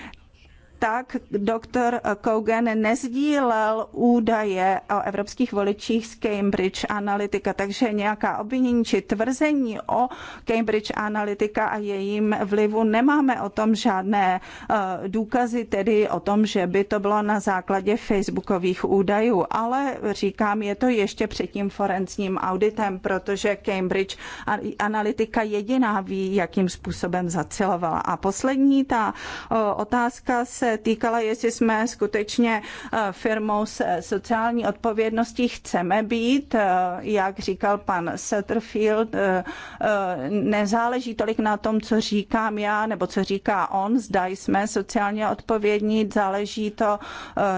tak doktor Kogan nezdílel údaje o evropských voličích z Cambridge Analytica, takže nějaká obvinění či tvrzení o Cambridge Analytica a jejím vlivu nemáme o tom žádné eh, důkazy, tedy o tom, že by to bylo na základě facebookových údajů, ale říkám, je to ještě před tím forenzním auditem, protože Cambridge Analytica jediná ví, jakým způsobem zacelovala. A poslední ta eh, otázka se týkala, jestli jsme skutečně eh, firmou s eh, sociální odpovědností chceme být. Eh, jak říkal pan Sutterfield, nezáleží tolik na tom, co říkám já nebo co říká on, zda jsme sociálně odpovědní, záleží to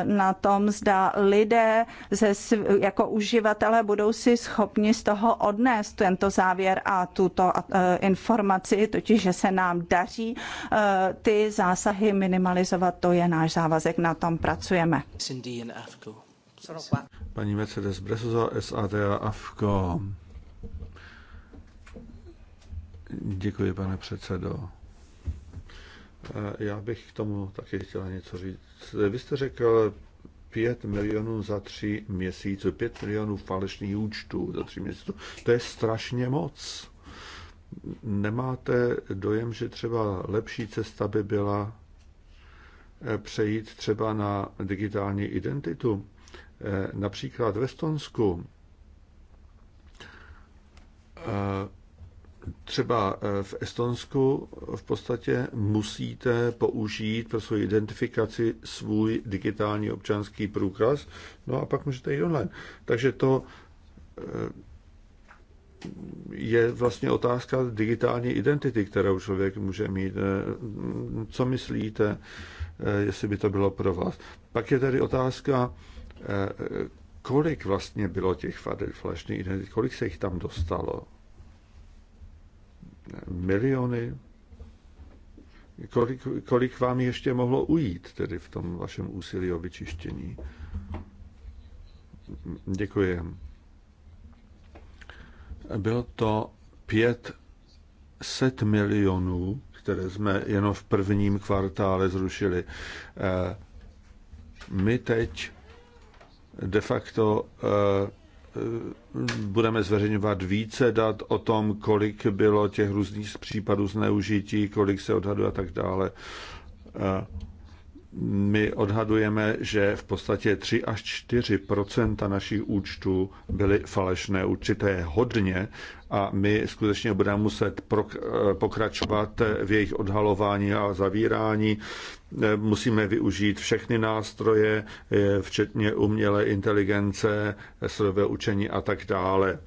na tom, zda lidé ze, jako uživatelé budou si schopni z toho odnést tento závěr a tuto informaci, totiž, že se nám daří ty zásahy minimalizovat to je náš závazek, na tom pracujeme. Paní Mercedes Bresuza, SADA a AFKO. Děkuji, pane předsedo. Eh, já bych k tomu taky chtěla něco říct. Vy jste řekl 5 milionů za tři měsíce, 5 milionů falešných účtů za tři měsíce. To je strašně moc. Nemáte dojem, že třeba lepší cesta by byla Eh, přejít třeba na digitální identitu. Eh, například v Estonsku eh, třeba v Estonsku v podstatě musíte použít pro svou identifikaci svůj digitální občanský průkaz, no a pak můžete jít online. Takže to je vlastně otázka digitální identity, kterou člověk může mít. Co myslíte? Eh, jestli by to bylo pro vás. Pak je tady otázka, eh, kolik vlastně bylo těch falešných identit, kolik se jich tam dostalo? Miliony? Kolik, kolik vám ještě mohlo ujít tedy v tom vašem úsilí o vyčištění? Děkuji. Bylo to pět set milionů které jsme jenom v prvním kvartále zrušili. Eh, my teď de facto eh, budeme zveřejňovat více dat o tom, kolik bylo těch různých případů zneužití, kolik se odhaduje a tak dále. Eh, my odhadujeme, že v podstatě 3 až 4 našich účtů byly falešné určité hodně a my skutečně budeme muset pokračovat v jejich odhalování a zavírání. Musíme využít všechny nástroje, eh, včetně umělé inteligence, strojové učení a tak dále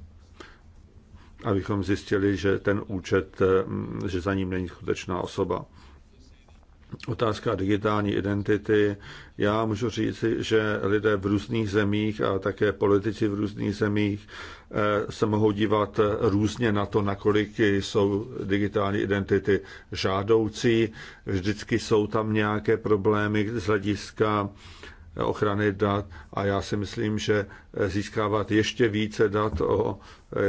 abychom zjistili, že ten účet, eh, že za ním není skutečná osoba otázka digitální identity. Já můžu říci, že lidé v různých zemích a také politici v různých zemích eh, se mohou dívat různě na to, nakolik jsou digitální identity žádoucí. Vždycky jsou tam nějaké problémy z hlediska ochrany dat a já si myslím, že získávat ještě více dat o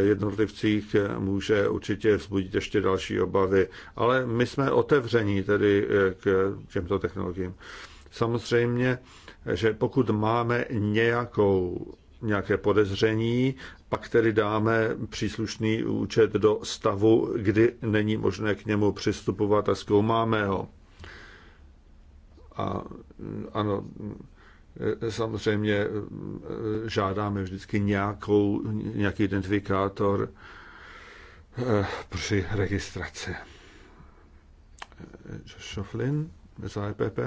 jednotlivcích může určitě vzbudit ještě další obavy. Ale my jsme otevření tedy eh, k těmto technologiím. Samozřejmě, že pokud máme nějakou nějaké podezření, pak tedy dáme příslušný účet do stavu, kdy není možné k němu přistupovat a zkoumáme ho. A ano, E, samozřejmě e, žádáme vždycky nějakou, nějaký identifikátor e, při registraci. Šoflin z EPP.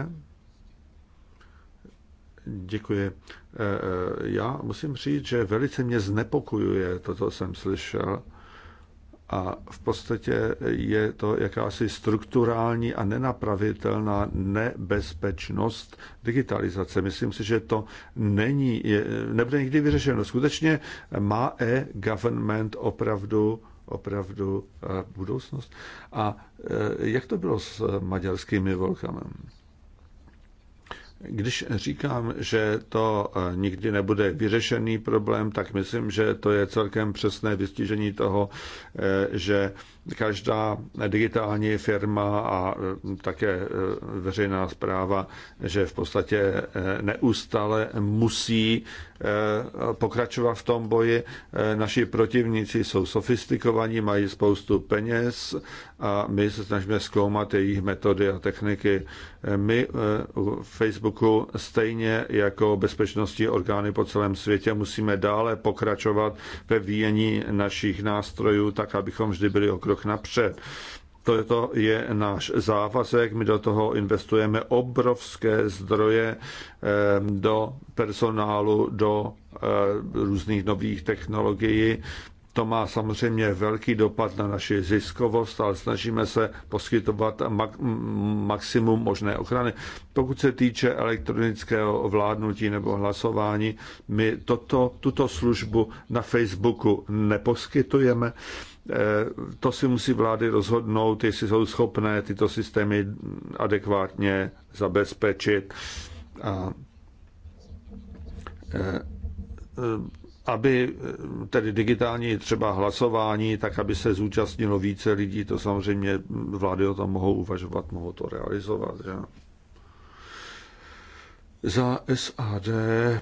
Děkuji. Já musím říct, že velice mě znepokojuje to, co jsem slyšel. A v podstatě je to jakási strukturální a nenapravitelná nebezpečnost digitalizace. Myslím si, že to není, je, nebude nikdy vyřešeno. Skutečně má e-government opravdu opravdu eh, budoucnost. A eh, jak to bylo s maďarskými volkami? Když říkám, že to eh, nikdy nebude vyřešený problém, tak myslím, že to je celkem přesné vystížení toho, eh, že každá digitální firma a e, také e, veřejná zpráva, že v podstatě e, neustále musí pokračovat v tom boji. Naši protivníci jsou sofistikovaní, mají spoustu peněz a my se snažíme zkoumat jejich metody a techniky. My u Facebooku stejně jako bezpečnostní orgány po celém světě musíme dále pokračovat ve výjení našich nástrojů, tak abychom vždy byli okruh krok napřed. To je náš závazek, my do toho investujeme obrovské zdroje eh, do personálu, do eh, různých nových technologií. To má samozřejmě velký dopad na naši ziskovost, ale snažíme se poskytovat maximum možné ochrany. Pokud se týče elektronického vládnutí nebo hlasování, my toto, tuto službu na Facebooku neposkytujeme. Eh, to si musí vlády rozhodnout, jestli jsou schopné tyto systémy adekvátně zabezpečit. A eh, eh, aby tedy digitální třeba hlasování, tak aby se zúčastnilo více lidí, to samozřejmě vlády o tom mohou uvažovat, mohou to realizovat. Že? Za SAD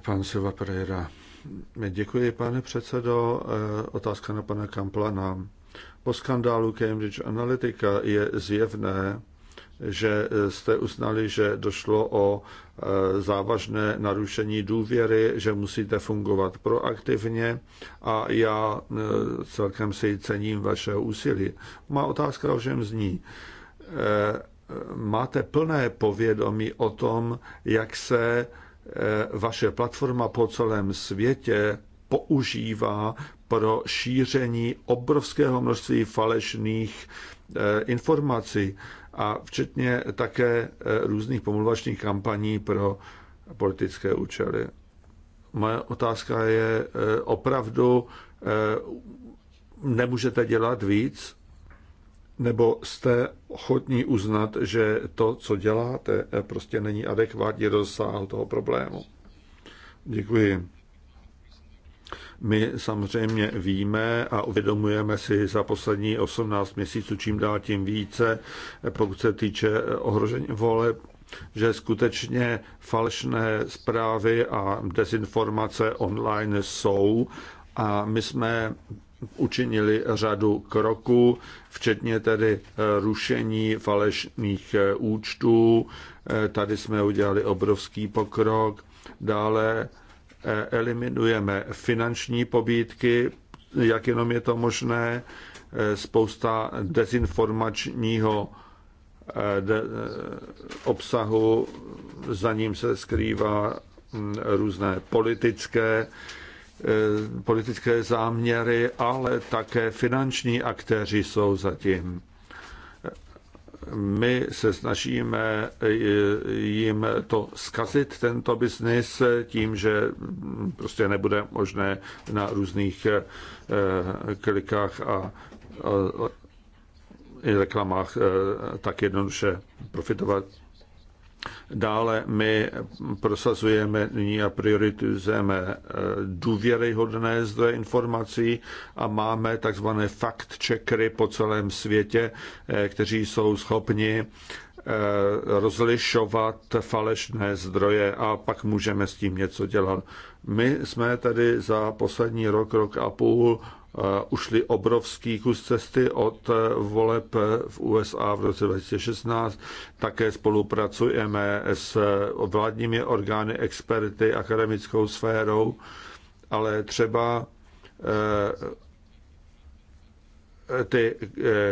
pan Silva Pereira. Eh, děkuji, pane předsedo. Eh, otázka na pana Kamplana. Po skandálu Cambridge Analytica je zjevné, že jste uznali, že došlo o eh, závažné narušení důvěry, že musíte fungovat proaktivně a já celkem si cením vaše úsilí. Má otázka ovšem zní. Máte plné povědomí o tom, jak se Eh, vaše platforma po celém světě používá pro šíření obrovského množství falešných eh, informací a včetně také eh, různých pomluvačních kampaní pro politické účely. Moje otázka je, opravdu nemůžete dělat víc? nebo jste ochotní uznat, že to, co děláte, prostě není adekvátně rozsáhl toho problému. Děkuji. My samozřejmě víme a uvědomujeme si za poslední 18 měsíců čím dál tím více, pokud se týče ohrožení voleb, že skutečně falšné zprávy a dezinformace online jsou a my jsme učinili řadu kroků, včetně tedy eh, rušení falešných eh, účtů. Eh, tady jsme udělali obrovský pokrok. Dále eliminujeme finanční pobídky, jak jenom je to možné. Spousta dezinformačního obsahu, za ním se skrývá hm, různé politické Eh, politické záměry, ale také finanční aktéři jsou zatím. My se snažíme eh, jim to zkazit, tento biznis, tím, že prostě nebude možné na různých eh, klikách a reklamách tak jednoduše profitovat. Dále my prosazujeme nyní a prioritizujeme eh, důvěryhodné zdroje informací a máme takzvané fact-checkery po celém světě, eh, kteří jsou schopni eh, rozlišovat falešné zdroje a pak můžeme s tím něco dělat. My jsme tedy za poslední rok, rok a půl Eh, ušli obrovský kus cesty od eh, voleb eh, v USA v roce 2016. Také spolupracujeme s vládními orgány, experty, akademickou sférou, ale třeba ty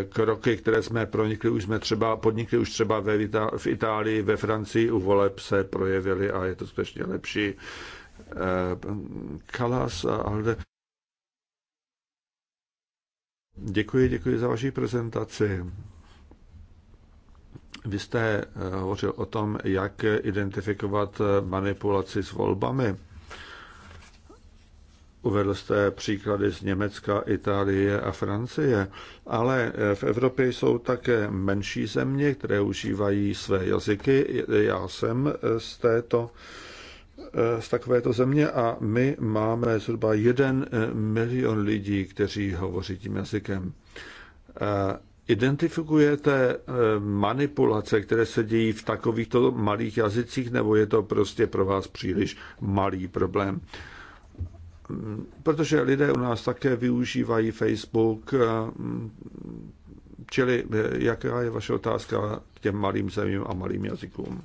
kroky, které jsme pronikli, už jsme třeba podnikli už třeba ve, v Itálii, ve Francii u voleb se projevily a je to skutečně lepší. Kalas a Děkuji, děkuji za vaši prezentaci. Vy jste eh, hovořil o tom, jak identifikovat eh, manipulaci s volbami. Uvedl jste příklady z Německa, Itálie a Francie, ale eh, v Evropě jsou také menší země, které užívají své jazyky. Já jsem z této Eh, z takovéto země a my máme zhruba jeden eh, milion lidí, kteří hovoří tím jazykem. Eh, identifikujete manipulace, které se dějí v takovýchto malých jazycích, nebo je to prostě pro vás příliš malý problém? Protože lidé u nás také využívají Facebook, Čili eh, jaká je vaše otázka k těm malým zemím a malým jazykům?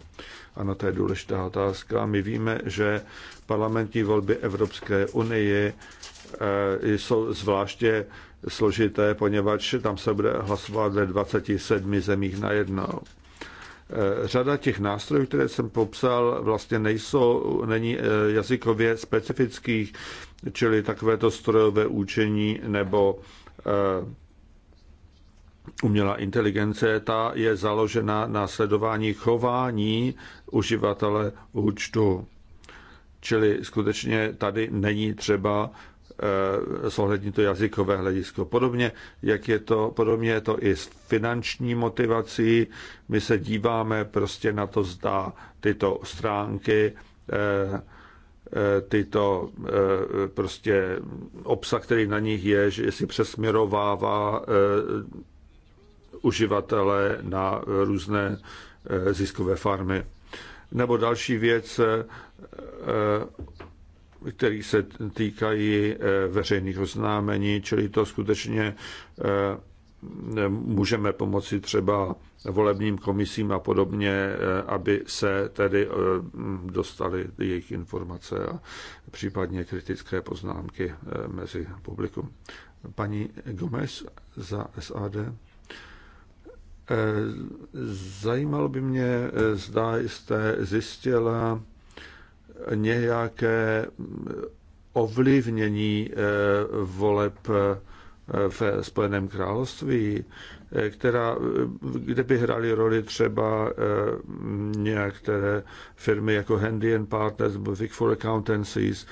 Ano, to je důležitá otázka. My víme, že parlamentní volby Evropské unie eh, jsou zvláště složité, poněvadž tam se bude hlasovat ve 27 zemích najednou. Eh, řada těch nástrojů, které jsem popsal, vlastně nejsou, není jazykově specifických, čili takovéto strojové učení nebo umělá inteligence, ta je založena na sledování chování uživatele účtu. Čili skutečně tady není třeba eh, zohlednit to jazykové hledisko. Podobně, jak je to, podobně je to i s finanční motivací. My se díváme prostě na to, zda tyto stránky, eh, eh, tyto prostě obsah, který na nich je, že si přesměrovává uživatele na různé eh, ziskové farmy. Nebo další věc, eh, eh, který se týkají veřejných oznámení, čili to skutečně můžeme pomoci třeba volebním komisím a podobně, aby se tedy dostali jejich informace a případně kritické poznámky mezi publikum. Paní Gomez za SAD. Eh, zajímalo by mě, eh, zda jste zjistila nějaké mm, ovlivnění eh, voleb v Spojeném království, která, kde by hrály roli třeba nějaké firmy jako Handy and Partners, Big Four Accountancies,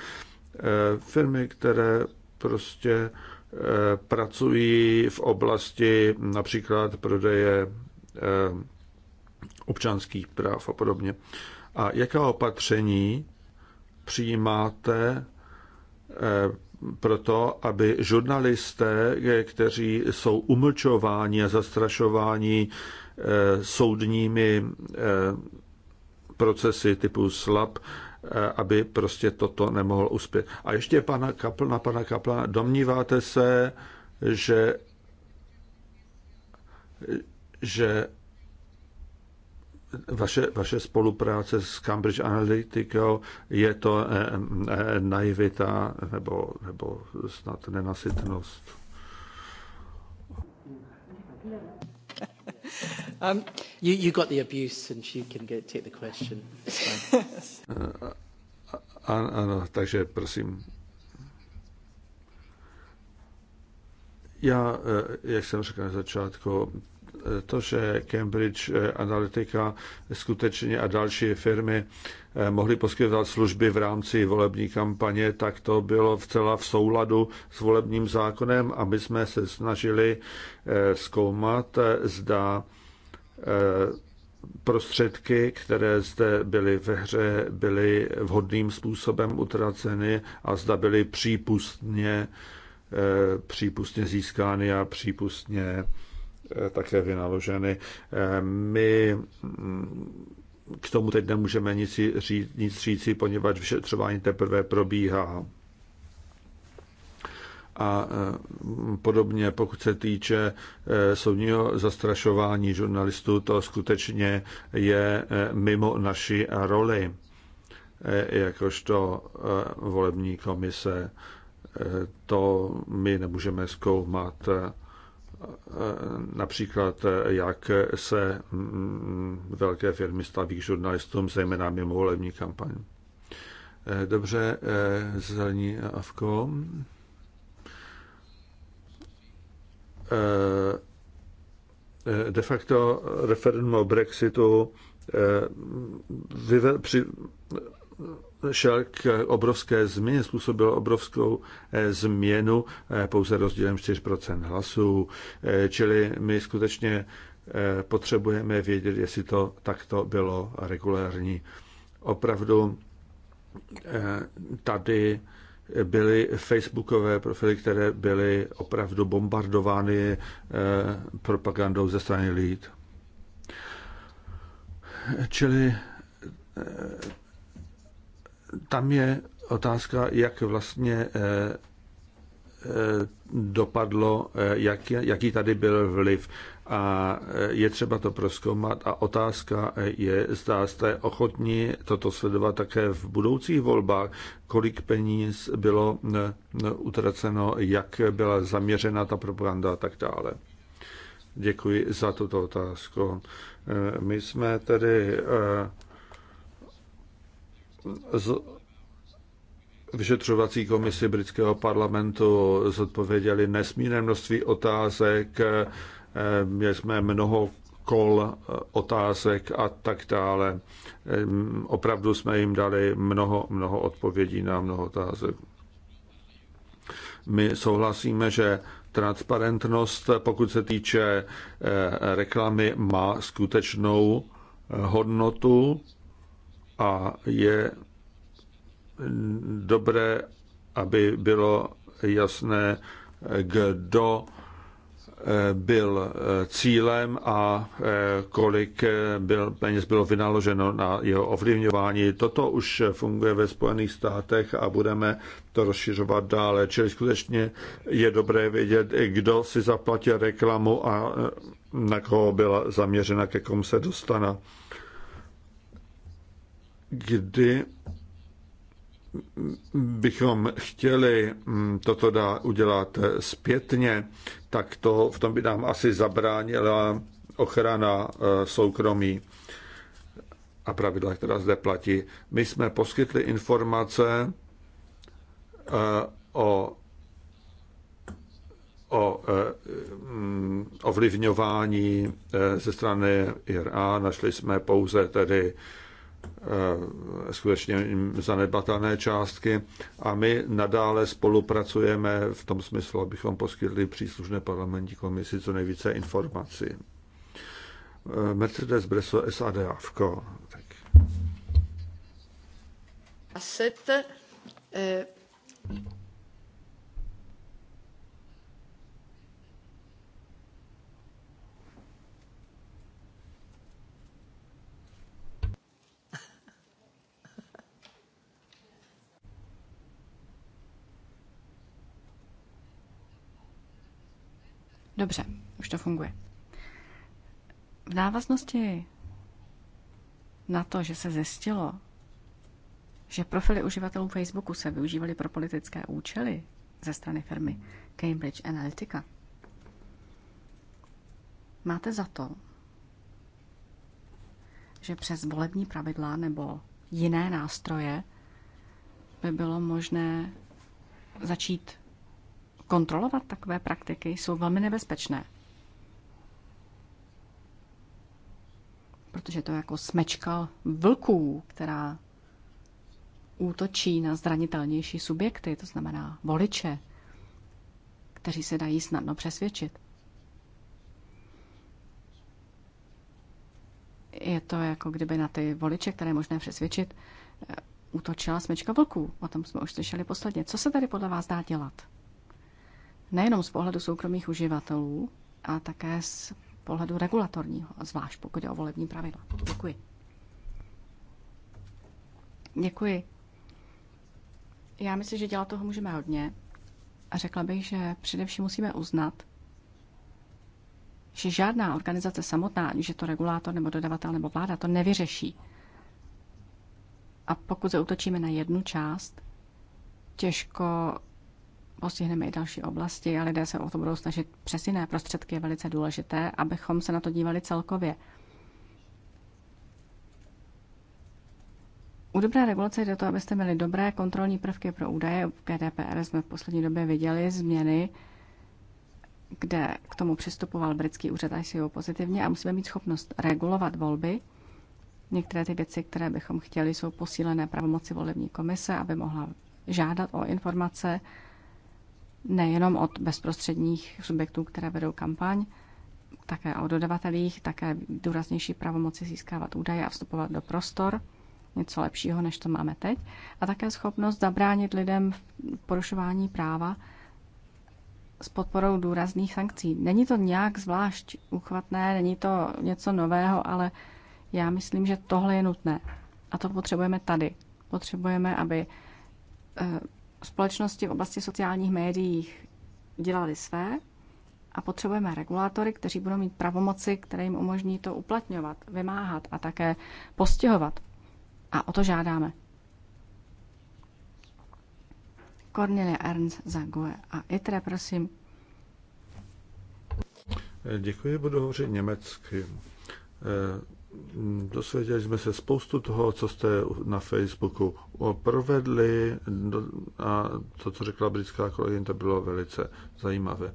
firmy, které prostě Eh, pracují v oblasti například prodeje eh, občanských práv a podobně. A jaká opatření přijímáte eh, proto, aby žurnalisté, kteří jsou umlčováni a zastrašováni soudními procesy typu SLAP, Eh, aby prostě toto nemohl uspět. A ještě pana Kaplna, pana Kaplana, domníváte se, že, že vaše, vaše spolupráce s Cambridge Analytica je to eh, eh, naivita nebo, nebo snad nenasytnost? Um, you, you got the abuse and she can get, take the question. ano, takže prosím. Já, e, jak jsem řekl na začátku, e, to, že Cambridge e, Analytica skutečně a další firmy mohly poskytovat služby v rámci volební kampaně, tak to bylo vcela v souladu s volebním zákonem aby jsme se snažili zkoumat, zda Eh, prostředky, které zde byly ve hře, byly vhodným způsobem utraceny a zda byly přípustně, eh, přípustně získány a přípustně eh, také vynaloženy. My mm, k tomu teď nemůžeme nic, říct, nic říci, poněvadž vyšetřování teprve probíhá a e, podobně, pokud se týče e, soudního zastrašování žurnalistů, to skutečně je e, mimo naši roli jakožto volební komise. To my nemůžeme zkoumat například, jak se velké firmy staví k žurnalistům, zejména mimo volební kampaň. Dobře, zelení Avko. Eh, eh, de facto referendum o Brexitu eh, vyve, při, šel k obrovské změně, způsobil obrovskou změnu pouze rozdílem 4% hlasů, čili my skutečně potřebujeme vědět, jestli to takto bylo regulární. Opravdu tady byly facebookové profily, které byly opravdu bombardovány eh, propagandou ze strany lid. Čili eh, tam je otázka, jak vlastně eh, dopadlo, eh, jak, jaký tady byl vliv. A eh, je třeba to proskoumat. A otázka eh, je, zda jste ochotni toto sledovat také v budoucích volbách, kolik peníz bylo utraceno, jak byla zaměřena ta propaganda a tak dále. Děkuji za tuto otázku. My jsme tedy z vyšetřovací komisi britského parlamentu zodpověděli nesmírné množství otázek, eh, měli jsme mnoho kol eh, otázek a tak dále. Eh, opravdu jsme jim dali mnoho, mnoho odpovědí na mnoho otázek. My souhlasíme, že transparentnost, pokud se týče reklamy, má skutečnou hodnotu a je dobré, aby bylo jasné, kdo eh, byl eh, cílem a eh, kolik byl, peněz bylo vynaloženo na jeho ovlivňování. Toto už funguje ve Spojených státech a budeme to rozšiřovat dále. Čili skutečně je dobré vědět, kdo si zaplatil reklamu a na koho byla zaměřena, ke komu se dostane. Kdy bychom chtěli mm, toto dá udělat zpětně, tak to v tom by nám asi zabránila ochrana e, soukromí a pravidla, která zde platí. My jsme poskytli informace e, o, o e, mm, ovlivňování ze strany IRA. Našli jsme pouze tedy Eh, skutečně zanedbatelné částky a my nadále spolupracujeme v tom smyslu, abychom poskytli příslušné parlamentní komisi co nejvíce informací. Eh, Mercedes Breso SAD AFKO. Asset, eh... Dobře, už to funguje. V návaznosti na to, že se zjistilo, že profily uživatelů Facebooku se využívaly pro politické účely ze strany firmy Cambridge Analytica, máte za to, že přes volební pravidla nebo jiné nástroje by bylo možné začít kontrolovat takové praktiky jsou velmi nebezpečné. Protože to je jako smečka vlků, která útočí na zranitelnější subjekty, to znamená voliče, kteří se dají snadno přesvědčit. Je to jako kdyby na ty voliče, které je možné přesvědčit, eh, útočila smečka vlků. O tom jsme už slyšeli posledně. Co se tady podle vás dá dělat? nejenom z pohledu soukromých uživatelů, a také z pohledu regulatorního, zvlášť pokud je o volební pravidla. Děkuji. Děkuji. Já myslím, že dělat toho můžeme hodně. A řekla bych, že především musíme uznat, že žádná organizace samotná, aniž to regulátor nebo dodavatel nebo vláda, to nevyřeší. A pokud zautočíme na jednu část, těžko postihneme i další oblasti a lidé se o to budou snažit přes jiné prostředky, je velice důležité, abychom se na to dívali celkově. U dobré regulace jde to, abyste měli dobré kontrolní prvky pro údaje. V GDPR jsme v poslední době viděli změny, kde k tomu přistupoval britský úřad ICO pozitivně a musíme mít schopnost regulovat volby. Některé ty věci, které bychom chtěli, jsou posílené pravomoci volební komise, aby mohla žádat o informace, nejenom od bezprostředních subjektů, které vedou kampaň, také o dodavatelích, také důraznější pravomoci získávat údaje a vstupovat do prostor, něco lepšího, než to máme teď, a také schopnost zabránit lidem v porušování práva s podporou důrazných sankcí. Není to nějak zvlášť uchvatné, není to něco nového, ale já myslím, že tohle je nutné. A to potřebujeme tady. Potřebujeme, aby eh, společnosti v oblasti sociálních médií dělali své a potřebujeme regulátory, kteří budou mít pravomoci, které jim umožní to uplatňovat, vymáhat a také postihovat. A o to žádáme. Cornelia Ernst Zague a Itre, prosím. Děkuji, budu hovořit německy dosvěděli jsme se spoustu toho, co jste na Facebooku provedli a to, co řekla britská kolegyně, to bylo velice zajímavé.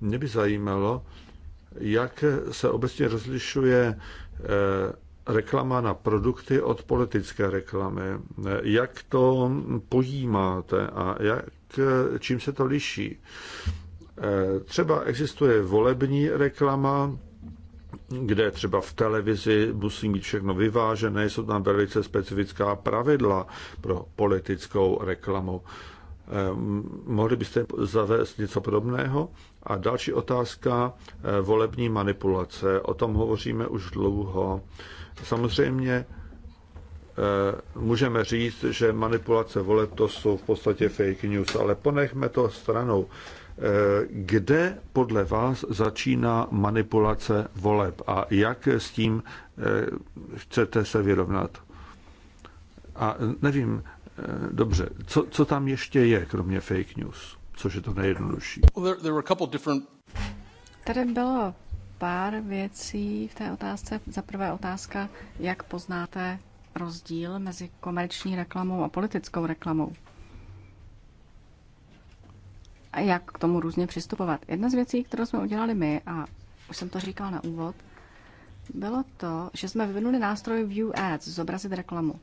Mě by zajímalo, jak se obecně rozlišuje eh, reklama na produkty od politické reklamy. Jak to pojímáte a jak, čím se to liší? Eh, třeba existuje volební reklama, kde třeba v televizi musí mít všechno vyvážené, jsou tam velice specifická pravidla pro politickou reklamu. Ehm, mohli byste zavést něco podobného? A další otázka, eh, volební manipulace. O tom hovoříme už dlouho. Samozřejmě eh, můžeme říct, že manipulace voleb to jsou v podstatě fake news, ale ponechme to stranou. Eh, kde podle vás začíná manipulace voleb a jak s tím eh, chcete se vyrovnat? A nevím, eh, dobře, co, co tam ještě je, kromě fake news, což je to nejjednodušší? Tady bylo pár věcí v té otázce. Za prvé otázka, jak poznáte rozdíl mezi komerční reklamou a politickou reklamou jak k tomu různě přistupovat. Jedna z věcí, kterou jsme udělali my, a už jsem to říkal na úvod, bylo to, že jsme vyvinuli nástroj View Ads, zobrazit reklamu.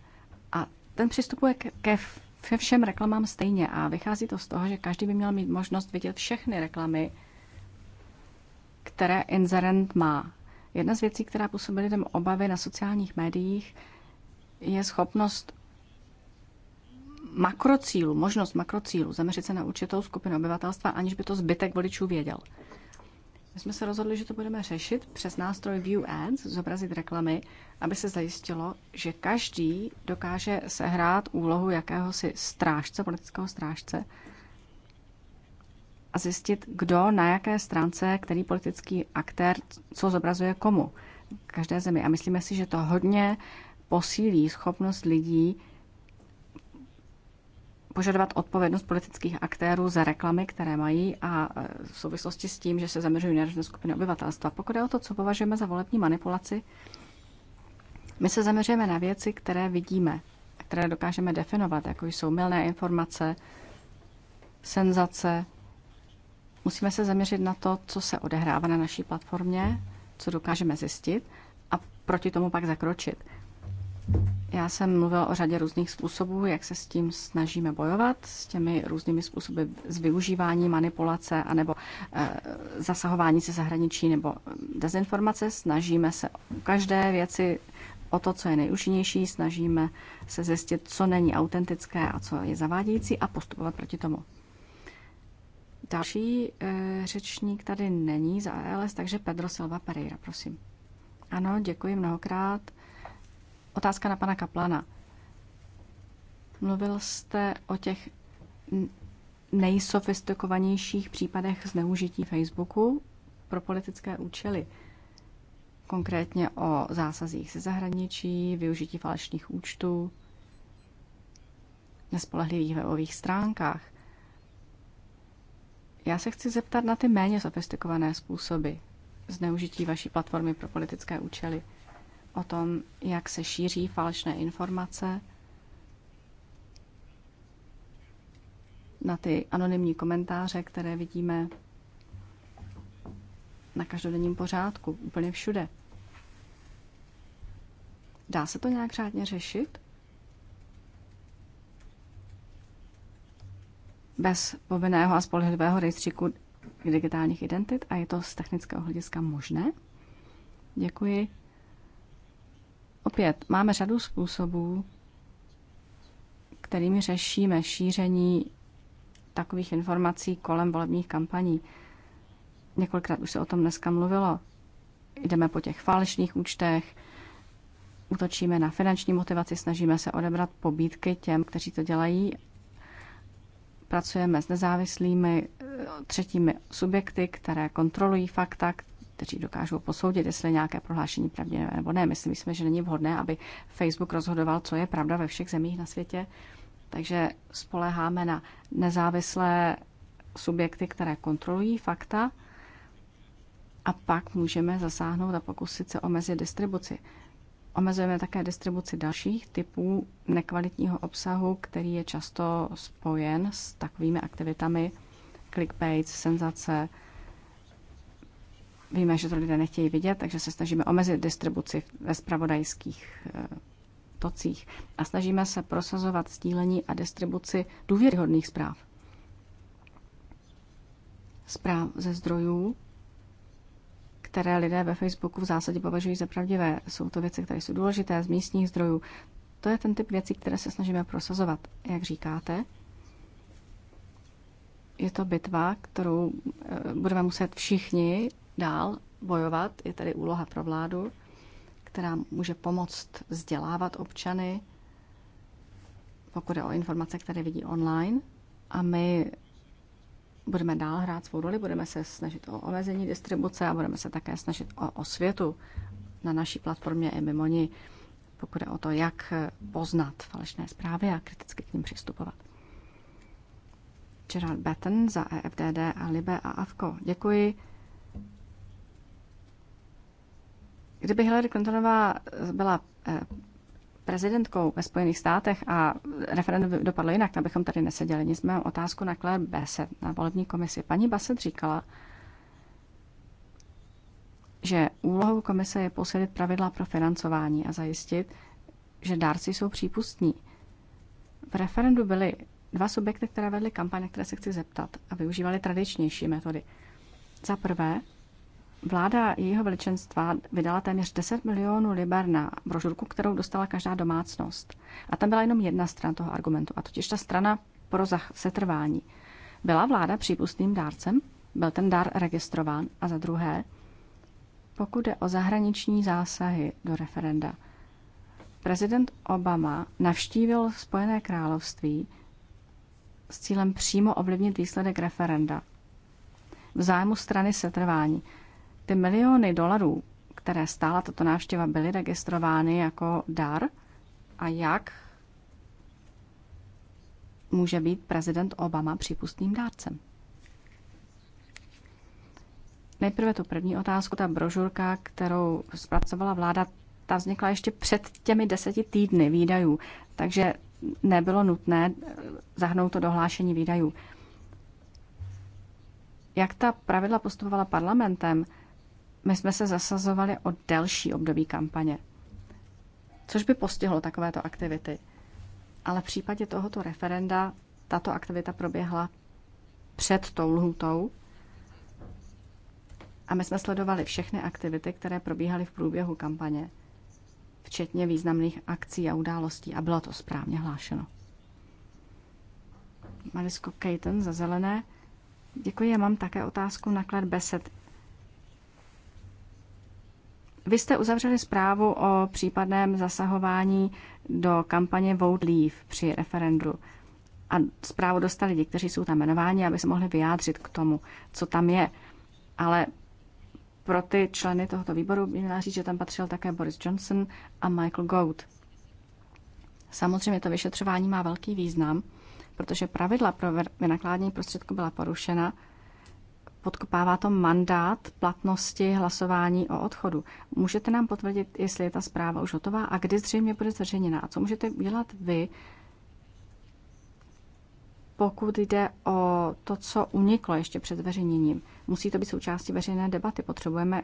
A ten přistupuje ke, ke všem reklamám stejně a vychází to z toho, že každý by měl mít možnost vidět všechny reklamy, které inzerent má. Jedna z věcí, která působí lidem obavy na sociálních médiích, je schopnost makrocílu, možnost makrocílu, zaměřit se na určitou skupinu obyvatelstva, aniž by to zbytek voličů věděl. My jsme se rozhodli, že to budeme řešit přes nástroj View Ads, zobrazit reklamy, aby se zajistilo, že každý dokáže sehrát úlohu jakéhosi strážce, politického strážce a zjistit, kdo na jaké stránce, který politický aktér, co zobrazuje komu každé zemi. A myslíme si, že to hodně posílí schopnost lidí požadovat odpovědnost politických aktérů za reklamy, které mají a e, v souvislosti s tím, že se zaměřují na různé skupiny obyvatelstva. Pokud je o to, co považujeme za volební manipulaci, my se zaměřujeme na věci, které vidíme, které dokážeme definovat, jako jsou milné informace, senzace. Musíme se zaměřit na to, co se odehrává na naší platformě, co dokážeme zjistit a proti tomu pak zakročit. Já jsem mluvila o řadě různých způsobů, jak se s tím snažíme bojovat, s těmi různými způsoby z využívání manipulace anebo e, zasahování se zahraničí nebo eh, dezinformace. Snažíme se u každé věci o to, co je nejúčinnější, snažíme se zjistit, co není autentické a co je zavádějící a postupovat proti tomu. Další e, řečník tady není za ALS, takže Pedro Silva Pereira, prosím. Ano, děkuji mnohokrát. Otázka na pana Kaplana. Mluvil jste o těch nejsofistikovanějších případech zneužití Facebooku pro politické účely. Konkrétně o zásazích ze zahraničí, využití falešných účtů, nespolehlivých webových stránkách. Já se chci zeptat na ty méně sofistikované způsoby zneužití vaší platformy pro politické účely o tom, jak se šíří falešné informace na ty anonymní komentáře, které vidíme na každodenním pořádku, úplně všude. Dá se to nějak řádně řešit? Bez povinného a spolehlivého rejstříku digitálních identit a je to z technického hlediska možné? Děkuji. Opět, máme řadu způsobů, kterými řešíme šíření takových informací kolem volebních kampaní. Několikrát už se o tom dneska mluvilo. Jdeme po těch falešných účtech, útočíme na finanční motivaci, snažíme se odebrat pobídky těm, kteří to dělají. Pracujeme s nezávislými eh, třetími subjekty, které kontrolují fakta, kteří dokážou posoudit, jestli nějaké prohlášení pravdivé nebo ne. Myslím, jsme, že není vhodné, aby Facebook rozhodoval, co je pravda ve všech zemích na světě. Takže spoleháme na nezávislé subjekty, které kontrolují fakta a pak můžeme zasáhnout a pokusit se omezit distribuci. Omezujeme také distribuci dalších typů nekvalitního obsahu, který je často spojen s takovými aktivitami clickbait, senzace, Víme, že to lidé nechtějí vidět, takže se snažíme omezit distribuci ve spravodajských eh, tocích a snažíme se prosazovat sdílení a distribuci důvěryhodných zpráv. Zpráv ze zdrojů, které lidé ve Facebooku v zásadě považují za pravdivé. Jsou to věci, které jsou důležité z místních zdrojů. To je ten typ věcí, které se snažíme prosazovat, jak říkáte. Je to bitva, kterou eh, budeme muset všichni dál bojovat. Je tady úloha pro vládu, která může pomoct vzdělávat občany, pokud je o informace, které vidí online. A my budeme dál hrát svou roli, budeme se snažit o omezení distribuce a budeme se také snažit o osvětu na naší platformě i mimo ní, pokud je o to, jak poznat falešné zprávy a kriticky k ním přistupovat. Gerard Batten za EFDD a Libe a Avko. Děkuji. Kdyby Hillary Clintonová byla eh, prezidentkou ve Spojených státech a referendum by dopadlo jinak, tak bychom tady neseděli. Nic mám otázku na Claire Bassett, na volební komisi. Paní Bassett říkala, že úlohou komise je posílit pravidla pro financování a zajistit, že dárci jsou přípustní. V referendu byly dva subjekty, které vedly kampaně, které se chci zeptat a využívaly tradičnější metody. Za prvé, Vláda jejího veličenstva vydala téměř 10 milionů liber na brožurku, kterou dostala každá domácnost. A tam byla jenom jedna strana toho argumentu, a totiž ta strana pro setrvání. Byla vláda přípustným dárcem? Byl ten dár registrován? A za druhé, pokud jde o zahraniční zásahy do referenda, prezident Obama navštívil Spojené království s cílem přímo ovlivnit výsledek referenda v zájmu strany setrvání. Ty miliony dolarů, které stála tato návštěva, byly registrovány jako dar a jak může být prezident Obama přípustným dárcem? Nejprve tu první otázku, ta brožurka, kterou zpracovala vláda, ta vznikla ještě před těmi deseti týdny výdajů, takže nebylo nutné eh, zahnout to dohlášení výdajů. Jak ta pravidla postupovala parlamentem, my jsme se zasazovali o delší období kampaně, což by postihlo takovéto aktivity. Ale v případě tohoto referenda tato aktivita proběhla před tou lhutou a my jsme sledovali všechny aktivity, které probíhaly v průběhu kampaně, včetně významných akcí a událostí a bylo to správně hlášeno. Marisko Kejten za zelené. Děkuji, já mám také otázku na Claire Besset. Vy jste uzavřeli zprávu o případném zasahování do kampaně Vote Leave při referendu. A zprávu dostali lidi, kteří jsou tam jmenováni, aby se mohli vyjádřit k tomu, co tam je. Ale pro ty členy tohoto výboru by měla říct, že tam patřil také Boris Johnson a Michael Goat. Samozřejmě to vyšetřování má velký význam, protože pravidla pro vynakládání prostředku byla porušena – podkopává to mandát platnosti hlasování o odchodu. Můžete nám potvrdit, jestli je ta zpráva už hotová a kdy zřejmě bude zveřejněná? A co můžete dělat vy, pokud jde o to, co uniklo ještě před zveřejněním? Musí to být součástí veřejné debaty. Potřebujeme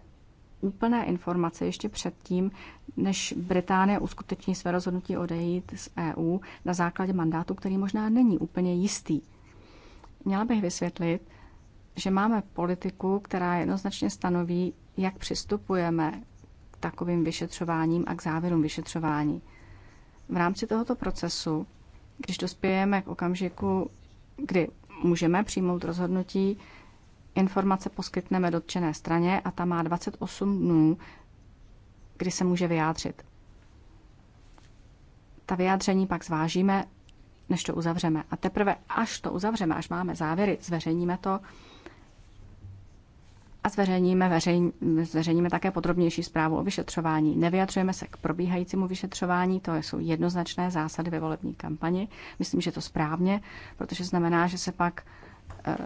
úplné informace ještě předtím, než Británie uskuteční své rozhodnutí odejít z EU na základě mandátu, který možná není úplně jistý. Měla bych vysvětlit, že máme politiku, která jednoznačně stanoví, jak přistupujeme k takovým vyšetřováním a k závěrům vyšetřování. V rámci tohoto procesu, když dospějeme k okamžiku, kdy můžeme přijmout rozhodnutí, informace poskytneme dotčené straně a ta má 28 dnů, kdy se může vyjádřit. Ta vyjádření pak zvážíme, než to uzavřeme. A teprve až to uzavřeme, až máme závěry, zveřejníme to a zveřejníme, veřejn, zveřejníme také podrobnější zprávu o vyšetřování. Nevyjadřujeme se k probíhajícímu vyšetřování, to jsou jednoznačné zásady ve volební kampani. Myslím, že to správně, protože znamená, že se pak e,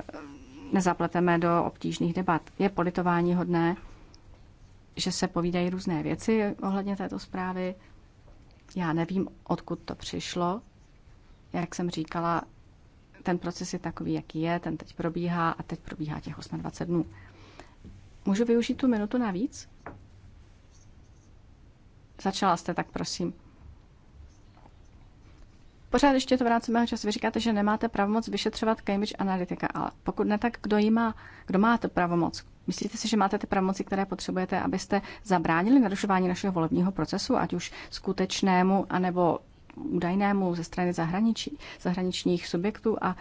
nezapleteme do obtížných debat. Je politování hodné, že se povídají různé věci ohledně této zprávy. Já nevím, odkud to přišlo. Jak jsem říkala, ten proces je takový, jaký je, ten teď probíhá a teď probíhá těch 28 dnů. Můžu využít tu minutu navíc? Začala jste, tak prosím. Pořád ještě to v rámci mého času. Vy říkáte, že nemáte pravomoc vyšetřovat Cambridge Analytica, ale pokud ne, tak kdo, jí má, kdo má tu pravomoc? Myslíte si, že máte ty pravomoci, které potřebujete, abyste zabránili narušování našeho volebního procesu, ať už skutečnému, anebo údajnému ze strany zahraničí, zahraničních subjektů a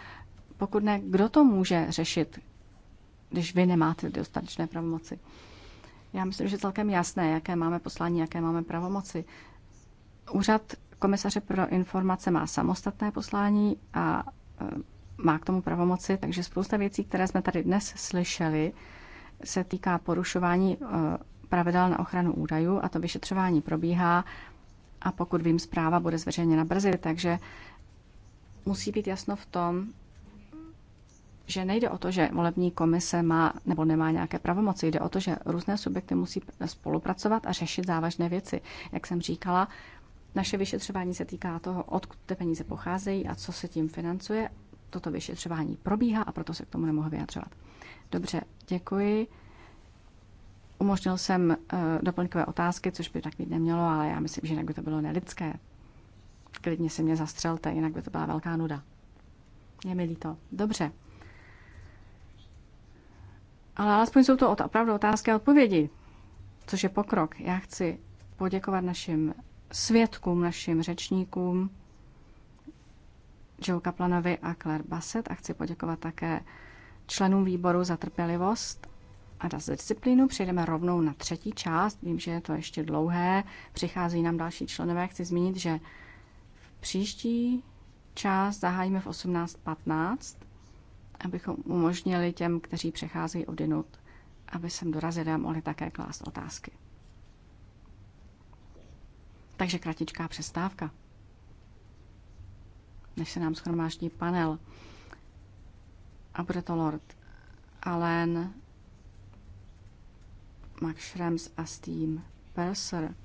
pokud ne, kdo to může řešit? když vy nemáte dostatečné pravomoci. Já myslím, že celkem jasné, jaké máme poslání, jaké máme pravomoci. Úřad komisaře pro informace má samostatné poslání a e, má k tomu pravomoci, takže spousta věcí, které jsme tady dnes slyšeli, se týká porušování e, pravidel na ochranu údajů a to vyšetřování probíhá a pokud vím, zpráva bude zveřejněna brzy, takže musí být jasno v tom, že nejde o to, že volební komise má nebo nemá nějaké pravomoci. Jde o to, že různé subjekty musí spolupracovat a řešit závažné věci. Jak jsem říkala, naše vyšetřování se týká toho, odkud ty peníze pocházejí a co se tím financuje. Toto vyšetřování probíhá a proto se k tomu nemohu vyjadřovat. Dobře, děkuji. Umožnil jsem eh, doplňkové otázky, což by tak být nemělo, ale já myslím, že jinak by to bylo nelidské. Klidně si mě zastřelte, jinak by to byla velká nuda. Je mi líto. Dobře. Ale alespoň jsou to opravdu otázky a odpovědi, což je pokrok. Já chci poděkovat našim svědkům, našim řečníkům, Joe Kaplanovi a Claire Bassett a chci poděkovat také členům výboru za trpělivost a za disciplínu. Přejdeme rovnou na třetí část. Vím, že je to ještě dlouhé. Přichází nám další členové. Chci zmínit, že v příští část zahájíme v 18.15 abychom umožnili těm, kteří přecházejí odinut, aby sem dorazili a mohli také klást otázky. Takže kratičká přestávka. Než se nám schromáždí panel. A bude to Lord Allen, Max Schrems a Steam Purser.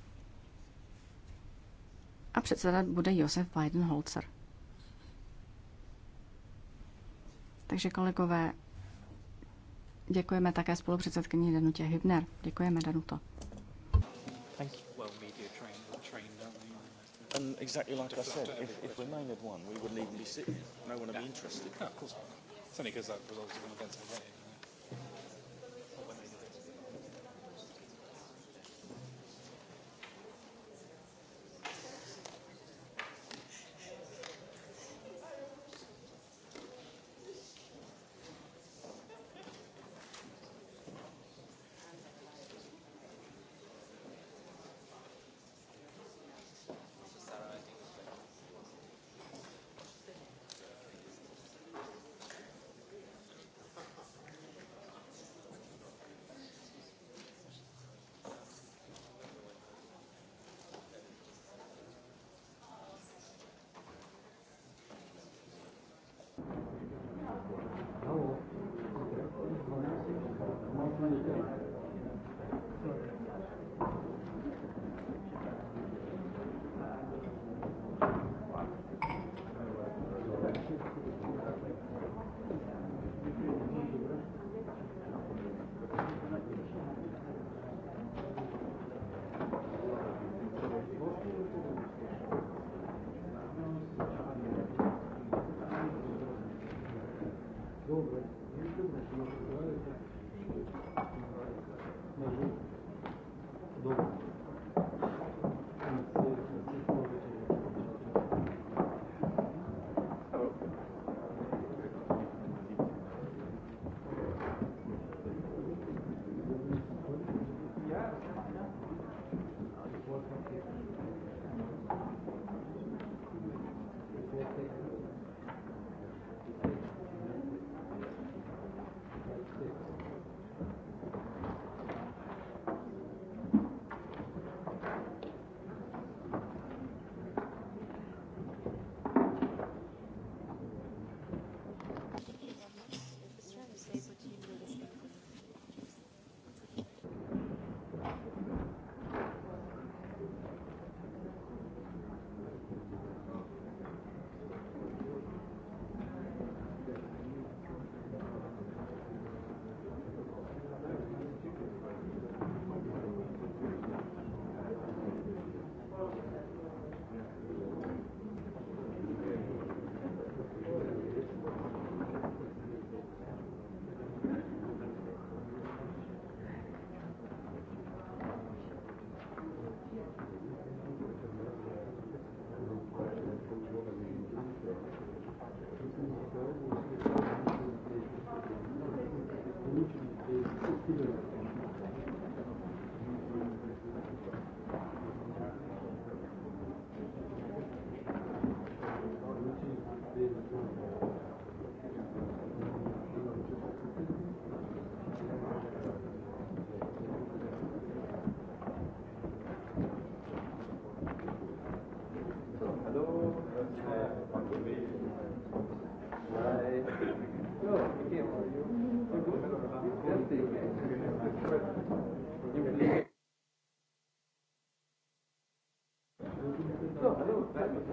A předsedat bude Josef Weidenholzer. Takže kolegové, děkujeme také spolupředsedkyni Danutě Hybner. Děkujeme, Danuto. Thank you. And exactly like I said, if, if Remain had won, we wouldn't even be sitting. No one would be interested. No, of course not. It's only because that result is going the game.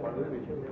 padly, většinou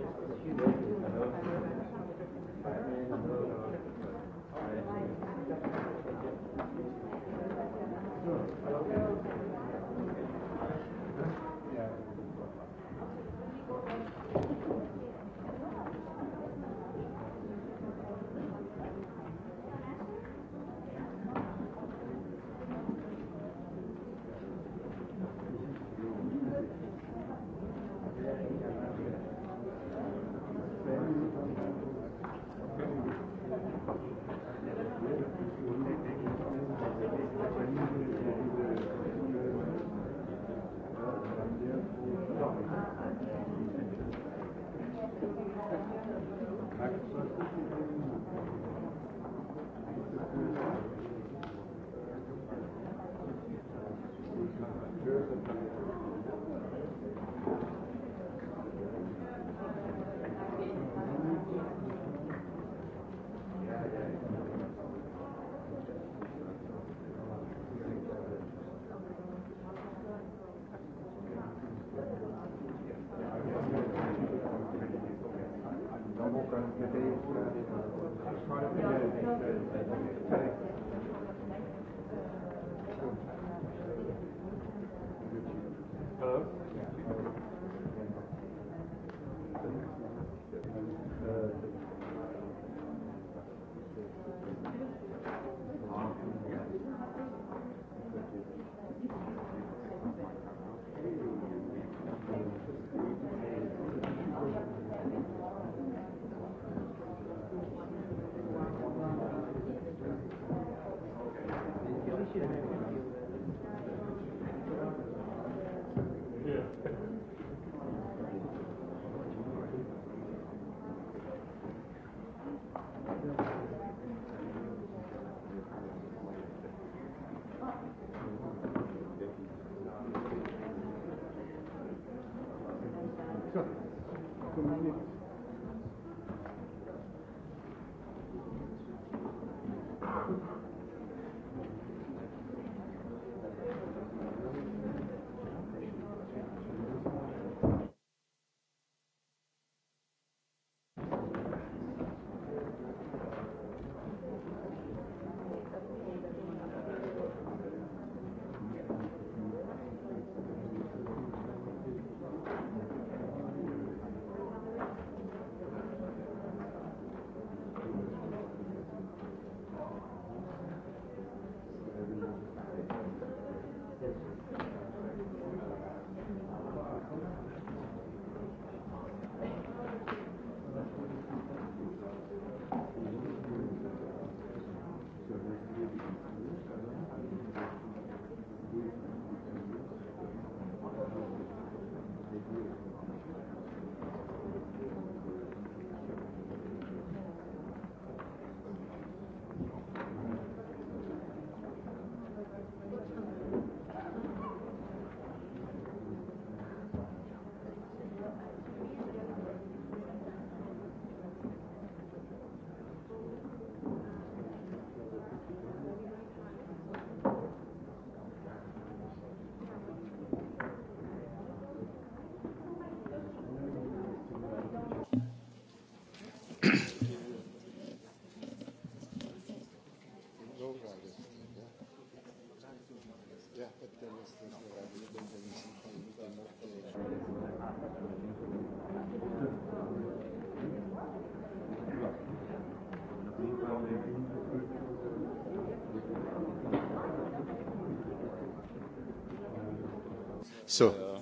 So, uh,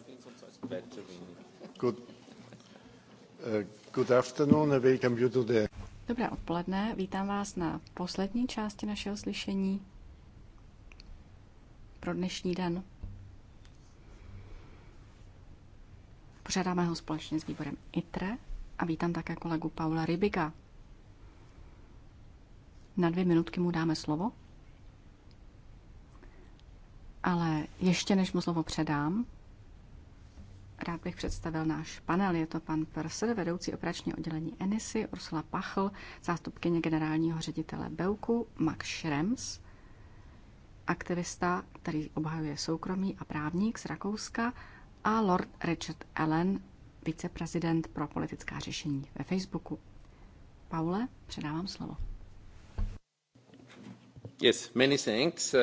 good, afternoon and welcome you to the... Dobré odpoledne, vítám vás na poslední části našeho slyšení pro dnešní den. Pořádáme ho společně s výborem ITRE a vítám také kolegu Paula Rybiga. Na dvě minutky mu dáme slovo ale ještě než mu slovo předám, rád bych představil náš panel. Je to pan Persel, vedoucí operační oddělení Enisy, Ursula Pachl, zástupkyně generálního ředitele Belku, Max Schrems, aktivista, který obhajuje soukromí a právník z Rakouska a Lord Richard Allen, viceprezident pro politická řešení ve Facebooku. Paule, předávám slovo. Yes, many thanks. Uh...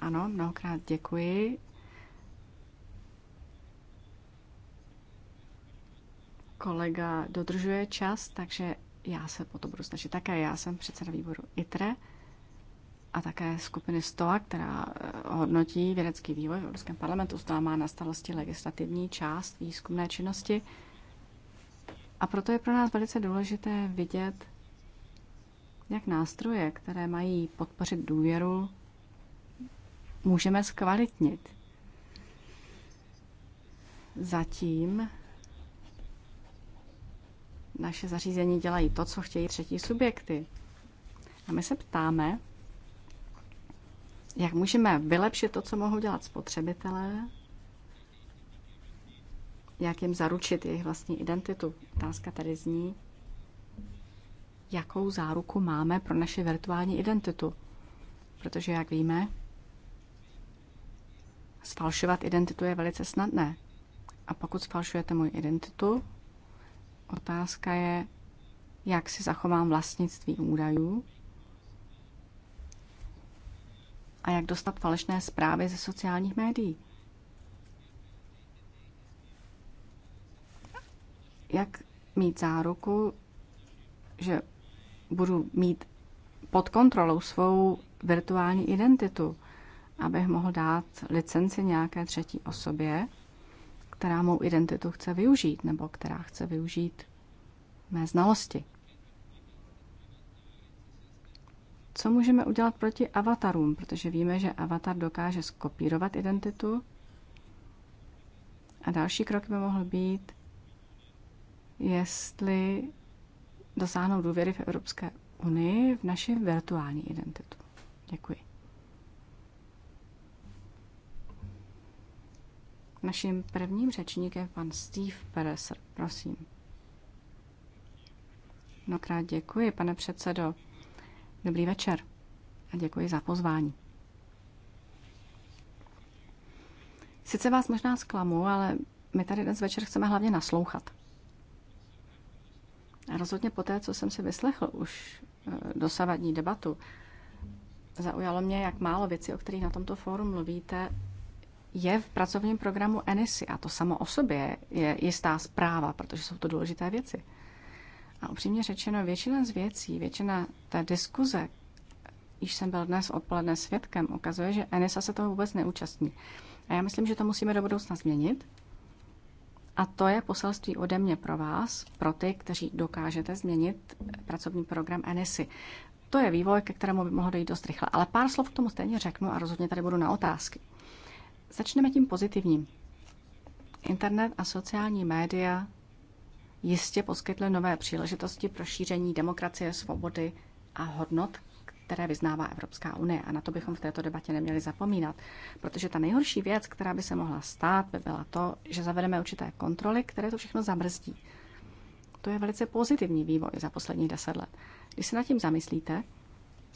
Ano, mnohokrát děkuji. Kolega dodržuje čas, takže já se po to budu snažit také. Já jsem předseda výboru ITRE a také skupiny STOA, která eh, hodnotí vědecký vývoj v Evropském parlamentu. STOA má na starosti legislativní část výzkumné činnosti. A proto je pro nás velice důležité vidět, jak nástroje, které mají podpořit důvěru můžeme zkvalitnit. Zatím naše zařízení dělají to, co chtějí třetí subjekty. A my se ptáme, jak můžeme vylepšit to, co mohou dělat spotřebitelé, jak jim zaručit jejich vlastní identitu. Otázka tady zní, jakou záruku máme pro naši virtuální identitu. Protože, jak víme, Sfalšovat identitu je velice snadné. A pokud sfalšujete moji identitu, otázka je, jak si zachovám vlastnictví údajů a jak dostat falešné zprávy ze sociálních médií. Jak mít záruku, že budu mít pod kontrolou svou virtuální identitu abych mohl dát licenci nějaké třetí osobě, která mou identitu chce využít nebo která chce využít mé znalosti. Co můžeme udělat proti avatarům? Protože víme, že avatar dokáže skopírovat identitu. A další krok by mohl být, jestli dosáhnou důvěry v Evropské unii v naši virtuální identitu. Děkuji. Naším prvním řečníkem je pan Steve Pereser. Prosím. Mnohokrát děkuji, pane předsedo. Dobrý večer a děkuji za pozvání. Sice vás možná zklamu, ale my tady dnes večer chceme hlavně naslouchat. A rozhodně po té, co jsem si vyslechl už eh, dosavadní debatu, zaujalo mě, jak málo věcí, o kterých na tomto fóru mluvíte, je v pracovním programu ENISY a to samo o sobě je jistá zpráva, protože jsou to důležité věci. A upřímně řečeno, většina z věcí, většina té diskuze, již jsem byl dnes odpoledne svědkem, ukazuje, že ENISA se toho vůbec neúčastní. A já myslím, že to musíme do budoucna změnit. A to je poselství ode mě pro vás, pro ty, kteří dokážete změnit pracovní program ENISY. To je vývoj, ke kterému by mohlo dojít dost rychle. Ale pár slov k tomu stejně řeknu a rozhodně tady budu na otázky. Začneme tím pozitivním. Internet a sociální média jistě poskytly nové příležitosti pro šíření demokracie, svobody a hodnot, které vyznává Evropská unie. A na to bychom v této debatě neměli zapomínat, protože ta nejhorší věc, která by se mohla stát, by byla to, že zavedeme určité kontroly, které to všechno zabrzdí. To je velice pozitivní vývoj za posledních deset let. Když se nad tím zamyslíte,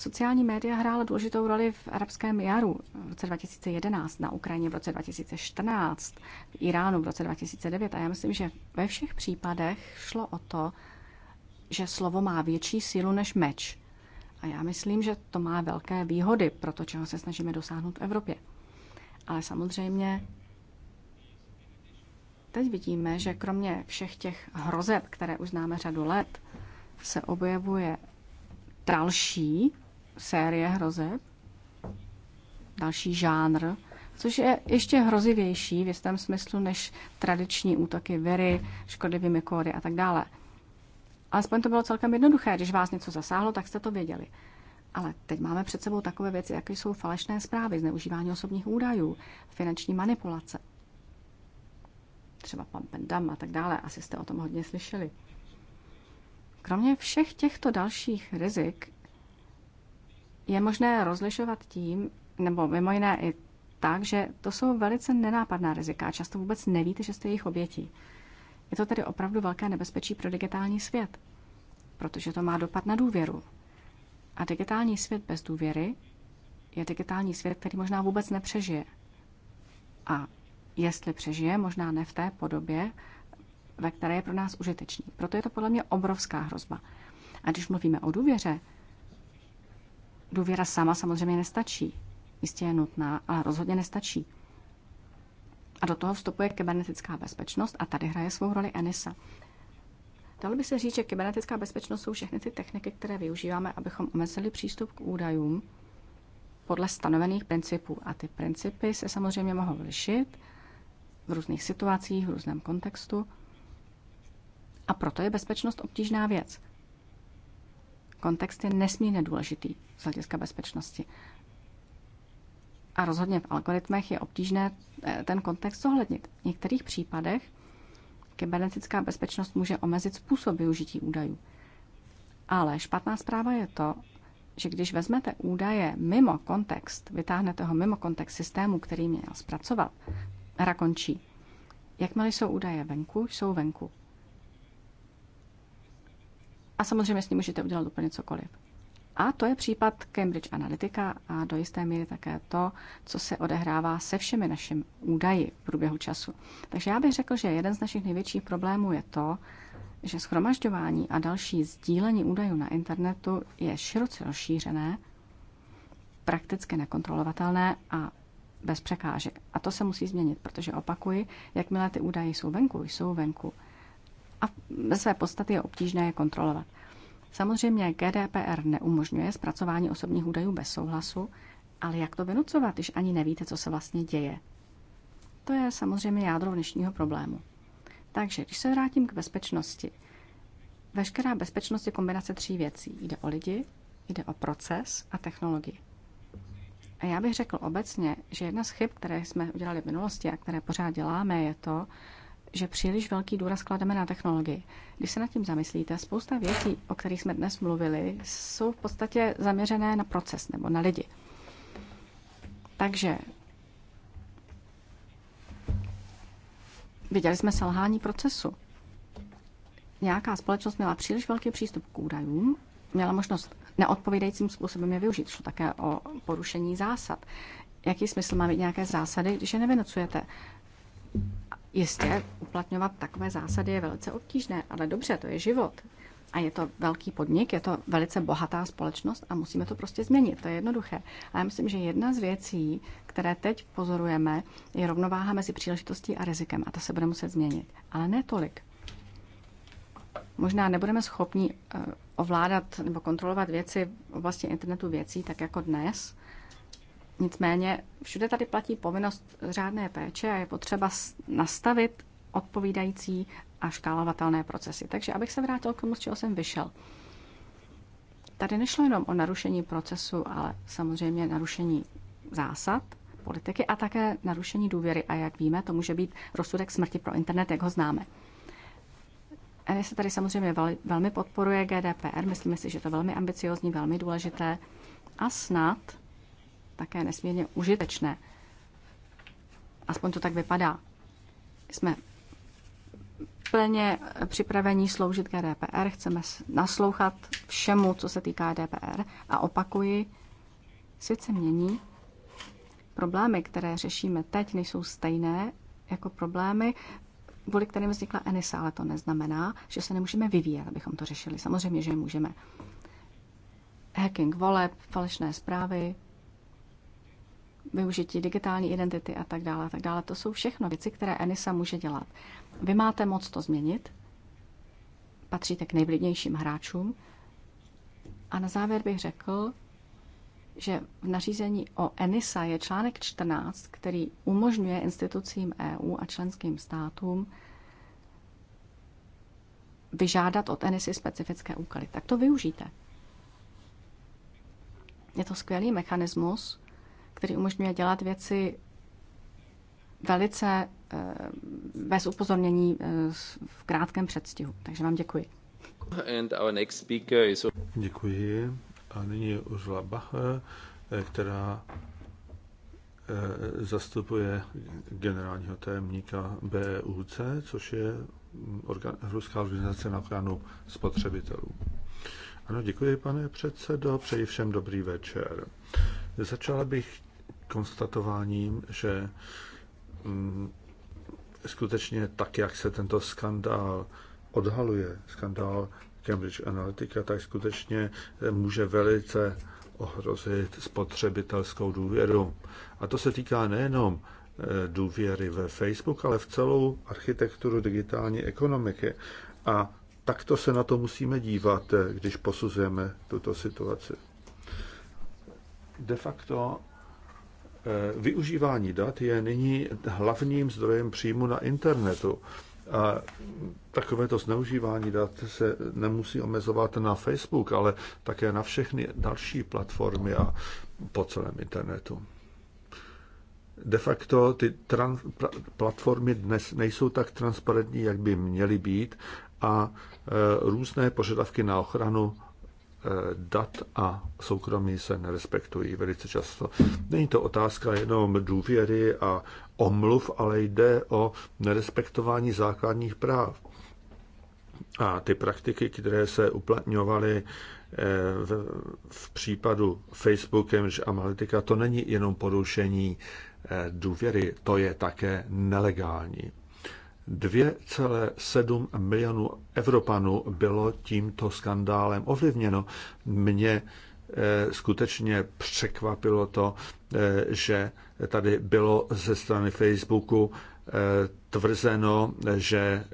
Sociální média hrála důležitou roli v arabském jaru v roce 2011, na Ukrajině v roce 2014, v Iránu v roce 2009 a já myslím, že ve všech případech šlo o to, že slovo má větší sílu než meč. A já myslím, že to má velké výhody pro to, čeho se snažíme dosáhnout v Evropě. Ale samozřejmě teď vidíme, že kromě všech těch hrozeb, které už známe řadu let, se objevuje další série hrozeb, další žánr, což je ještě hrozivější v jistém smyslu než tradiční útoky viry, škodlivými kódy a tak dále. Alespoň to bylo celkem jednoduché, když vás něco zasáhlo, tak jste to věděli. Ale teď máme před sebou takové věci, jaké jsou falešné zprávy, zneužívání osobních údajů, finanční manipulace. Třeba pan Pendam a tak dále, asi jste o tom hodně slyšeli. Kromě všech těchto dalších rizik je možné rozlišovat tím, nebo mimo jiné i tak, že to jsou velice nenápadná rizika a často vůbec nevíte, že jste jejich obětí. Je to tedy opravdu velké nebezpečí pro digitální svět, protože to má dopad na důvěru. A digitální svět bez důvěry je digitální svět, který možná vůbec nepřežije. A jestli přežije, možná ne v té podobě, ve které je pro nás užitečný. Proto je to podle mě obrovská hrozba. A když mluvíme o důvěře, důvěra sama samozřejmě nestačí. Jistě je nutná, ale rozhodně nestačí. A do toho vstupuje kybernetická bezpečnost a tady hraje svou roli ENISA. Dalo by se říct, že kybernetická bezpečnost jsou všechny ty techniky, které využíváme, abychom omezili přístup k údajům podle stanovených principů. A ty principy se samozřejmě mohou lišit v různých situacích, v různém kontextu. A proto je bezpečnost obtížná věc. Kontext je nesmírně důležitý z hlediska bezpečnosti. A rozhodně v algoritmech je obtížné eh, ten kontext zohlednit. V některých případech kybernetická bezpečnost může omezit způsob využití údajů. Ale špatná zpráva je to, že když vezmete údaje mimo kontext, vytáhnete ho mimo kontext systému, který měl zpracovat, hra končí. Jakmile jsou údaje venku, jsou venku. A samozřejmě s ním můžete udělat úplně cokoliv. A to je případ Cambridge Analytica a do jisté míry také to, co se odehrává se všemi našimi údaji v průběhu času. Takže já bych řekl, že jeden z našich největších problémů je to, že schromažďování a další sdílení údajů na internetu je široce rozšířené, prakticky nekontrolovatelné a bez překážek. A to se musí změnit, protože opakuji, jakmile ty údaje jsou venku, jsou venku a ve své podstatě je obtížné je kontrolovat. Samozřejmě GDPR neumožňuje zpracování osobních údajů bez souhlasu, ale jak to vynucovat, když ani nevíte, co se vlastně děje? To je samozřejmě jádro dnešního problému. Takže, když se vrátím k bezpečnosti, veškerá bezpečnost je kombinace tří věcí. Jde o lidi, jde o proces a technologii. A já bych řekl obecně, že jedna z chyb, které jsme udělali v minulosti a které pořád děláme, je to, že příliš velký důraz klademe na technologii. Když se nad tím zamyslíte, spousta věcí, o kterých jsme dnes mluvili, jsou v podstatě zaměřené na proces nebo na lidi. Takže viděli jsme selhání procesu. Nějaká společnost měla příliš velký přístup k údajům, měla možnost neodpovídajícím způsobem je využít. Šlo také o porušení zásad. Jaký smysl má mít nějaké zásady, když je nevynocujete? Jistě, uplatňovat takové zásady je velice obtížné, ale dobře, to je život. A je to velký podnik, je to velice bohatá společnost a musíme to prostě změnit. To je jednoduché. A já myslím, že jedna z věcí, které teď pozorujeme, je rovnováha mezi příležitostí a rizikem. A to se bude muset změnit. Ale ne tolik. Možná nebudeme schopni eh, ovládat nebo kontrolovat věci v oblasti internetu věcí, tak jako dnes, Nicméně všude tady platí povinnost řádné péče a je potřeba nastavit odpovídající a škálovatelné procesy. Takže abych se vrátil k tomu, z čeho jsem vyšel. Tady nešlo jenom o narušení procesu, ale samozřejmě narušení zásad politiky a také narušení důvěry. A jak víme, to může být rozsudek smrti pro internet, jak ho známe. se tady samozřejmě velmi podporuje GDPR, myslíme si, že to je velmi ambiciozní, velmi důležité a snad také nesmírně užitečné. Aspoň to tak vypadá. Jsme plně připravení sloužit GDPR, chceme naslouchat všemu, co se týká DPR, A opakuji, svět se mění, problémy, které řešíme teď, nejsou stejné jako problémy, kvůli kterým vznikla ENISA, ale to neznamená, že se nemůžeme vyvíjet, abychom to řešili. Samozřejmě, že můžeme. Hacking voleb, falešné zprávy, využití digitální identity a tak dále. A tak dále. To jsou všechno věci, které Enisa může dělat. Vy máte moc to změnit, patříte k nejvlivnějším hráčům. A na závěr bych řekl, že v nařízení o ENISA je článek 14, který umožňuje institucím EU a členským státům vyžádat od ENISy specifické úkoly. Tak to využijte. Je to skvělý mechanismus, který umožňuje dělat věci velice eh, bez upozornění eh, v krátkém předstihu. Takže vám děkuji. And our next speaker is... Děkuji. A nyní je Ursula Bach, eh, která zastupuje generálního tajemníka BUC, což je mm, organ, Ruská organizace na ochranu spotřebitelů. Ano, děkuji, pane předsedo, přeji všem dobrý večer. Začala bych konstatováním, že mm, skutečně tak, jak se tento skandál odhaluje, skandál Cambridge Analytica, tak skutečně eh, může velice ohrozit spotřebitelskou důvěru. A to se týká nejenom eh, důvěry ve Facebook, ale v celou architekturu digitální ekonomiky. A takto se na to musíme dívat, eh, když posuzujeme tuto situaci. De facto Eh, využívání dat je nyní hlavním zdrojem příjmu na internetu. A takovéto zneužívání dat se nemusí omezovat na Facebook, ale také na všechny další platformy a po celém internetu. De facto ty trans, platformy dnes nejsou tak transparentní, jak by měly být a e, různé požadavky na ochranu dat a soukromí se nerespektují velice často. Není to otázka jenom důvěry a omluv, ale jde o nerespektování základních práv. A ty praktiky, které se uplatňovaly eh, v, v případu Facebookem, že Analytica, to není jenom porušení eh, důvěry, to je také nelegální. 2,7 milionů Evropanů bylo tímto skandálem ovlivněno. Mně eh, skutečně překvapilo to, eh, že tady bylo ze strany Facebooku eh, tvrzeno, že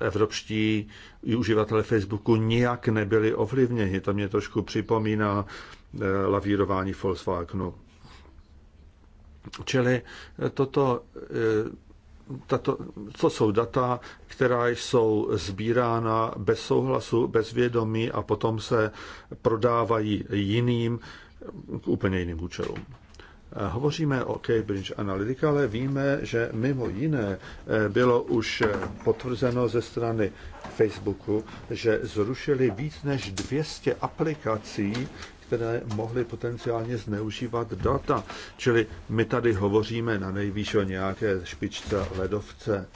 evropští uživatelé Facebooku nijak nebyli ovlivněni. To mě trošku připomíná lavírování Volkswagenu. Čili toto tato, co jsou data, která jsou sbírána bez souhlasu, bez vědomí a potom se prodávají jiným k úplně jiným účelům. Hovoříme o Cambridge Analytica, ale víme, že mimo jiné eh, bylo už eh, potvrzeno ze strany Facebooku, že zrušili víc než 200 aplikací, které mohly potenciálně zneužívat data. Čili my tady hovoříme na nejvýš o nějaké špičce ledovce.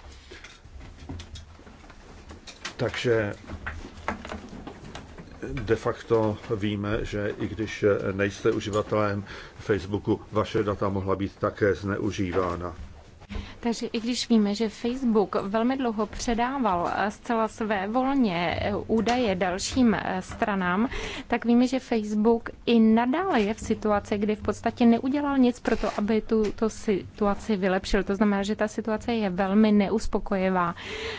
Takže de facto víme, že i když nejste uživatelem Facebooku, vaše data mohla být také zneužívána. Takže i když víme, že Facebook velmi dlouho předával eh, zcela své volně eh, údaje dalším eh, stranám, tak víme, že Facebook i nadále je v situaci, kdy v podstatě neudělal nic pro to, aby tuto situaci vylepšil. To znamená, že ta situace je velmi neuspokojivá.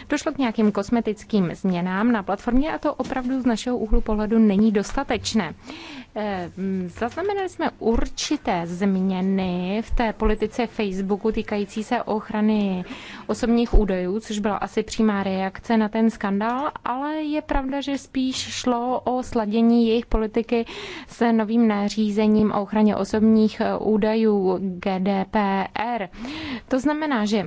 Došlo k nějakým kosmetickým změnám na platformě a to opravdu z našeho úhlu pohledu není dostatečné. Eh, mm, zaznamenali jsme určité změny v té politice Facebooku týkající se ochrany osobních údajů, což byla asi přímá reakce na ten skandál, ale je pravda, že spíš šlo o sladění jejich politiky s novým nařízením o ochraně osobních eh, údajů GDPR. To znamená, že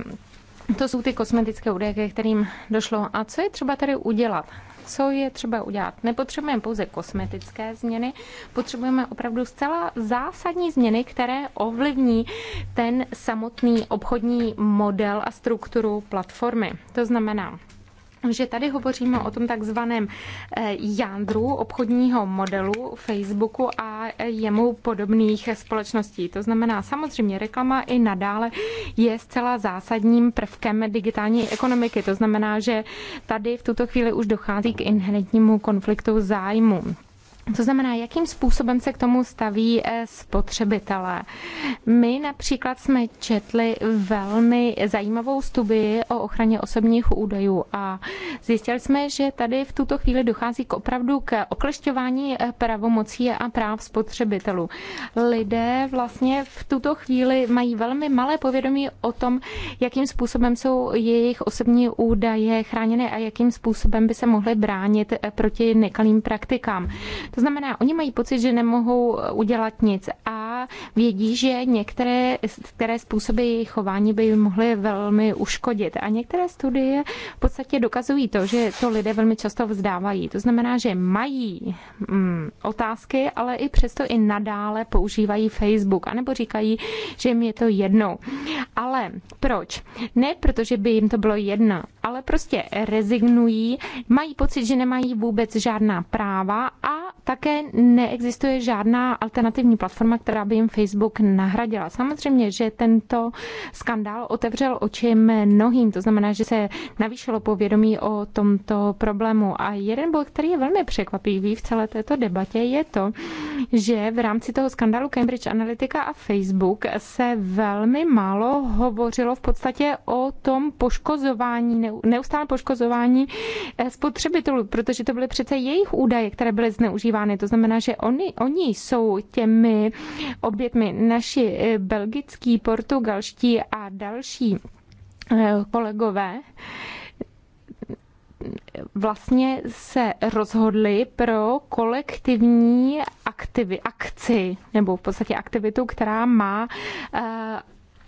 to jsou ty kosmetické údaje, ke kterým došlo. A co je třeba tady udělat? co je třeba udělat. Nepotřebujeme pouze kosmetické změny, potřebujeme opravdu zcela zásadní změny, které ovlivní ten samotný obchodní model a strukturu platformy. To znamená, že tady hovoříme o tom takzvaném eh, jádru obchodního modelu Facebooku a eh, jemu podobných společností. To znamená, samozřejmě reklama i nadále je zcela zásadním prvkem digitální ekonomiky. To znamená, že tady v tuto chvíli už dochází k inherentnímu konfliktu zájmu. To znamená, jakým způsobem se k tomu staví eh, spotřebitelé. My například jsme četli velmi zajímavou studii o ochraně osobních údajů a zjistili jsme, že tady v tuto chvíli dochází k opravdu k oklešťování eh, pravomocí a práv spotřebitelů. Lidé vlastně v tuto chvíli mají velmi malé povědomí o tom, jakým způsobem jsou jejich osobní údaje chráněny a jakým způsobem by se mohly bránit eh, proti nekalým praktikám. To znamená, oni mají pocit, že nemohou eh, udělat nic a vědí, že některé které způsoby jejich chování by jim mohly velmi uškodit. A některé studie v podstatě dokazují to, že to lidé velmi často vzdávají. To znamená, že mají mm, otázky, ale i přesto i nadále používají Facebook, anebo říkají, že jim je to jedno. Ale proč? Ne protože by jim to bylo jedno, ale prostě rezignují, mají pocit, že nemají vůbec žádná práva a také neexistuje žádná alternativní platforma, která by jim Facebook nahradila. Samozřejmě, že tento skandál otevřel oči mnohým, to znamená, že se navýšilo povědomí o tomto problému. A jeden bod, který je velmi překvapivý v celé této debatě, je to, že v rámci toho skandálu Cambridge Analytica a Facebook se velmi málo hovořilo v podstatě o tom poškozování, neustále poškozování eh, spotřebitelů, protože to byly přece jejich údaje, které byly zneužívány zneužívány. To znamená, že oni, oni jsou těmi obětmi, naši eh, belgický, portugalští a další eh, kolegové, eh, vlastně se rozhodli pro kolektivní aktivi, akci, nebo v podstatě aktivitu, která má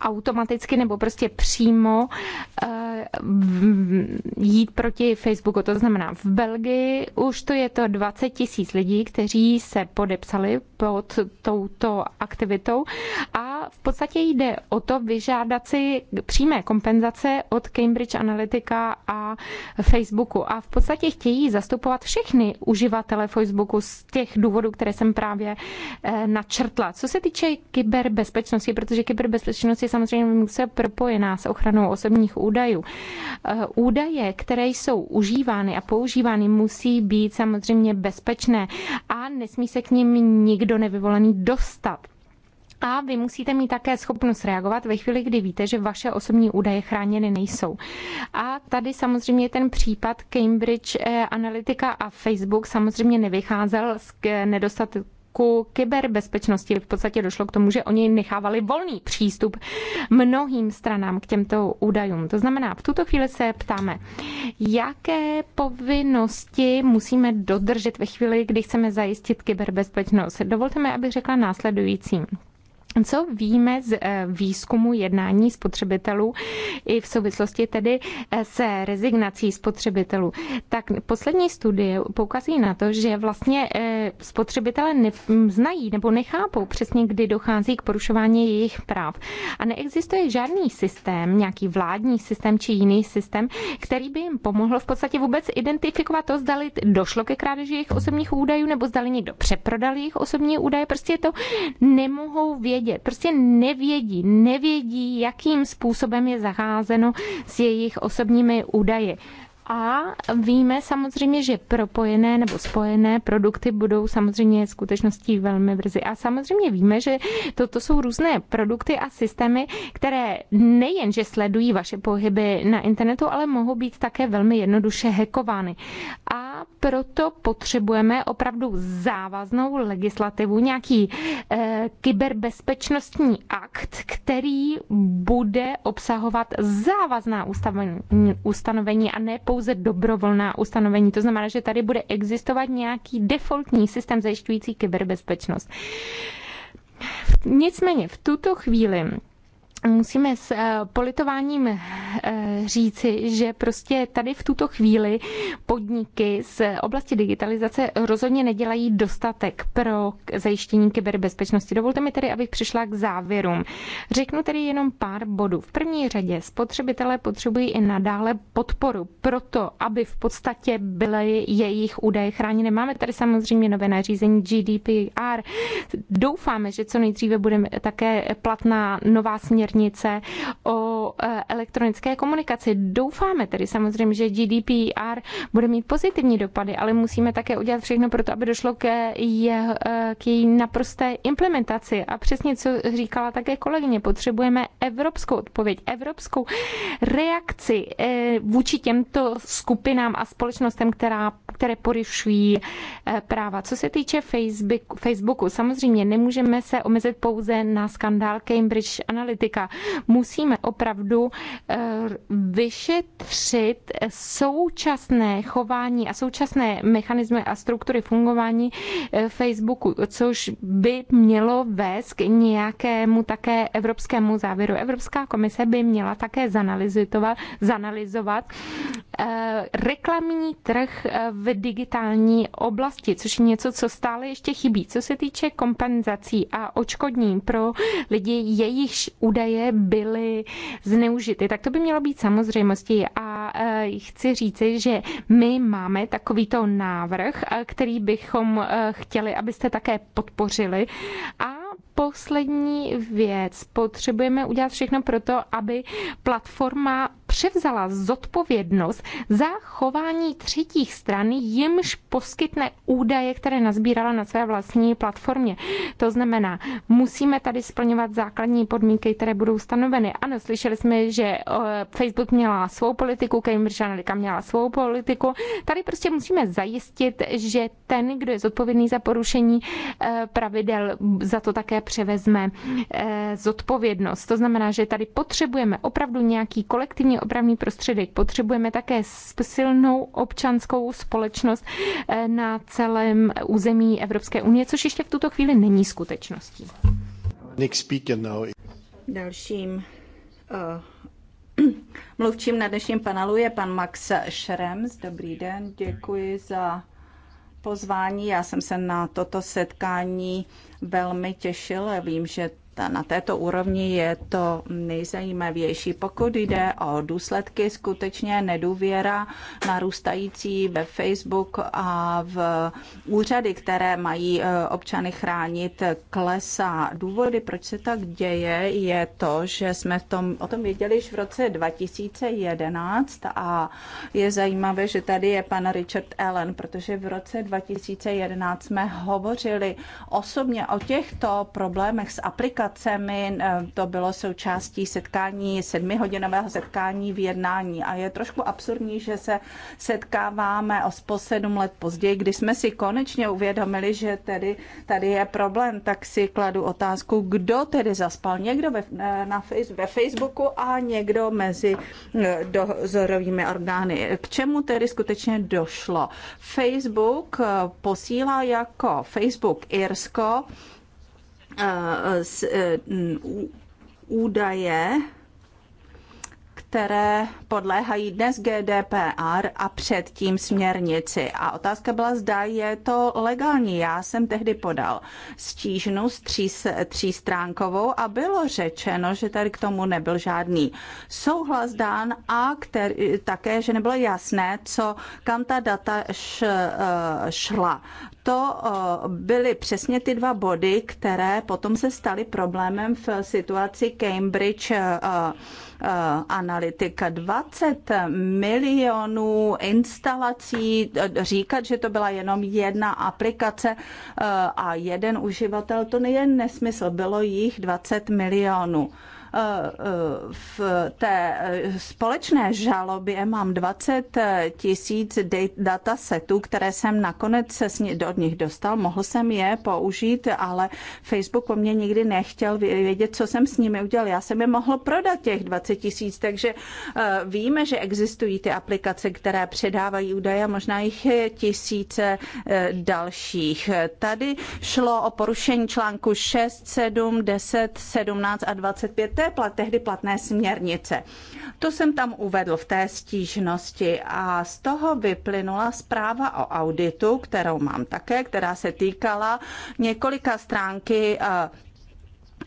automaticky nebo prostě přímo eh, jít proti Facebooku. To znamená, v Belgii už to je to 20 tisíc lidí, kteří se podepsali pod touto aktivitou a v podstatě jde o to vyžádat si přímé kompenzace od Cambridge Analytica a Facebooku. A v podstatě chtějí zastupovat všechny uživatele Facebooku z těch důvodů, které jsem právě eh, načrtla. Co se týče kyberbezpečnosti, protože kyberbezpečnost je samozřejmě se propojená s ochranou osobních údajů. Eh, údaje, které jsou užívány a používány, musí být samozřejmě bezpečné a nesmí se k ním nikdo nevyvolený dostat. A vy musíte mít také schopnost reagovat ve chvíli, kdy víte, že vaše osobní údaje chráněny nejsou. A tady samozřejmě ten případ Cambridge eh, Analytica a Facebook samozřejmě nevycházel z eh, nedostatku ku kyberbezpečnosti. V podstatě došlo k tomu, že oni nechávali volný přístup mnohým stranám k těmto údajům. To znamená, v tuto chvíli se ptáme, jaké povinnosti musíme dodržet ve chvíli, kdy chceme zajistit kyberbezpečnost. Dovolte mi, abych řekla následující co víme z eh, výzkumu jednání spotřebitelů i v souvislosti tedy eh, se rezignací spotřebitelů? Tak poslední studie poukazují na to, že vlastně eh, spotřebitelé znají nebo nechápou přesně, kdy dochází k porušování jejich práv. A neexistuje žádný systém, nějaký vládní systém či jiný systém, který by jim pomohl v podstatě vůbec identifikovat to, zdali došlo ke krádeži jejich osobních údajů nebo zdali někdo přeprodal jejich osobní údaje. Prostě to nemohou vědět vědět. Prostě nevědí, nevědí, jakým způsobem je zacházeno s jejich osobními údaji. A víme samozřejmě, že propojené nebo spojené produkty budou samozřejmě skutečností velmi brzy. A samozřejmě víme, že toto jsou různé produkty a systémy, které nejen, že sledují vaše pohyby na internetu, ale mohou být také velmi jednoduše hackovány. A proto potřebujeme opravdu závaznou legislativu, nějaký e, kyberbezpečnostní akt, který bude obsahovat závazná ustanovení a ne po pouze dobrovolná ustanovení. To znamená, že tady bude existovat nějaký defaultní systém zajišťující kyberbezpečnost. Nicméně v tuto chvíli musíme s eh, politováním eh, říci, že prostě tady v tuto chvíli podniky z oblasti digitalizace rozhodně nedělají dostatek pro zajištění kyberbezpečnosti. Dovolte mi tedy, abych přišla k závěrům. Řeknu tedy jenom pár bodů. V první řadě spotřebitelé potřebují i nadále podporu proto, aby v podstatě byly jejich údaje chráněny. Máme tady samozřejmě nové nařízení GDPR. Doufáme, že co nejdříve bude také platná nová směrnice směrnice o e, elektronické komunikaci. Doufáme tedy samozřejmě, že GDPR bude mít pozitivní dopady, ale musíme také udělat všechno pro to, aby došlo k, je, e, k její naprosté implementaci. A přesně, co říkala také kolegyně, potřebujeme evropskou odpověď, evropskou reakci e, vůči těmto skupinám a společnostem, která, které porušují práva. Co se týče Facebooku, Facebooku, samozřejmě nemůžeme se omezit pouze na skandál Cambridge Analytica rizika. Musíme opravdu eh, vyšetřit současné chování a současné mechanismy a struktury fungování eh, Facebooku, což by mělo vést k nějakému také evropskému závěru. Evropská komise by měla také zanalizovat, zanalizovat eh, reklamní trh v digitální oblasti, což je něco, co stále ještě chybí. Co se týče kompenzací a očkodní pro lidi, jejichž údaje údaje byly zneužity. Tak to by mělo být samozřejmostí. A e, chci říci, že my máme takovýto návrh, e, který bychom e, chtěli, abyste také podpořili. A poslední věc. Potřebujeme udělat všechno pro to, aby platforma převzala zodpovědnost za chování třetích stran, jimž poskytne údaje, které nazbírala na své vlastní platformě. To znamená, musíme tady splňovat základní podmínky, které budou stanoveny. Ano, slyšeli jsme, že eh, Facebook měla svou politiku, Cambridge Analytica měla svou politiku. Tady prostě musíme zajistit, že ten, kdo je zodpovědný za porušení eh, pravidel, za to také převezme eh, zodpovědnost. To znamená, že tady potřebujeme opravdu nějaký kolektivní opravný prostředek. Potřebujeme také silnou občanskou společnost eh, na celém území Evropské unie, což ještě v tuto chvíli není skutečností. Dalším uh, mluvčím na dnešním panelu je pan Max Šrems. Dobrý den, děkuji za pozvání. Já jsem se na toto setkání velmi těšil. Vím, že na této úrovni je to nejzajímavější. Pokud jde o důsledky, skutečně nedůvěra narůstající ve Facebook a v úřady, které mají e, občany chránit, klesá. Důvody, proč se tak děje, je to, že jsme v tom, o tom věděli už v roce 2011 a je zajímavé, že tady je pan Richard Allen, protože v roce 2011 jsme hovořili osobně o těchto problémech s aplikací komunikacemi. Eh, to bylo součástí setkání, sedmihodinového setkání v jednání. A je trošku absurdní, že se setkáváme os po sedm let později, kdy jsme si konečně uvědomili, že tedy tady je problém, tak si kladu otázku, kdo tedy zaspal. Někdo ve, eh, na ve Facebooku a někdo mezi eh, dozorovými orgány. K čemu tedy skutečně došlo? Facebook posílá jako Facebook Irsko E, údaje které podléhají dnes GDPR a předtím směrnici. A otázka byla, zda je to legální. Já jsem tehdy podal stížnu s tří, třístránkovou a bylo řečeno, že tady k tomu nebyl žádný souhlas dán a který, také, že nebylo jasné, co kam ta data š, e, šla. To e, byly přesně ty dva body, které potom se staly problémem v situaci Cambridge e, Eh, analytika. 20 milionů instalací, eh, říkat, že to byla jenom jedna aplikace eh, a jeden uživatel, to je nesmysl. Bylo jich 20 milionů v té společné žalobě mám 20 tisíc datasetů, které jsem nakonec se od nich dostal. Mohl jsem je použít, ale Facebook po mně nikdy nechtěl vědět, co jsem s nimi udělal. Já jsem je mohl prodat těch 20 tisíc, takže eh, víme, že existují ty aplikace, které předávají údaje, možná jich je tisíce eh, dalších. Tady šlo o porušení článku 6, 7, 10, 17 a 25 té plat, tehdy platné směrnice. To jsem tam uvedl v té stížnosti a z toho vyplynula zpráva o auditu, kterou mám také, která se týkala několika stránky eh,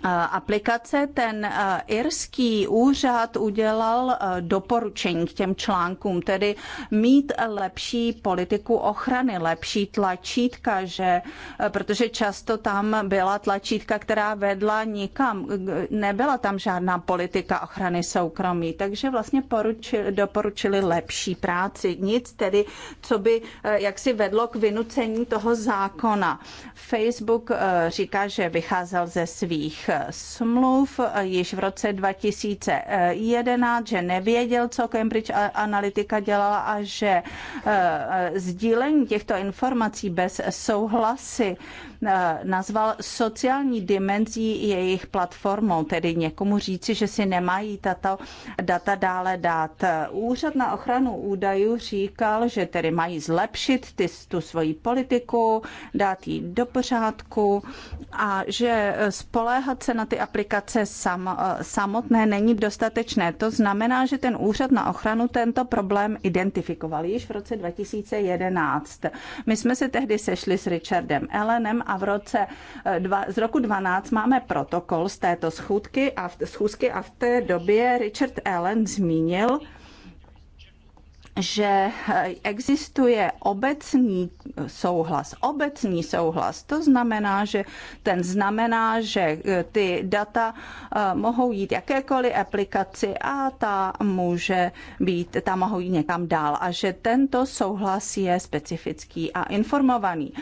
Eh, aplikace, ten eh, irský úřad udělal eh, doporučení k těm článkům, tedy mít lepší politiku ochrany, lepší tlačítka, že, protože často tam byla tlačítka, která vedla nikam, nebyla tam žádná politika ochrany soukromí, takže vlastně poručili, doporučili lepší práci. Nic tedy, co by jaksi vedlo k vynucení toho zákona. Facebook říká, že vycházel ze svých těch smluv eh, již v roce 2011, že nevěděl, co Cambridge Analytica dělala a že eh, eh, sdílení těchto informací bez souhlasy Eh, nazval sociální dimenzí jejich platformou, tedy někomu říci, že si nemají tato data dále dát. Úřad na ochranu údajů říkal, že tedy mají zlepšit ty, tu svoji politiku, dát ji do pořádku a že spoléhat se na ty aplikace sam, eh, samotné není dostatečné. To znamená, že ten úřad na ochranu tento problém identifikoval již v roce 2011. My jsme se tehdy sešli s Richardem Ellenem a v roce eh, dva, z roku 12 máme protokol z této schůdky a v, schůzky a v té době Richard Allen zmínil, že eh, existuje obecný souhlas. Obecný souhlas, to znamená, že ten znamená, že eh, ty data eh, mohou jít jakékoliv aplikaci a ta může být, ta mohou jít někam dál a že tento souhlas je specifický a informovaný.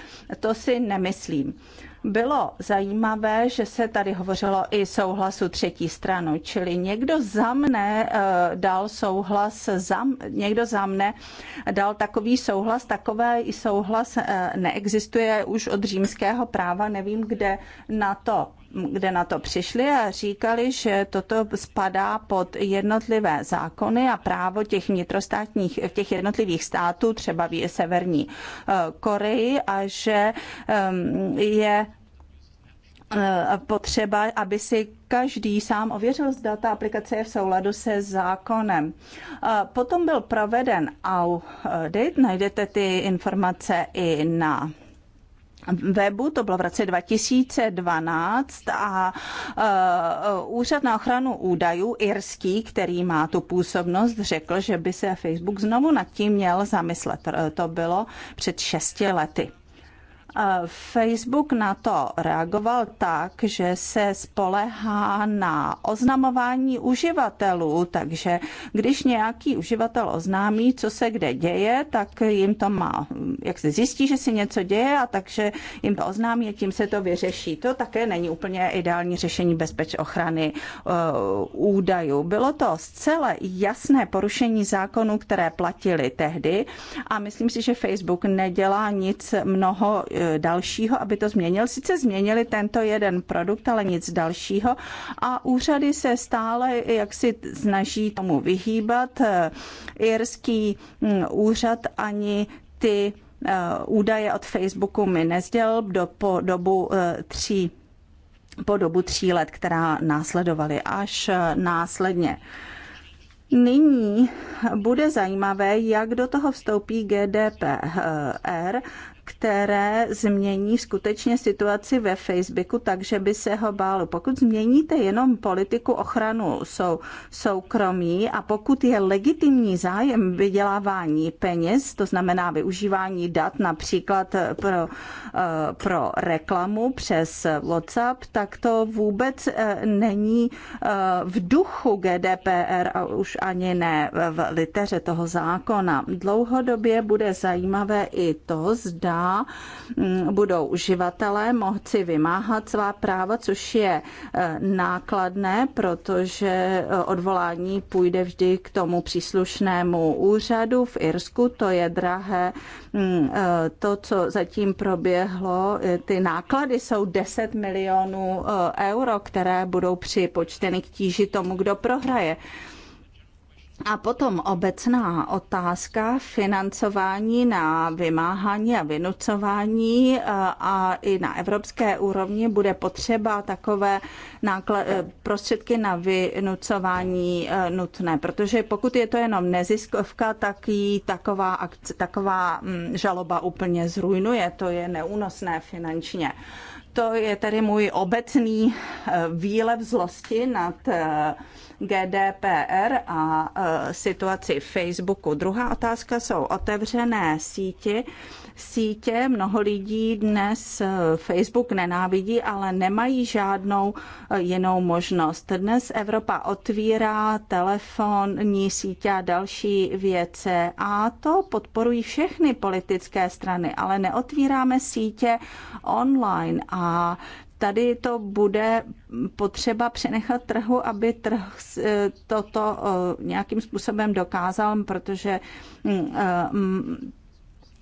To si nemyslím. Bylo zajímavé, že se tady hovořilo i souhlasu třetí stranu, čili někdo za mne eh, dal souhlas, za, někdo za mne dal takový souhlas, takové i souhlas eh, neexistuje už od římského práva, nevím, kde na to kde na to přišli a říkali, že toto spadá pod jednotlivé zákony a právo těch vnitrostátních, těch jednotlivých států, třeba v Severní eh, Koreji, a že ehm, je eh, potřeba, aby si každý sám ověřil, zda ta aplikace je v souladu se zákonem. Eh, potom byl proveden audit, najdete ty informace i na webu, to bylo v roce 2012 a uh, Úřad na ochranu údajů irský, který má tu působnost, řekl, že by se Facebook znovu nad tím měl zamyslet. To bylo před šesti lety. Facebook na to reagoval tak, že se spolehá na oznamování uživatelů, takže když nějaký uživatel oznámí, co se kde děje, tak jim to má, jak se zjistí, že se něco děje a takže jim to oznámí a tím se to vyřeší. To také není úplně ideální řešení bezpeč ochrany uh, údajů. Bylo to zcela jasné porušení zákonů, které platili tehdy a myslím si, že Facebook nedělá nic mnoho e, dalšího, aby to změnil. Sice změnili tento jeden produkt, ale nic dalšího a úřady se stále jak si snaží tomu vyhýbat. Irský mm, úřad ani ty eh, údaje od Facebooku mi nezděl do, po dobu eh, tří po dobu tří let, která následovaly až eh, následně. Nyní bude zajímavé, jak do toho vstoupí GDPR, které změní skutečně situaci ve Facebooku, takže by se ho bálo. Pokud změníte jenom politiku ochranu sou, soukromí a pokud je legitimní zájem vydělávání peněz, to znamená využívání dat například pro, eh, pro reklamu přes WhatsApp, tak to vůbec eh, není eh, v duchu GDPR a už ani ne v liteře toho zákona. Dlouhodobě bude zajímavé i to, zda která mm, budou uživatelé moci vymáhat svá práva, což je e, nákladné, protože e, odvolání půjde vždy k tomu příslušnému úřadu v Irsku, to je drahé. Mm, e, to, co zatím proběhlo, ty náklady jsou 10 milionů euro, které budou připočteny k tíži tomu, kdo prohraje. A potom obecná otázka financování na vymáhání a vynucování eh, a i na evropské úrovni bude potřeba takové náklad, eh, prostředky na vynucování eh, nutné, protože pokud je to jenom neziskovka, tak ji taková, akce, taková hm, žaloba úplně zrujnuje, to je neúnosné finančně. To je tedy můj obecný výlev zlosti nad GDPR a e, situaci Facebooku. Druhá otázka jsou otevřené síti. Sítě mnoho lidí dnes e, Facebook nenávidí, ale nemají žádnou e, jinou možnost. Dnes Evropa otvírá telefonní sítě a další věce a to podporují všechny politické strany, ale neotvíráme sítě online a tady to bude potřeba přenechat trhu, aby trh eh, toto eh, nějakým způsobem dokázal, protože mm, eh, mm,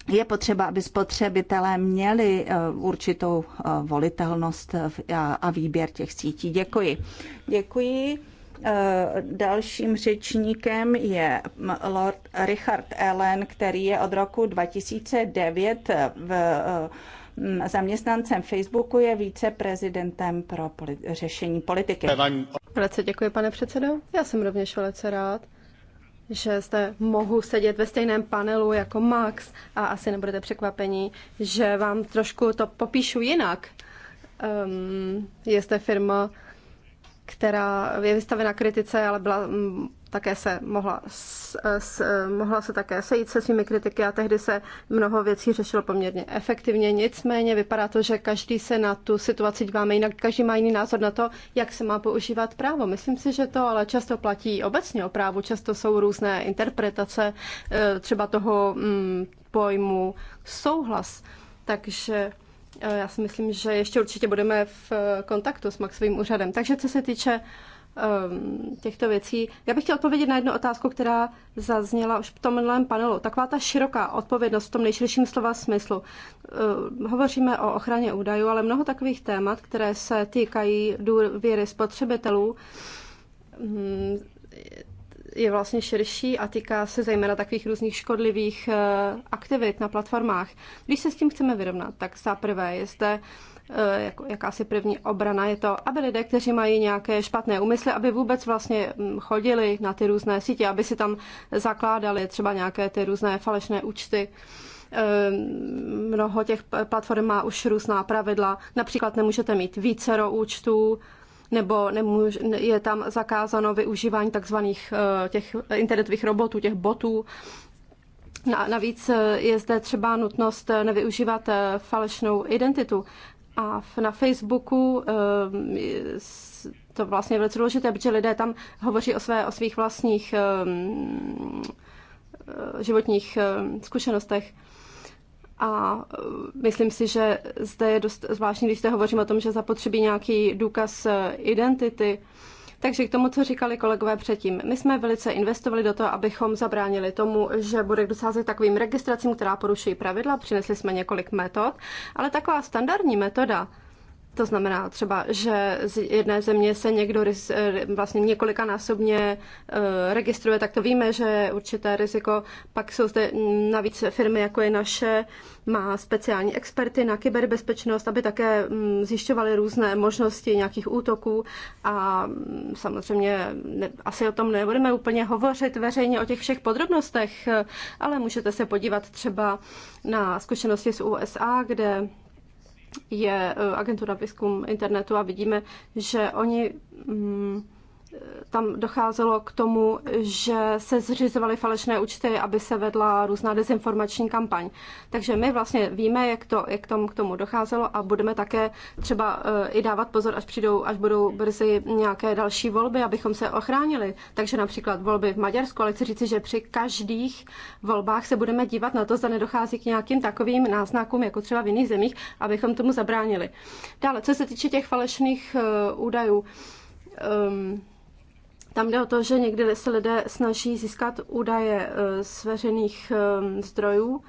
je potřeba, aby spotřebitelé měli určitou volitelnost a výběr těch sítí. Děkuji. Děkuji. Dalším řečníkem je mm, Lord Richard Allen, který je od roku 2009 v Mm, zaměstnancem Facebooku, je více prezidentem pro poli- řešení politiky. Velice děkuji, pane předsedo. Já jsem rovněž velice rád, že jste mohu sedět ve stejném panelu jako Max a asi nebudete překvapení, že vám trošku to popíšu jinak. Um, je firma, která je vystavena kritice, ale byla mm, také se mohla, s, s, mohla se také sejít se svými kritiky a tehdy se mnoho věcí řešilo poměrně efektivně. Nicméně vypadá to, že každý se na tu situaci díváme jinak, každý má jiný názor na to, jak se má používat právo. Myslím si, že to ale často platí obecně o právu, často jsou různé interpretace eh, třeba toho mm, pojmu souhlas. Takže eh, já si myslím, že ještě určitě budeme v eh, kontaktu s Maxovým úřadem. Takže co se týče uh, Um, těchto věcí. Já bych chtěla odpovědět na jednu otázku, která zazněla už v tom minulém panelu. Taková ta široká odpovědnost v tom nejširším slova smyslu. Uh, hovoříme o ochraně údajů, ale mnoho takových témat, které se týkají důvěry spotřebitelů, mm, je vlastně širší a týká se zejména takových různých škodlivých uh, aktivit na platformách. Když se s tím chceme vyrovnat, tak za prvé je zde Eh, jako jakási první obrana je to, aby lidé, kteří mají nějaké špatné úmysly, aby vůbec vlastně mm, chodili na ty různé sítě, aby si tam zakládali třeba nějaké ty různé falešné účty. Eh, mnoho těch platform má už různá pravidla. Například nemůžete mít vícero účtů, nebo nemůž, je tam zakázáno využívání takzvaných eh, těch internetových robotů, těch botů. Navíc je zde třeba nutnost nevyužívat falešnou identitu. A na Facebooku eh, to vlastně je velice důležité, protože lidé tam hovoří o, své, o svých vlastních eh, eh, životních zkušenostech. A myslím si, že zde je dost zvláštní, když se hovořím o tom, že zapotřebí nějaký důkaz identity, takže k tomu, co říkali kolegové předtím. My jsme velice investovali do toho, abychom zabránili tomu, že bude docházet takovým registracím, která porušují pravidla. Přinesli jsme několik metod, ale taková standardní metoda, to znamená třeba, že z jedné země se někdo eh, vlastně několikanásobně eh, registruje, tak to víme, že je určité riziko. Pak jsou zde navíc firmy, jako je naše, má speciální experty na kyberbezpečnost, aby také mm, zjišťovali různé možnosti nějakých útoků a mm, samozřejmě ne, asi o tom nebudeme úplně hovořit veřejně o těch všech podrobnostech, eh, ale můžete se podívat třeba na zkušenosti z USA, kde je eh, agentura výzkum internetu a vidíme, že oni mm, tam docházelo k tomu, že se zřizovaly falešné účty, aby se vedla různá dezinformační kampaň. Takže my vlastně víme, jak, to, jak tom, k tomu docházelo a budeme také třeba eh, i dávat pozor, až přijdou, až budou brzy nějaké další volby, abychom se ochránili. Takže například volby v Maďarsku, ale chci říci, že při každých volbách se budeme dívat na to, zda nedochází k nějakým takovým náznakům, jako třeba v jiných zemích, abychom tomu zabránili. Dále, co se týče těch falešných eh, údajů, um, tam jde o to, že někdy se lidé snaží získat údaje eh, z veřejných eh, zdrojů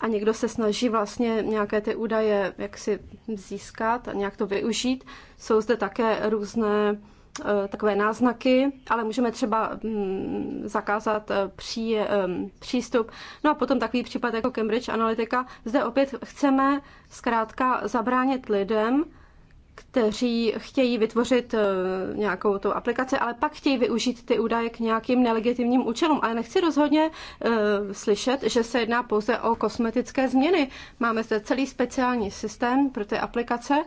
a někdo se snaží vlastně nějaké ty údaje jak si získat a nějak to využít. Jsou zde také různé eh, takové náznaky, ale můžeme třeba mm, zakázat pří, přístup. No a potom takový případ jako Cambridge Analytica. Zde opět chceme zkrátka zabránit lidem, kteří chtějí vytvořit eh, nějakou tu aplikaci, ale pak chtějí využít ty údaje k nějakým nelegitimním účelům. Ale nechci rozhodně uh, slyšet, že se jedná pouze o kosmetické změny. Máme zde celý speciální systém pro ty aplikace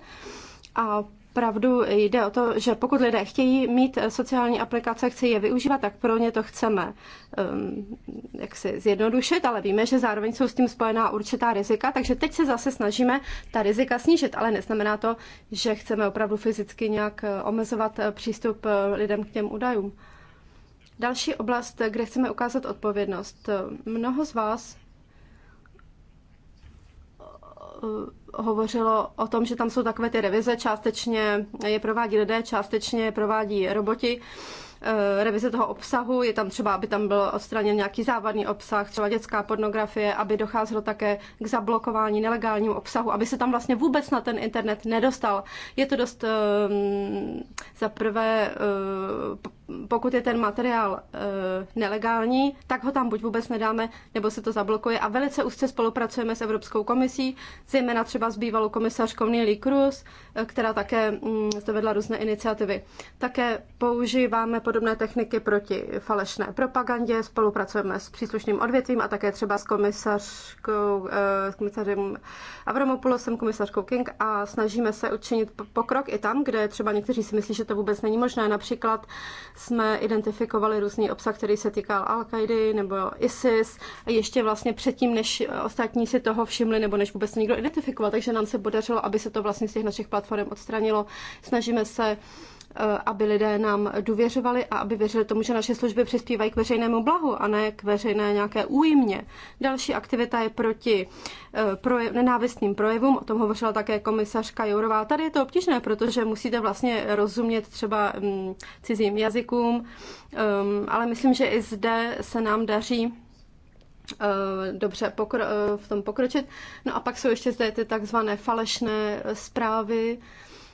a opravdu jde o to, že pokud lidé chtějí mít sociální aplikace, chci je využívat, tak pro ně to chceme um, jak si zjednodušit, ale víme, že zároveň jsou s tím spojená určitá rizika, takže teď se zase snažíme ta rizika snížit, ale neznamená to, že chceme opravdu fyzicky nějak eh, omezovat eh, přístup eh, lidem k těm údajům. Další oblast, kde chceme ukázat odpovědnost. Mnoho z vás Eh, hovořilo o tom, že tam jsou takové ty revize, částečně je provádí lidé, částečně je provádí roboti. Eh, revize toho obsahu. Je tam třeba, aby tam byl odstraněn nějaký závadný obsah, třeba dětská pornografie, aby docházelo také k zablokování nelegálnímu obsahu, aby se tam vlastně vůbec na ten internet nedostal. Je to dost eh, za prvé, eh, pokud je ten materiál nelegální, tak ho tam buď vůbec nedáme, nebo se to zablokuje. A velice úzce spolupracujeme s Evropskou komisí, zejména třeba s bývalou komisařkou Nili Cruz, která také mm, zavedla různé iniciativy. Také používáme podobné techniky proti falešné propagandě. Spolupracujeme s příslušným odvětvím a také třeba s komisařkou, eh, s komisařem Avromopulosem, komisařkou King a snažíme se učinit pokrok i tam, kde třeba někteří si myslí, že to vůbec není možné. Například jsme identifikovali různý obsah, který se týkal al qaidi nebo ISIS a ještě vlastně předtím, než ostatní si toho všimli nebo než vůbec někdo identifikoval, takže nám se podařilo, aby se to vlastně z těch našich platform odstranilo. Snažíme se Eh, aby lidé nám důvěřovali a aby věřili tomu, že naše služby přispívají k veřejnému blahu a ne k veřejné nějaké újmě. Další aktivita je proti eh, projev, nenávistným projevům, o tom hovořila také komisařka Jourová. Tady je to obtížné, protože musíte vlastně rozumět třeba mm, cizím jazykům, eh, ale myslím, že i zde se nám daří dobře pokro- v tom pokročit. No a pak jsou ještě zde ty takzvané falešné zprávy,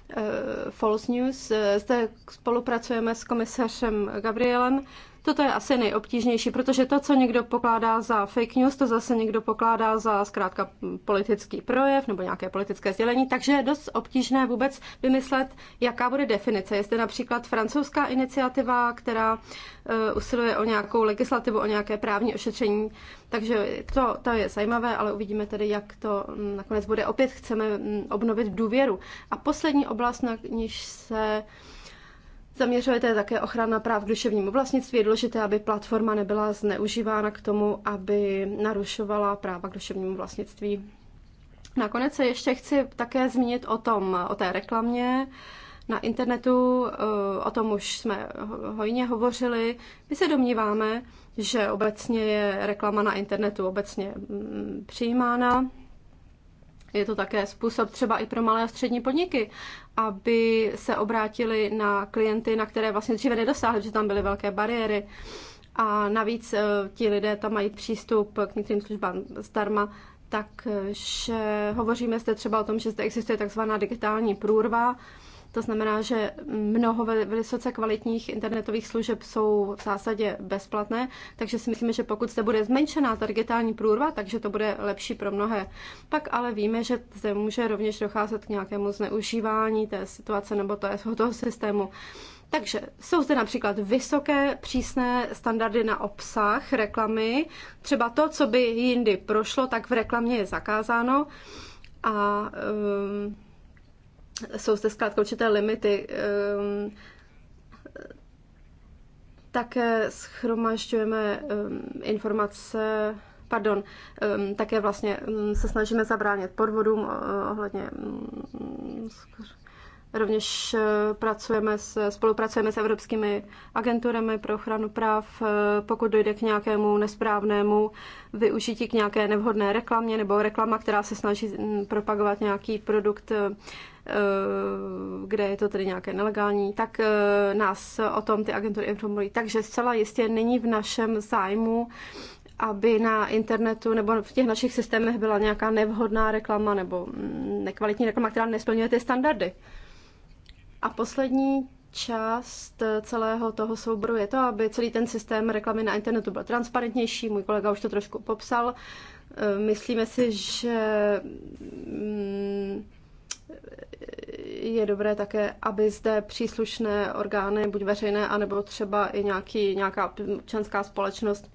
Eh, false news. Eh, zde spolupracujeme s komisařem Gabrielem Toto je asi nejobtížnější, protože to, co někdo pokládá za fake news, to zase někdo pokládá za zkrátka politický projev nebo nějaké politické sdělení, takže je dost obtížné vůbec vymyslet, jaká bude definice. Jestli například francouzská iniciativa, která eh, usiluje o nějakou legislativu, o nějaké právní ošetření, takže to, to je zajímavé, ale uvidíme tedy, jak to hm, nakonec bude. Opět chceme hm, obnovit důvěru. A poslední oblast, na níž se Zaměřujete také ochrana práv k duševnímu vlastnictví. Je důležité, aby platforma nebyla zneužívána k tomu, aby narušovala práva k duševnímu vlastnictví. Nakonec se ještě chci také zmínit o tom, o té reklamě na internetu, o tom už jsme hojně hovořili. My se domníváme, že obecně je reklama na internetu obecně mm, přijímána. Je to také způsob třeba i pro malé a střední podniky, aby se obrátili na klienty, na které vlastně dříve nedosáhli, protože tam byly velké bariéry. A navíc eh, ti lidé tam mají přístup k některým službám zdarma, takže hovoříme zde třeba o tom, že zde existuje takzvaná digitální průrva, to znamená, že mnoho vysoce kvalitních internetových služeb jsou v zásadě bezplatné, takže si myslíme, že pokud se bude zmenšená ta digitální průrva, takže to bude lepší pro mnohé. Pak ale víme, že zde může rovněž docházet k nějakému zneužívání té situace nebo toho systému. Takže jsou zde například vysoké přísné standardy na obsah reklamy. Třeba to, co by jindy prošlo, tak v reklamě je zakázáno. A um, jsou zde zkrátka určité limity. Ehm, také schromažďujeme ehm, informace, pardon, ehm, také vlastně se snažíme zabránit podvodům eh, ohledně mm, Rovněž eh, pracujeme s, spolupracujeme s evropskými agenturami pro ochranu práv, eh, pokud dojde k nějakému nesprávnému využití k nějaké nevhodné reklamě nebo reklama, která se snaží mm, propagovat nějaký produkt Eh, kde je to tedy nějaké nelegální, tak eh, nás o tom ty agentury informují. Takže zcela jistě není v našem zájmu, aby na internetu nebo v těch našich systémech byla nějaká nevhodná reklama nebo mm, nekvalitní reklama, která nesplňuje ty standardy. A poslední část eh, celého toho souboru je to, aby celý ten systém reklamy na internetu byl transparentnější. Můj kolega už to trošku popsal. Myslíme si, že mm, je dobré také, aby zde příslušné orgány, buď veřejné, anebo třeba i nějaký, nějaká občanská společnost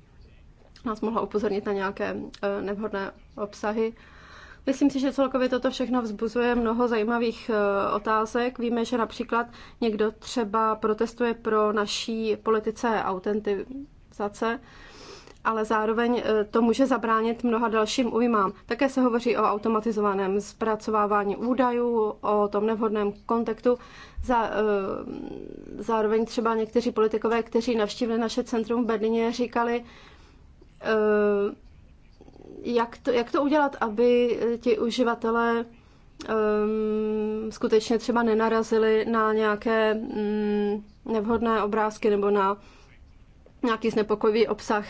nás mohla upozornit na nějaké eh, nevhodné obsahy. Myslím si, že celkově toto všechno vzbuzuje mnoho zajímavých eh, otázek. Víme, že například někdo třeba protestuje pro naší politice autentizace, ale zároveň eh, to může zabránit mnoha dalším újmám. Také se hovoří o automatizovaném zpracovávání údajů, o tom nevhodném kontaktu. Za, eh, zároveň třeba někteří politikové, kteří navštívili naše centrum v Berlíně, říkali, eh, jak to, jak to udělat, aby ti uživatelé skutečně třeba nenarazili na nějaké mm, nevhodné obrázky nebo na nějaký znepokojivý obsah.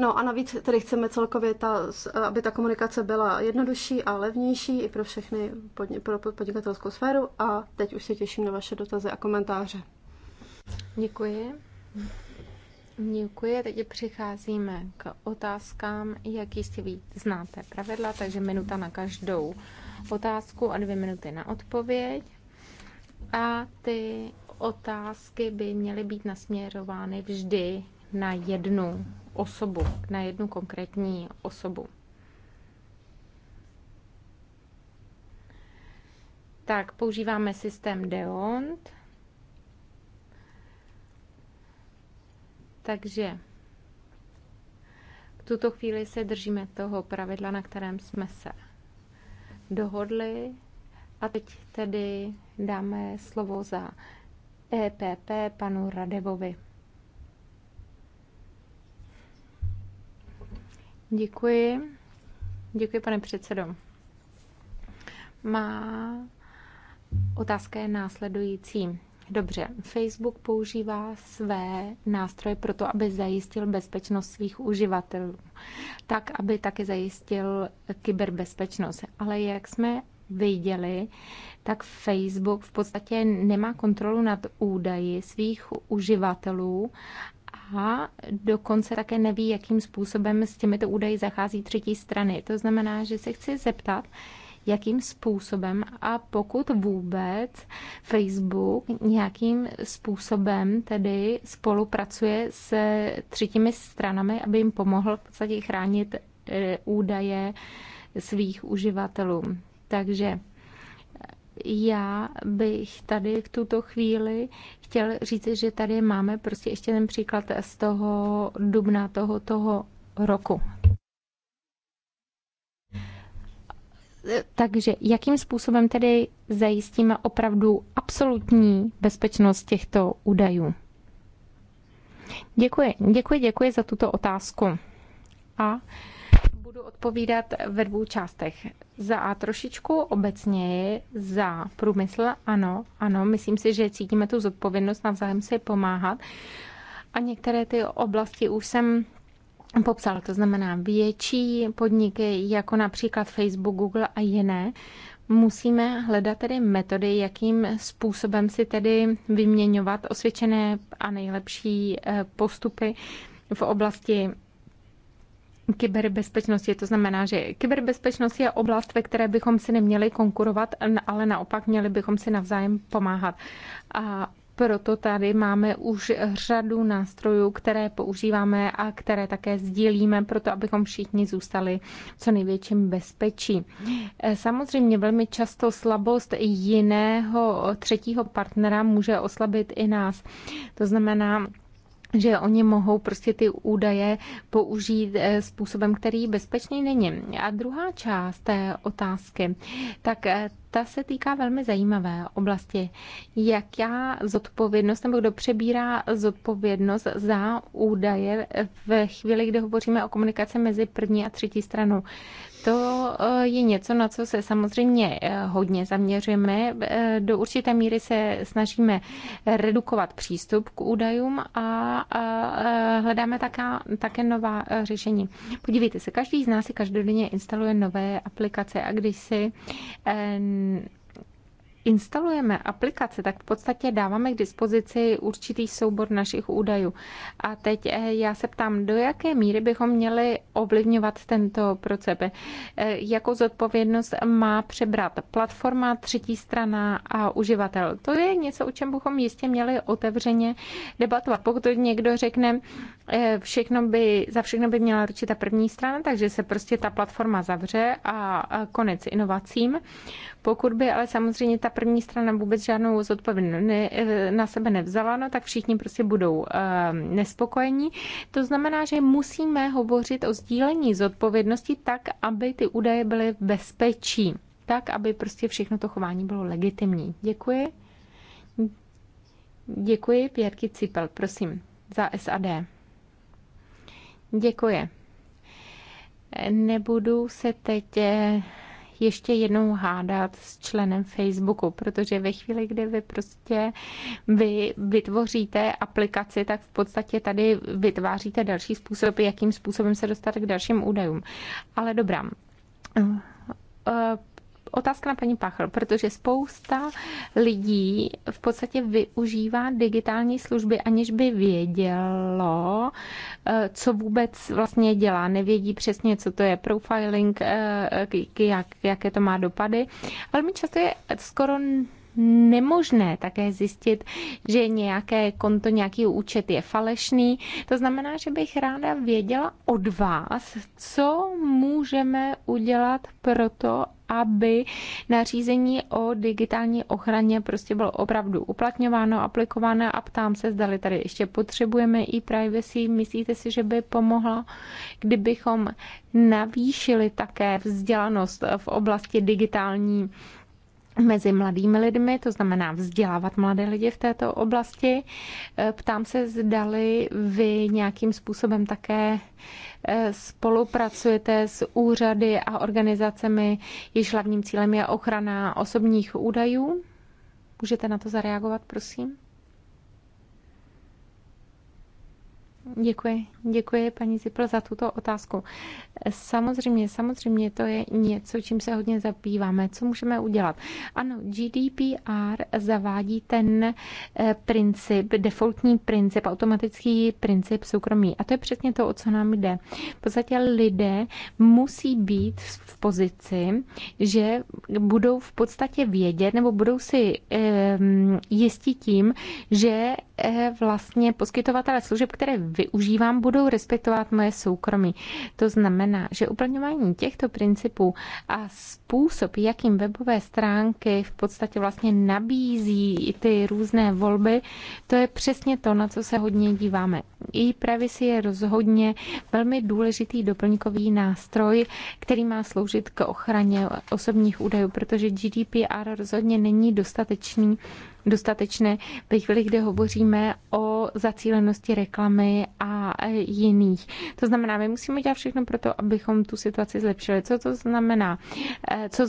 No a navíc tedy chceme celkově, ta, aby ta komunikace byla jednodušší a levnější i pro všechny podni, pro podnikatelskou sféru a teď už se těším na vaše dotazy a komentáře. Děkuji. Děkuji. Teď přicházíme k otázkám, jak jistě ví, znáte pravidla, takže minuta na každou otázku a dvě minuty na odpověď. A ty otázky by měly být nasměrovány vždy na jednu osobu, na jednu konkrétní osobu. Tak, používáme systém DEONT. Takže v tuto chvíli se držíme toho pravidla, na kterém jsme se dohodli. A teď tedy dáme slovo za EPP panu Radevovi. Děkuji. Děkuji, pane předsedo. Má otázka je následující. Dobře, Facebook používá své nástroje pro to, aby zajistil bezpečnost svých uživatelů, tak, aby také zajistil kyberbezpečnost. Ale jak jsme viděli, tak Facebook v podstatě nemá kontrolu nad údaji svých uživatelů a dokonce také neví, jakým způsobem s těmito údaji zachází třetí strany. To znamená, že se chci zeptat, jakým způsobem a pokud vůbec Facebook nějakým způsobem tedy spolupracuje s třetími stranami, aby jim pomohl v podstatě chránit eh, údaje svých uživatelů. Takže já bych tady v tuto chvíli chtěl říct, že tady máme prostě ještě ten příklad z toho dubna toho, toho roku. Takže jakým způsobem tedy zajistíme opravdu absolutní bezpečnost těchto údajů? Děkuji, děkuji, děkuji za tuto otázku. A budu odpovídat ve dvou částech. Za a trošičku obecněji, za průmysl, ano, ano, myslím si, že cítíme tu zodpovědnost navzájem si pomáhat. A některé ty oblasti už jsem popsala, to znamená větší podniky, jako například Facebook, Google a jiné, musíme hledat tedy metody, jakým způsobem si tedy vyměňovat osvědčené a nejlepší eh, postupy v oblasti kyberbezpečnosti. To znamená, že kyberbezpečnost je oblast, ve které bychom si neměli konkurovat, ale naopak měli bychom si navzájem pomáhat. A proto tady máme už řadu nástrojů, které používáme a které také sdílíme, proto abychom všichni zůstali co největším bezpečí. E, samozřejmě velmi často slabost jiného třetího partnera může oslabit i nás. To znamená, že oni mohou prostě ty údaje použít eh, způsobem, který bezpečný není. A druhá část té otázky, tak eh, ta se týká velmi zajímavé oblasti. já zodpovědnost nebo kdo přebírá zodpovědnost za údaje eh, ve chvíli, kdy hovoříme o komunikaci mezi první a třetí stranou? to eh, je něco, na co se samozřejmě eh, hodně zaměřujeme. Eh, do určité míry se snažíme redukovat přístup k údajům a hledáme taká, také nová řešení. Podívejte se, každý z nás si každodenně instaluje nové aplikace a když si instalujeme aplikace, tak v podstatě dáváme k dispozici určitý soubor našich údajů. A teď eh, já se ptám, do jaké míry bychom měli ovlivňovat tento proces? Eh, jakou zodpovědnost má přebrat platforma, třetí strana a uživatel? To je něco, o čem bychom jistě měli otevřeně debatovat. Pokud někdo řekne, eh, všechno by, za všechno by měla ručit ta první strana, takže se prostě ta platforma zavře a konec inovacím. Pokud by ale samozřejmě ta první strana vůbec žádnou zodpovědnost ne, na sebe nevzala, no tak všichni prostě budou eh, nespokojení. To znamená, že musíme hovořit o sdílení zodpovědnosti tak, aby ty údaje byly v bezpečí. Tak, aby prostě všechno to chování bylo legitimní. Děkuji. Děkuji, Pěrky Cipel, prosím, za SAD. Děkuji. Nebudu se teď eh, ještě jednou hádat s členem Facebooku, protože ve chvíli, kdy vy prostě vy vytvoříte aplikaci, tak v podstatě tady vytváříte další způsob, jakým způsobem se dostat k dalším údajům. Ale dobrá eh, otázka na paní Pachl, protože spousta lidí v podstatě využívá digitální služby, aniž by vědělo, eh, co vůbec vlastně dělá. Nevědí přesně, co to je profiling, eh, jak, jaké to má dopady. Velmi často je skoro nemožné také zjistit, že nějaké konto, nějaký účet je falešný. To znamená, že bych ráda věděla od vás, co můžeme udělat pro to, aby nařízení o digitální ochraně prostě bylo opravdu uplatňováno, aplikováno a ptám se, zdali tady ještě potřebujeme i privacy. Myslíte si, že by pomohlo, kdybychom navýšili také vzdělanost v oblasti digitální mezi mladými lidmi, to znamená vzdělávat mladé lidi v této oblasti. E, ptám se, zdali vy nějakým způsobem také e, spolupracujete s úřady a organizacemi, jejichž hlavním cílem je ochrana osobních údajů. Můžete na to zareagovat, prosím? Děkuji, děkuji paní Zipl za tuto otázku. Samozřejmě, samozřejmě to je něco, čím se hodně zabýváme. Co můžeme udělat? Ano, GDPR zavádí ten eh, princip, defaultní princip, automatický princip soukromí. A to je přesně to, o co nám jde. V podstatě lidé musí být v pozici, že budou v podstatě vědět nebo budou si eh, jistí tím, že vlastně poskytovatele služeb, které využívám, budou respektovat moje soukromí. To znamená, že uplatňování těchto principů a způsob, jakým webové stránky v podstatě vlastně nabízí ty různé volby, to je přesně to, na co se hodně díváme. I privacy je rozhodně velmi důležitý doplňkový nástroj, který má sloužit k ochraně osobních údajů, protože GDPR rozhodně není dostatečný dostatečné ve chvíli, kde hovoříme o zacílenosti reklamy a jiných. To znamená, my musíme dělat všechno pro to, abychom tu situaci zlepšili. Co to znamená? Eh, co,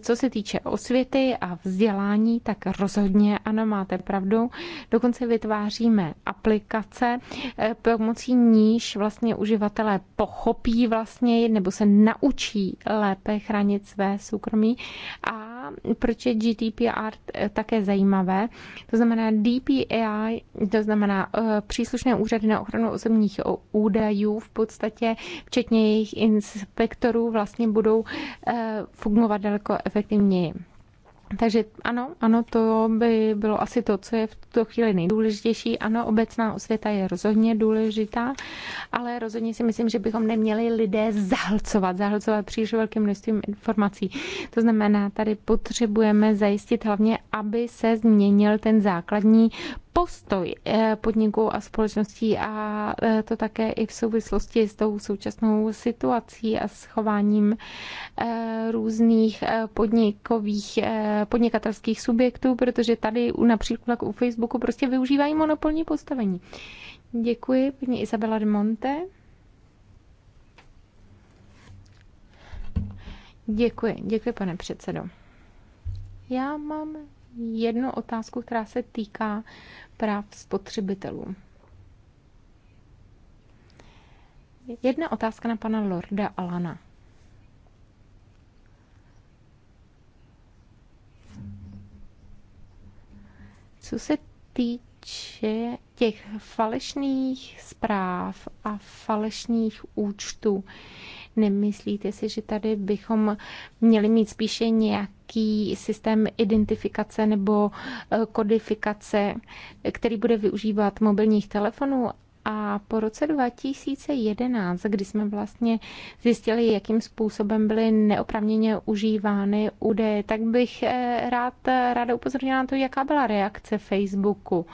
co se týče osvěty a vzdělání, tak rozhodně ano, máte pravdu. Dokonce vytváříme aplikace, eh, pomocí níž vlastně uživatelé pochopí vlastně nebo se naučí lépe chránit své soukromí a proč je GDPR eh, také zajímavé. To znamená DPAI, to znamená eh, příslušné úřady na ochranu osobních údajů, v podstatě včetně jejich inspektorů vlastně budou eh, fungovat daleko efektivněji. Takže ano, ano, to by bylo asi to, co je v tuto chvíli nejdůležitější. Ano, obecná osvěta je rozhodně důležitá, ale rozhodně si myslím, že bychom neměli lidé zahlcovat, zahlcovat příliš velkým množstvím informací. To znamená, tady potřebujeme zajistit hlavně, aby se změnil ten základní postoj eh, podniků a společností a eh, to také i v souvislosti s tou současnou situací a s chováním eh, různých podnikových, podnikatelských subjektů, protože tady například u Facebooku prostě využívají monopolní postavení. Děkuji, paní Isabela de Monte. Děkuji, děkuji, pane předsedo. Já mám jednu otázku, která se týká práv spotřebitelů. Jedna otázka na pana Lorda Alana. Co se týče těch falešných zpráv a falešných účtů, Nemyslíte si, že tady bychom měli mít spíše nějaký systém identifikace nebo e, kodifikace, který bude využívat mobilních telefonů a po roce 2011, kdy jsme vlastně zjistili, jakým způsobem byly neoprávněně užívány údaje, tak bych e, rád, ráda upozornila na to, jaká byla reakce Facebooku.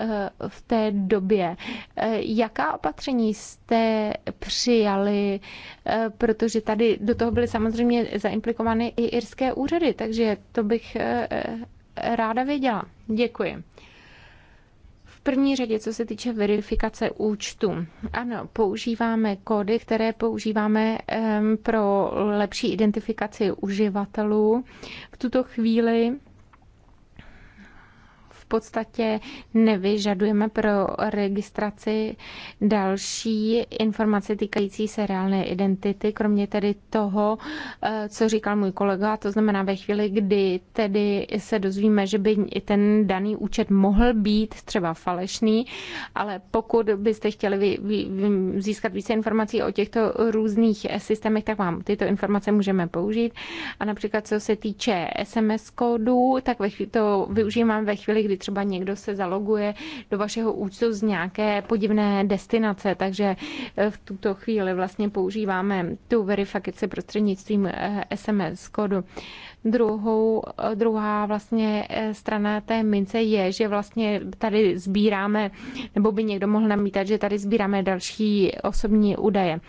Eh, v té době. Eh, jaká opatření jste přijali, eh, protože tady do toho byly samozřejmě zaimplikovány i irské úřady, takže to bych ráda věděla. Děkuji V první řadě, co se týče verifikace účtu. Ano, používáme kódy, které používáme pro lepší identifikaci uživatelů. V tuto chvíli podstatě nevyžadujeme pro registraci další informace týkající se reálné identity, kromě tedy toho, eh, co říkal můj kolega, to znamená ve chvíli, kdy tedy se dozvíme, že by i ten daný účet mohl být třeba falešný, ale pokud byste chtěli vy, vy, vy, získat více informací o těchto různých systémech, tak vám tyto informace můžeme použít. A například co se týče SMS kódů, tak to využívám ve chvíli, kdy třeba někdo se zaloguje do vašeho účtu z nějaké podivné destinace, takže eh, v tuto chvíli vlastně používáme tu verifikaci prostřednictvím eh, SMS kódu. Druhou, eh, druhá vlastně strana té mince je, že vlastně tady sbíráme, nebo by někdo mohl namítat, že tady sbíráme další osobní údaje.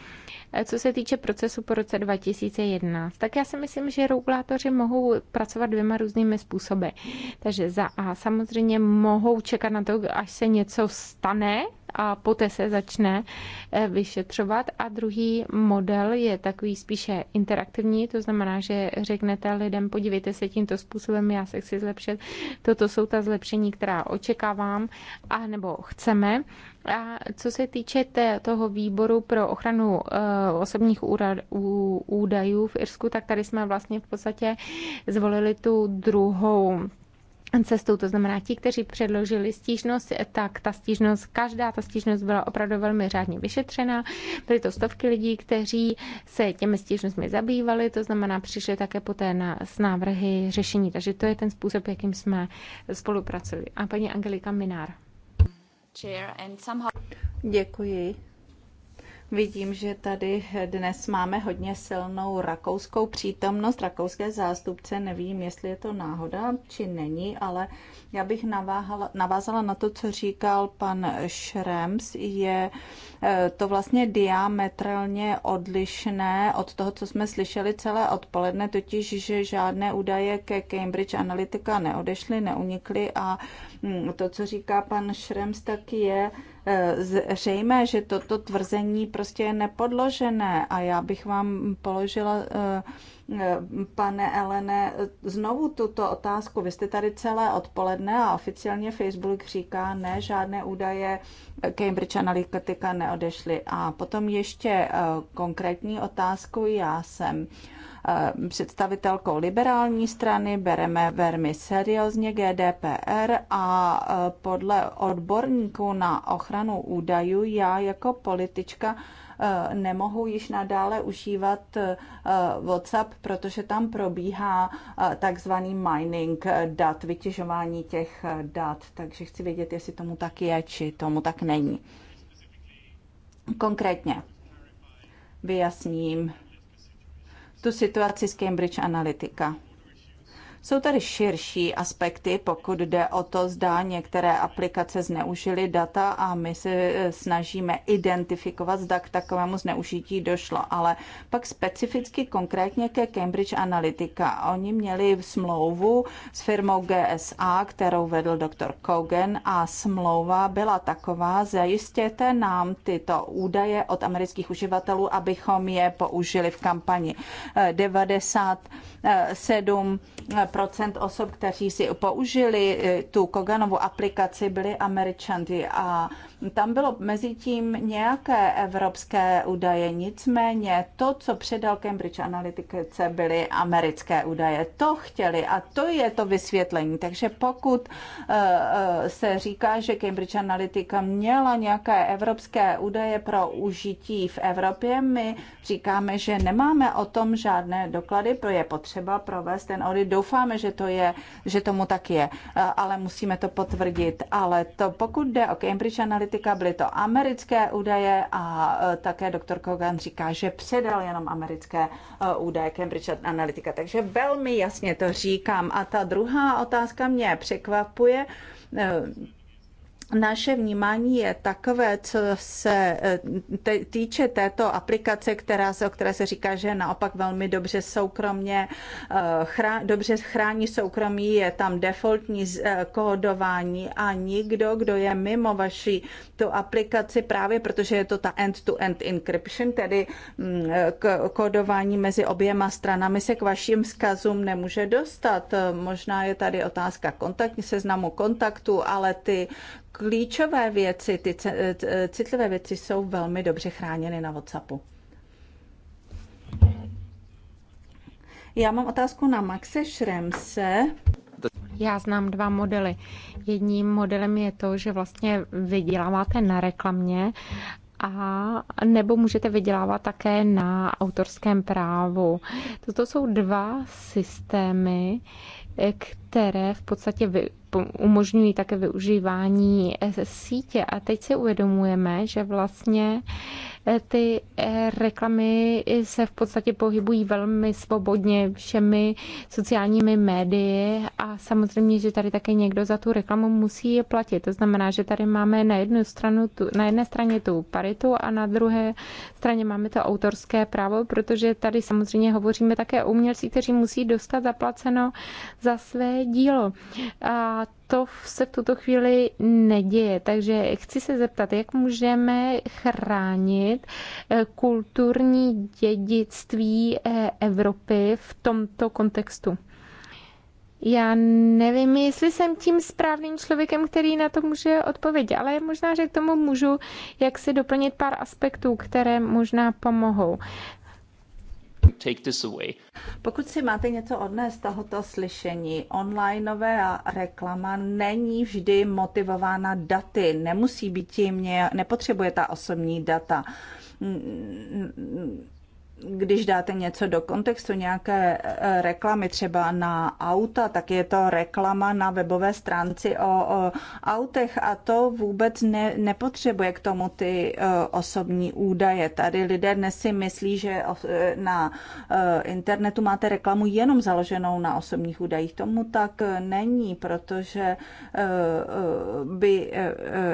Eh, co se týče procesu po roce 2011, tak já si myslím, že regulátoři mohou pracovat dvěma různými způsoby. Takže za A samozřejmě mohou čekat na to, až se něco stane, a poté se začne eh, vyšetřovat. A druhý model je takový spíše interaktivní, to znamená, že řeknete lidem, podívejte se tímto způsobem, já se chci zlepšit, toto jsou ta zlepšení, která očekávám a nebo chceme. A co se týče té, toho výboru pro ochranu uh, osobních úrad, ú, údajů v Irsku, tak tady jsme vlastně v podstatě zvolili tu druhou cestou, to znamená ti, kteří předložili stížnost, tak ta stížnost, každá ta stížnost byla opravdu velmi řádně vyšetřena. Byly to stovky lidí, kteří se těmi stížnostmi zabývali, to znamená přišli také poté na, s návrhy řešení. Takže to je ten způsob, jakým jsme spolupracovali. A paní Angelika Minár. Děkuji. Vidím, že tady dnes máme hodně silnou rakouskou přítomnost, rakouské zástupce. Nevím, jestli je to náhoda, či není, ale já bych naváhala, navázala na to, co říkal pan Šrems. Je eh, to vlastně diametrálně odlišné od toho, co jsme slyšeli celé odpoledne, totiž, že žádné údaje ke Cambridge Analytica neodešly, neunikly a Hmm, to, co říká pan Šrems, tak je eh, zřejmé, že toto tvrzení prostě je nepodložené a já bych vám položila eh, eh, pane Elene, znovu tuto otázku. Vy jste tady celé odpoledne a oficiálně Facebook říká, ne, žádné údaje Cambridge Analytica neodešly. A potom ještě konkrétní otázku já jsem Eh, představitelkou liberální strany, bereme velmi seriózně GDPR a eh, podle odborníků na ochranu údajů já jako politička eh, nemohu již nadále užívat WhatsApp, protože tam probíhá takzvaný mining dat, vytěžování těch dat, takže chci vědět, jestli tomu tak je, či tomu tak není. Konkrétně vyjasním tu situaci z Cambridge Analytica. Jsou tady širší aspekty, pokud jde o to, zda některé aplikace zneužily data a my se eh, snažíme identifikovat, zda k takovému zneužití došlo. Ale pak specificky konkrétně ke Cambridge Analytica. Oni měli smlouvu s firmou GSA, kterou vedl doktor Kogan a smlouva byla taková, zajistěte nám tyto údaje od amerických uživatelů, abychom je použili v kampani. 97 eh, procent osob, kteří si použili eh, tu Koganovu aplikaci, byli američanty a tam bylo mezi tím nějaké evropské údaje, nicméně to, co předal Cambridge Analytice, byly americké údaje. To chtěli a to je to vysvětlení. Takže pokud eh, eh, se říká, že Cambridge Analytica měla nějaké evropské údaje pro užití v Evropě, my říkáme, že nemáme o tom žádné doklady, to je potřeba provést ten audit. Doufám, doufáme, že, to je, že tomu tak je, ale musíme to potvrdit. Ale to, pokud jde o Cambridge Analytica, byly to americké údaje a e, také doktor Kogan říká, že předal jenom americké e, údaje Cambridge Analytica. Takže velmi jasně to říkám. A ta druhá otázka mě překvapuje e, naše vnímání je takové, co se eh, týče této aplikace, která se, o které se říká, že naopak velmi dobře soukromně eh, chrá, dobře chrání soukromí, je tam defaultní eh, kódování a nikdo, kdo je mimo vaší tu aplikaci, právě protože je to ta end-to-end -end encryption, tedy mm, kódování mezi oběma stranami se k vašim vzkazům nemůže dostat. Možná je tady otázka kontaktní seznamu kontaktu, ale ty klíčové věci, ty citlivé věci jsou velmi dobře chráněny na WhatsAppu. Já mám otázku na Maxe Šremse. Já znám dva modely. Jedním modelem je to, že vlastně vyděláváte na reklamě a nebo můžete vydělávat také na autorském právu. Toto jsou dva systémy, které v podstatě vy, umožňují také využívání eh, sítě. A teď si uvědomujeme, že vlastně eh, ty eh, reklamy se v podstatě pohybují velmi svobodně všemi sociálními médii a samozřejmě, že tady také někdo za tu reklamu musí je platit. To znamená, že tady máme na, jednu stranu tu, na jedné straně tu paritu a na druhé straně máme to autorské právo, protože tady samozřejmě hovoříme také o umělcích, kteří musí dostat zaplaceno za své dílo. A to se v tuto chvíli neděje. Takže chci se zeptat, jak můžeme chránit eh, kulturní dědictví eh, Evropy v tomto kontextu? Já nevím, jestli jsem tím správným člověkem, který na to může odpovědět, ale možná, že k tomu můžu jak si doplnit pár aspektů, které možná pomohou take this away. Pokud si máte něco odnést z tohoto slyšení, onlineová reklama není vždy motivována daty, nemusí být tím, nepotřebuje ta osobní data když dáte něco do kontextu, nějaké eh, reklamy třeba na auta, tak je to reklama na webové stránci o, o autech a to vůbec ne, nepotřebuje k tomu ty eh, osobní údaje. Tady lidé dnes si myslí, že eh, na internetu máte reklamu jenom založenou na osobních údajích. Tomu tak není, protože by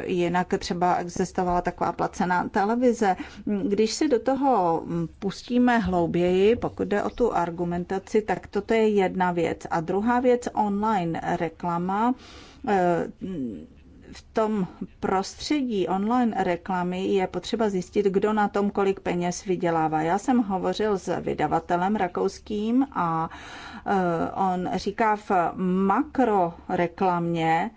jinak třeba existovala taková placená televize. Hm, když si do toho pustí pustíme hlouběji, pokud jde o tu argumentaci, tak toto je jedna věc. A druhá věc, online reklama eh, v tom prostředí online reklamy je potřeba zjistit, kdo na tom kolik peněz vydělává. Já jsem hovořil s vydavatelem rakouským a eh, on říká v makroreklamě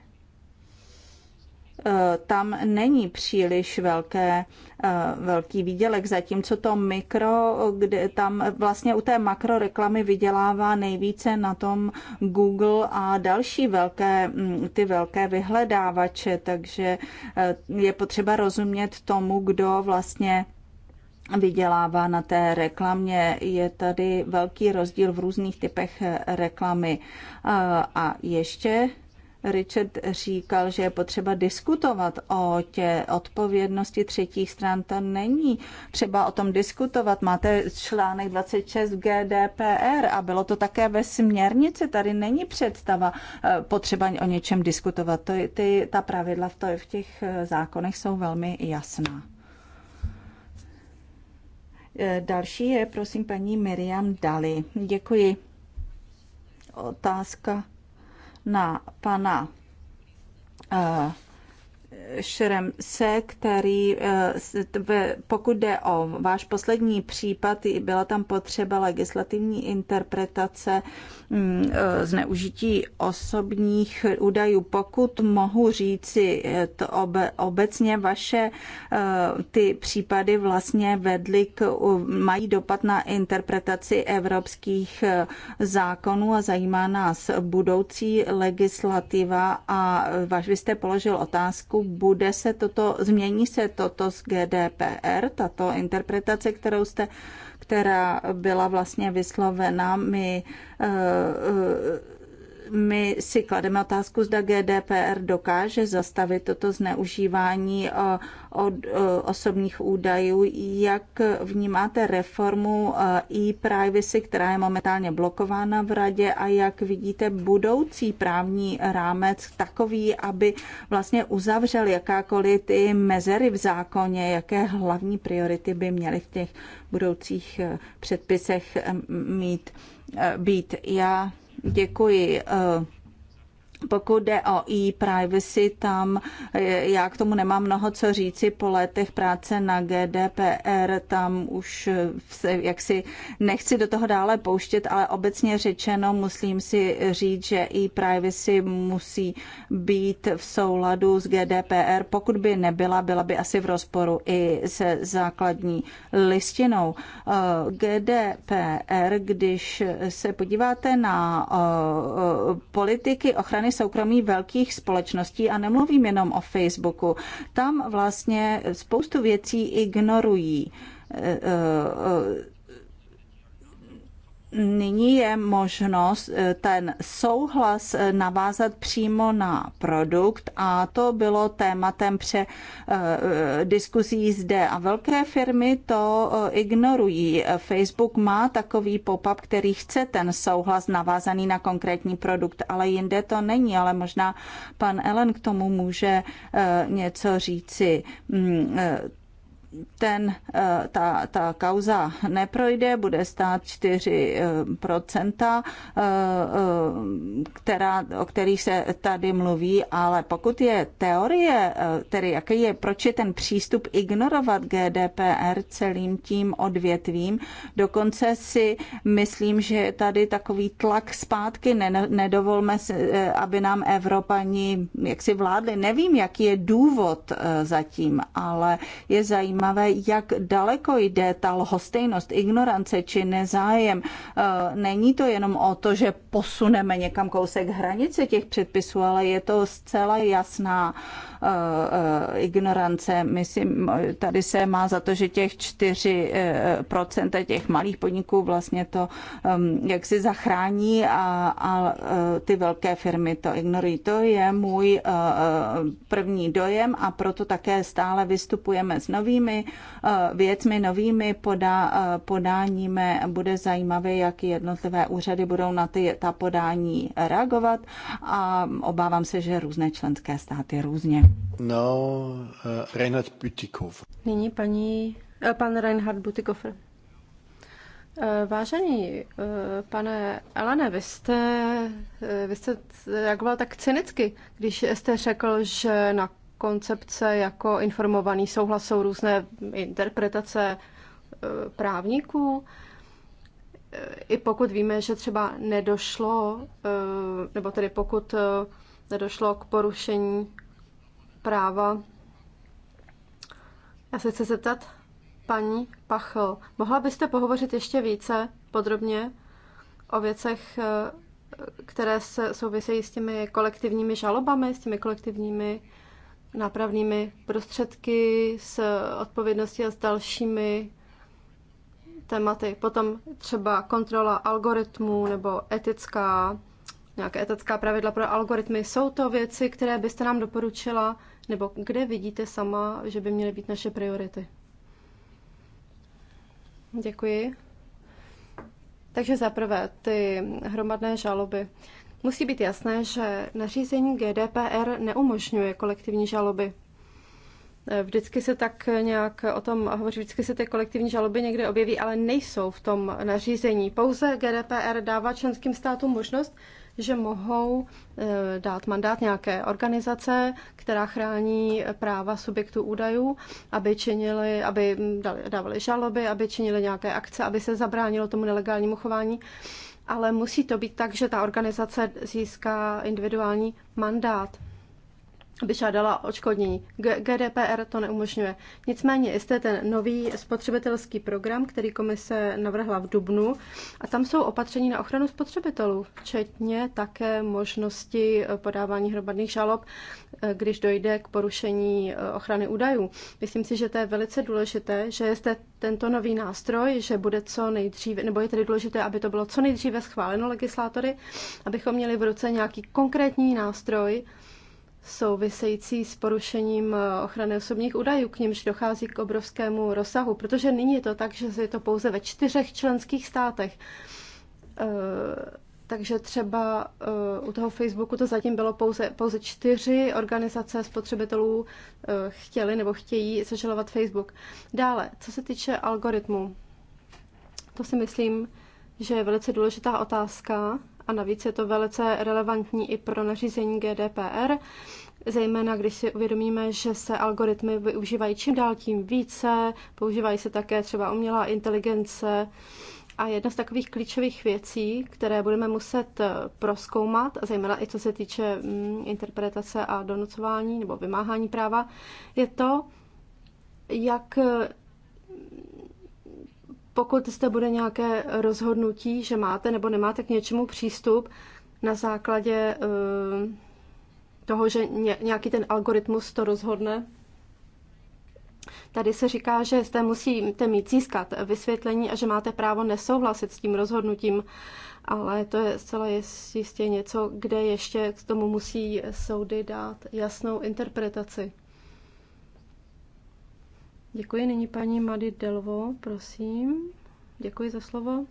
Eh, tam není příliš velké, eh, velký výdělek, zatímco to mikro, kde tam vlastně u té makro reklamy vydělává nejvíce na tom Google a další velké, mm, ty velké vyhledávače, takže eh, je potřeba rozumět tomu, kdo vlastně vydělává na té reklamě. Je tady velký rozdíl v různých typech reklamy. A ještě Richard říkal, že je potřeba diskutovat o tě odpovědnosti třetích stran. To není třeba o tom diskutovat. Máte článek 26 GDPR a bylo to také ve směrnici. Tady není představa eh, potřeba o něčem diskutovat. To je, ty, ta pravidla v, je v těch eh, zákonech jsou velmi jasná. Eh, další je, prosím, paní Miriam Dali. Děkuji. Otázka na pana uh, eh, Šremse, který, eh, pokud jde o váš poslední případ, byla tam potřeba legislativní interpretace Mm, e, zneužití osobních údajů. Pokud mohu říci e, to obe, obecně vaše e, ty případy vlastně vedly k, mají dopad na interpretaci evropských zákonů a zajímá nás budoucí legislativa a vaš, vy jste položil otázku, bude se toto, změní se toto z GDPR, tato interpretace, kterou jste která byla vlastně vyslovena. My eh, eh, my si klademe otázku, zda GDPR dokáže zastavit toto zneužívání eh, od eh, osobních údajů. Jak vnímáte reformu eh, e-privacy, která je momentálně blokována v radě a jak vidíte budoucí právní rámec takový, aby vlastně uzavřel jakákoliv ty mezery v zákoně, jaké hlavní priority by měly v těch budoucích předpisech mít být. Já Děkuji eh, pokud jde o e-privacy, tam eh, já k tomu nemám mnoho co říci. Po letech práce na GDPR tam už eh, se jaksi nechci do toho dále pouštět, ale obecně řečeno musím si říct, že e-privacy musí být v souladu s GDPR. Pokud by nebyla, byla by asi v rozporu i se základní listinou. Eh, GDPR, když se podíváte na politiky ochrany strany soukromí velkých společností a nemluvím jenom o Facebooku. Tam vlastně spoustu věcí ignorují eh, eh, Nyní je možnost eh, ten souhlas eh, navázat přímo na produkt a to bylo tématem pře eh, diskuzí zde a velké firmy to ignorují. Facebook má takový pop-up, který chce ten souhlas navázaný na konkrétní produkt, ale jinde to není, ale možná pan Ellen k tomu může něco říci mm, ten, eh, ta, ta kauza neprojde, bude stát 4%, eh, eh, která, o kterých se tady mluví, ale pokud je teorie, tedy jaký je, proč je ten přístup ignorovat GDPR celým tím odvětvím, dokonce si myslím, že je tady takový tlak zpátky, nedovolme, aby nám Evropani jaksi vládli. Nevím, jaký je důvod zatím, ale je zajímavé, zajímavé, jak daleko jde ta lhostejnost, ignorance či nezájem. E, není to jenom o to, že posuneme někam kousek hranice těch předpisů, ale je to zcela jasná Eh, eh, ignorance. Myslím, tady se má za to, že těch 4% eh, těch malých podniků vlastně to jak si zachrání a, a ty velké firmy to ignorují. To je můj první dojem a proto také stále vystupujeme s novými věcmi, novými podá, podáními. Bude zajímavé, jak jednotlivé úřady budou na ty, ta podání reagovat a obávám se, že různé členské státy různě. No, uh, Reinhard Butikov. Nyní paní, uh, pan Reinhard Butikofer. Eh, Vážený eh, pane Elene, vy jste, vy jste reagoval tak cynicky, když jste řekl, že na koncepce jako informovaný souhlas jsou různé interpretace právníků. I pokud víme, že třeba nedošlo, nebo tedy pokud nedošlo k porušení práva. Já se chci zeptat, paní Pachl, mohla byste pohovořit ještě více podrobně o věcech, eh, které se souvisejí s těmi kolektivními žalobami, s těmi kolektivními nápravnými prostředky, s odpovědností a s dalšími tématy. Potom třeba kontrola algoritmů nebo etická, nějaké etická pravidla pro algoritmy. Jsou to věci, které byste nám doporučila nebo kde vidíte sama, že by měly být naše priority? Děkuji. Takže za prvé, ty hromadné žaloby. Musí být jasné, že nařízení GDPR neumožňuje kolektivní žaloby. Vždycky se tak nějak o tom hovoří, vždycky se ty kolektivní žaloby někde objeví, ale nejsou v tom nařízení. Pouze GDPR dává členským státům možnost že mohou eh, dát mandát nějaké organizace, která chrání práva subjektů údajů, aby činili, aby mm, dávali žaloby, aby činili nějaké akce, aby se zabránilo tomu nelegálnímu chování. Ale musí to být tak, že ta organizace získá individuální mandát by žádala očkodnění. GDPR to neumožňuje. Nicméně jste ten nový spotřebitelský program, který komise navrhla v Dubnu a tam jsou opatření na ochranu spotřebitelů, včetně také možnosti eh, podávání hromadných žalob, eh, když dojde k porušení eh, ochrany údajů. Myslím si, že to je velice důležité, že jste tento nový nástroj, že bude co nejdříve, nebo je tedy důležité, aby to bylo co nejdříve schváleno legislátory, abychom měli v ruce nějaký konkrétní nástroj, související s porušením eh, ochrany osobních údajů, k nímž dochází k obrovskému rozsahu, protože nyní je to tak, že je to pouze ve čtyřech členských státech. Eh, takže třeba eh, u toho Facebooku to zatím bylo pouze, pouze čtyři organizace spotřebitelů chtěli nebo chtějí zažalovat Facebook. Dále, co se týče algoritmu, to si myslím, že je velice důležitá otázka, a navíc je to velice relevantní i pro nařízení GDPR, zejména když si uvědomíme, že se algoritmy využívají čím dál tím více, používají se také třeba umělá inteligence, a jedna z takových klíčových věcí, které budeme muset eh, proskoumat, a zejména i co se týče mm, interpretace a donucování nebo vymáhání práva, je to, jak eh, pokud zde bude nějaké rozhodnutí, že máte nebo nemáte k něčemu přístup na základě eh, toho, že nějaký ten algoritmus to rozhodne, Tady se říká, že jste musíte mít získat vysvětlení a že máte právo nesouhlasit s tím rozhodnutím, ale to je zcela jistě něco, kde ještě k tomu musí soudy dát jasnou interpretaci. Děkuji. Nyní paní Mady Delvo, prosím. Děkuji za slovo.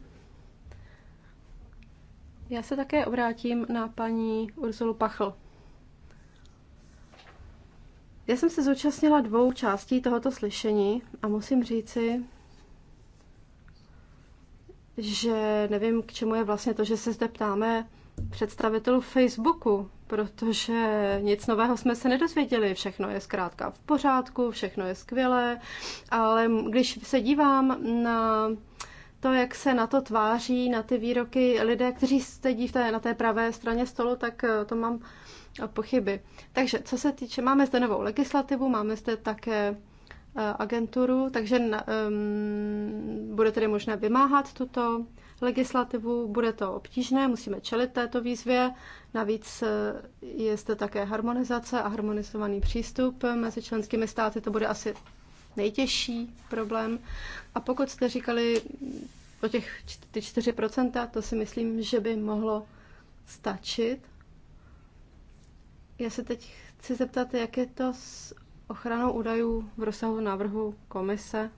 Já se také obrátím na paní Ursulu Pachl. Já jsem se zúčastnila dvou částí tohoto slyšení a musím říci, že nevím, k čemu je vlastně to, že se zde ptáme představitelů Facebooku, protože nic nového jsme se nedozvěděli, všechno je zkrátka v pořádku, všechno je skvělé, ale když se dívám na to, jak se na to tváří, na ty výroky lidé, kteří sedí v té, na té pravé straně stolu, tak eh, to mám eh, pochyby. Takže co se týče, máme zde novou legislativu, máme zde také eh, agenturu, takže um, bude tedy možné vymáhat tuto legislativu. Bude to obtížné, musíme čelit této výzvě. Navíc eh, je zde také harmonizace a harmonizovaný přístup mezi členskými státy. To bude asi nejtěžší problém. A pokud jste říkali o těch ty 4%, to si myslím, že by mohlo stačit. Já se teď chci zeptat, jak je to s ochranou údajů v rozsahu návrhu komise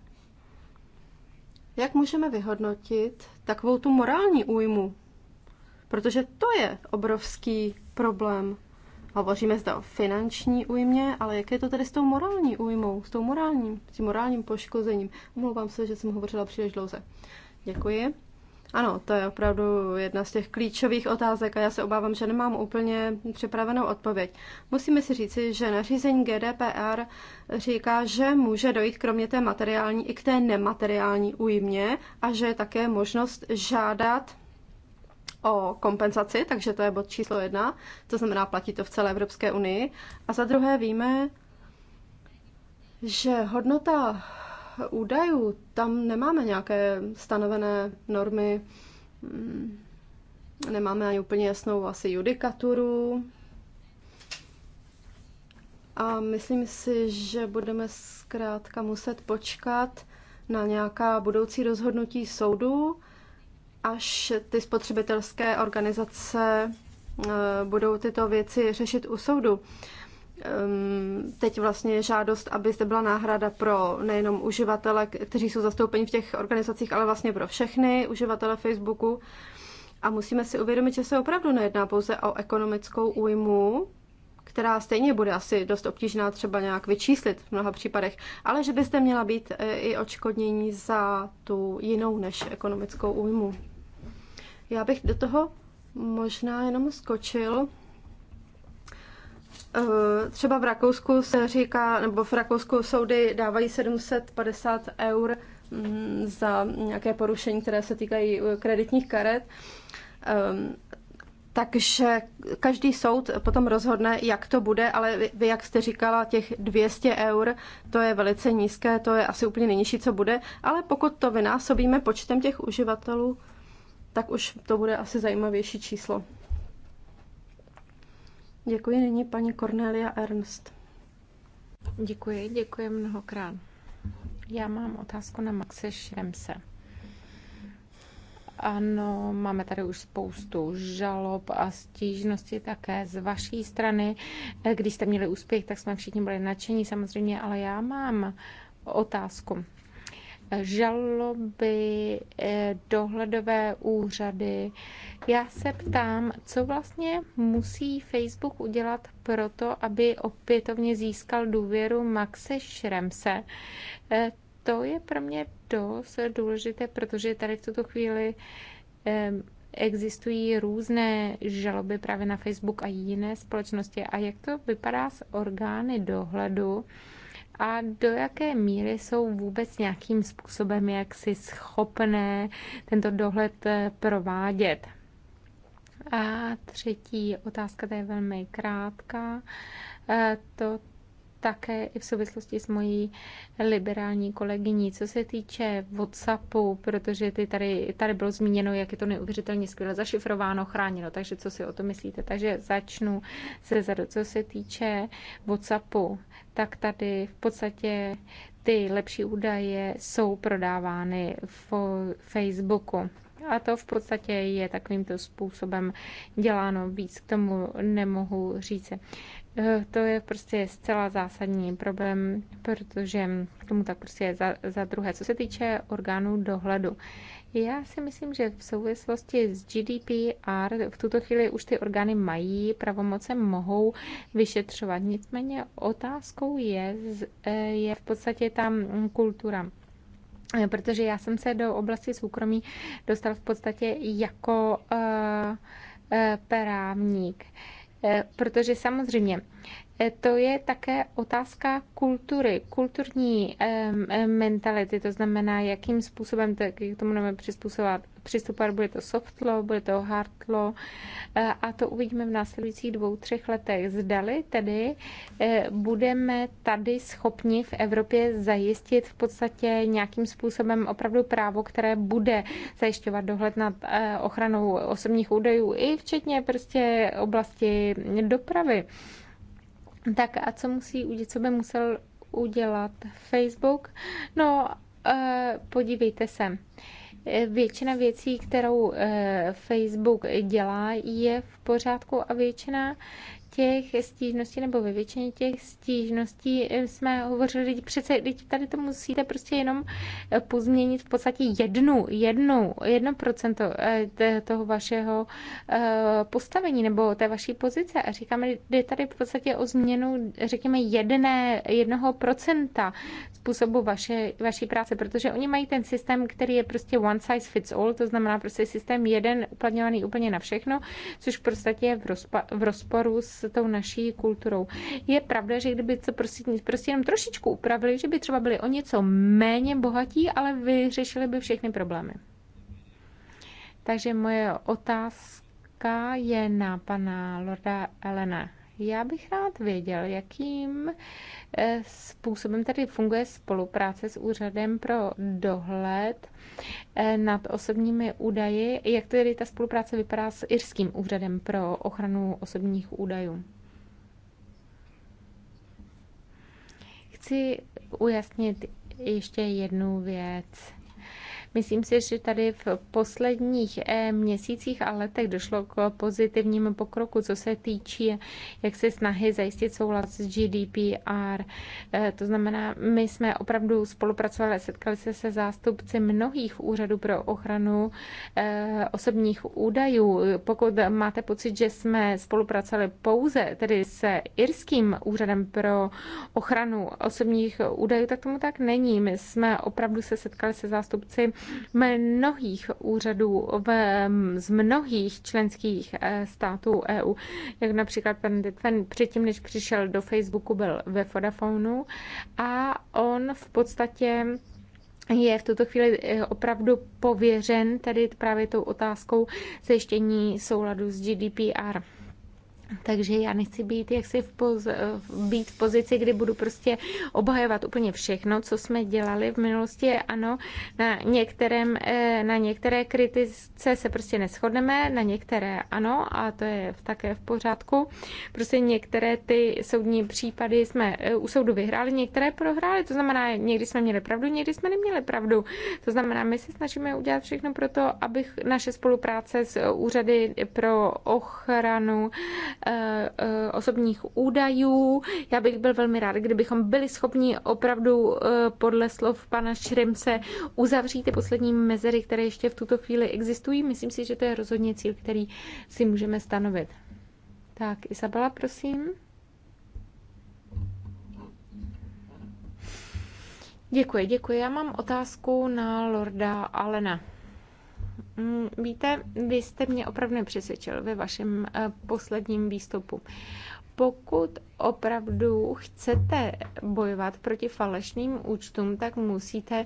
jak můžeme vyhodnotit takovou tu morální újmu? Protože to je obrovský problém. Hovoříme zde o finanční újmě, ale jak je to tedy s tou morální újmou, s tou morálním, s tím morálním poškozením? Omlouvám se, že jsem hovořila příliš dlouze. Děkuji. Ano, to je opravdu jedna z těch klíčových otázek a já se obávám, že nemám úplně připravenou odpověď. Musíme si říci, že nařízení GDPR říká, že může dojít kromě té materiální i k té nemateriální újmě a že je také možnost žádat o kompenzaci, takže to je bod číslo jedna, to znamená, platí to v celé Evropské unii. A za druhé víme, že hodnota údajů, tam nemáme nějaké stanovené normy, mm, nemáme ani úplně jasnou asi judikaturu. A myslím si, že budeme zkrátka muset počkat na nějaká budoucí rozhodnutí soudu, až ty spotřebitelské organizace eh, budou tyto věci řešit u soudu teď vlastně žádost, aby zde byla náhrada pro nejenom uživatele, kteří jsou zastoupeni v těch organizacích, ale vlastně pro všechny uživatele Facebooku. A musíme si uvědomit, že se opravdu nejedná pouze o ekonomickou újmu, která stejně bude asi dost obtížná třeba nějak vyčíslit v mnoha případech, ale že byste měla být e, i očkodnění za tu jinou než ekonomickou újmu. Já bych do toho možná jenom skočil Eh, třeba v Rakousku se říká, nebo v Rakousku soudy dávají 750 eur mm, za nějaké porušení, které se týkají eh, kreditních karet. Ehm, takže každý soud potom rozhodne, jak to bude, ale vy, jak jste říkala, těch 200 eur, to je velice nízké, to je asi úplně nejnižší, co bude, ale pokud to vynásobíme počtem těch uživatelů, tak už to bude asi zajímavější číslo. Děkuji nyní paní Cornelia Ernst. Děkuji, děkuji mnohokrát. Já mám otázku na Maxe Šremse. Ano, máme tady už spoustu žalob a stížností také z vaší strany. Když jste měli úspěch, tak jsme všichni byli nadšení samozřejmě, ale já mám otázku žaloby, eh, dohledové úřady. Já se ptám, co vlastně musí Facebook udělat pro to, aby opětovně získal důvěru Maxe Šremse. Eh, to je pro mě dost důležité, protože tady v tuto chvíli existují různé žaloby právě na Facebook a jiné společnosti. A jak to vypadá s orgány dohledu? a do jaké míry jsou vůbec nějakým způsobem jaksi schopné tento dohled eh, provádět. A třetí otázka, to je velmi krátká. Eh, to také i v souvislosti s mojí liberální kolegyní. Co se týče WhatsAppu, protože ty tady, tady bylo zmíněno, jak je to neuvěřitelně skvěle zašifrováno, chráněno, takže co si o to myslíte? Takže začnu se zadu. Co se týče WhatsAppu, tak tady v podstatě ty lepší údaje jsou prodávány v Facebooku. A to v podstatě je takovýmto způsobem děláno. Víc k tomu nemohu říct. Eh, to je prostě zcela zásadní problém, protože k tomu tak prostě je za, za druhé. Co se týče orgánů dohledu, já si myslím, že v souvislosti s GDPR v tuto chvíli už ty orgány mají pravomoce, mohou vyšetřovat. Nicméně otázkou je, eh, je v podstatě tam kultura eh, protože já jsem se do oblasti soukromí dostal v podstatě jako uh, uh, právník. Uh, Eh, protože samozřejmě to je také otázka kultury, kulturní mentality, to znamená, jakým způsobem k tomu budeme přizpůsobovat, přistupovat, bude to soft law, bude to hard law e, a to uvidíme v následujících dvou, třech letech. Zdali tedy e, budeme tady schopni v Evropě zajistit v podstatě nějakým způsobem opravdu právo, které bude zajišťovat dohled nad e, ochranou osobních údajů i včetně prostě oblasti dopravy. Tak a co musí udělat, co by musel udělat Facebook? No, eh, podívejte se. Eh, většina věcí, kterou eh, Facebook dělá, je v pořádku a většina těch stížností, nebo ve většině těch stížností eh, jsme hovořili, že přece teď tady to musíte prostě jenom eh, pozměnit v podstatě jednu, jednu, jedno procento eh, toho vašeho postavení nebo té vaší pozice. A říkáme, jde tady v podstatě o změnu, řekněme, jedné, jednoho procenta způsobu vaše, vaší práce, protože oni mají ten systém, který je prostě one size fits all, to znamená prostě systém jeden uplatňovaný úplně na všechno, což v podstatě je v, rozpa, v rozporu s tou naší kulturou. Je pravda, že kdyby to prostě, prostě jenom trošičku upravili, že by třeba byli o něco méně bohatí, ale vyřešili by všechny problémy. Takže moje otázka je na pana Lorda Elena já bych rád věděl, jakým eh, způsobem tady funguje spolupráce s úřadem pro dohled eh, nad osobními údaji, jak tedy ta spolupráce vypadá s Irským úřadem pro ochranu osobních údajů. Chci ujasnit ještě jednu věc. Myslím si, že tady v posledních eh, měsících a letech došlo k pozitivnímu pokroku, co se týče, jak se snahy zajistit soulad s GDPR. Eh, to znamená, my jsme opravdu spolupracovali, setkali se se zástupci mnohých úřadů pro ochranu eh, osobních údajů. Pokud máte pocit, že jsme spolupracovali pouze tedy se irským úřadem pro ochranu osobních údajů, tak tomu tak není. My jsme opravdu se setkali se zástupci mnohých úřadů v, z mnohých členských eh, států EU, jak například pan Detven předtím, než přišel do Facebooku, byl ve Vodafonu a on v podstatě je v tuto chvíli eh, opravdu pověřen tady právě tou otázkou zajištění souladu s GDPR. Takže já nechci být jaksi v, poz, být v pozici, kdy budu prostě obhajovat úplně všechno, co jsme dělali v minulosti. Ano, na, některém, eh, na některé kritice se prostě neschodneme, na některé ano, a to je také v pořádku. Prostě některé ty soudní případy jsme eh, u soudu vyhráli, některé prohráli, to znamená, někdy jsme měli pravdu, někdy jsme neměli pravdu. To znamená, my se snažíme udělat všechno pro to, abych naše spolupráce s úřady pro ochranu Eh, eh, osobních údajů. Já bych byl velmi rád, kdybychom byli schopni opravdu eh, podle slov pana Šrimse uzavřít ty poslední mezery, které ještě v tuto chvíli existují. Myslím si, že to je rozhodně cíl, který si můžeme stanovit. Tak, Isabela, prosím. Děkuji, děkuji. Já mám otázku na Lorda Alena. Mm, víte, vy jste mě opravdu nepřesvědčil ve vašem eh, posledním výstupu pokud opravdu chcete bojovat proti falešným účtům, tak musíte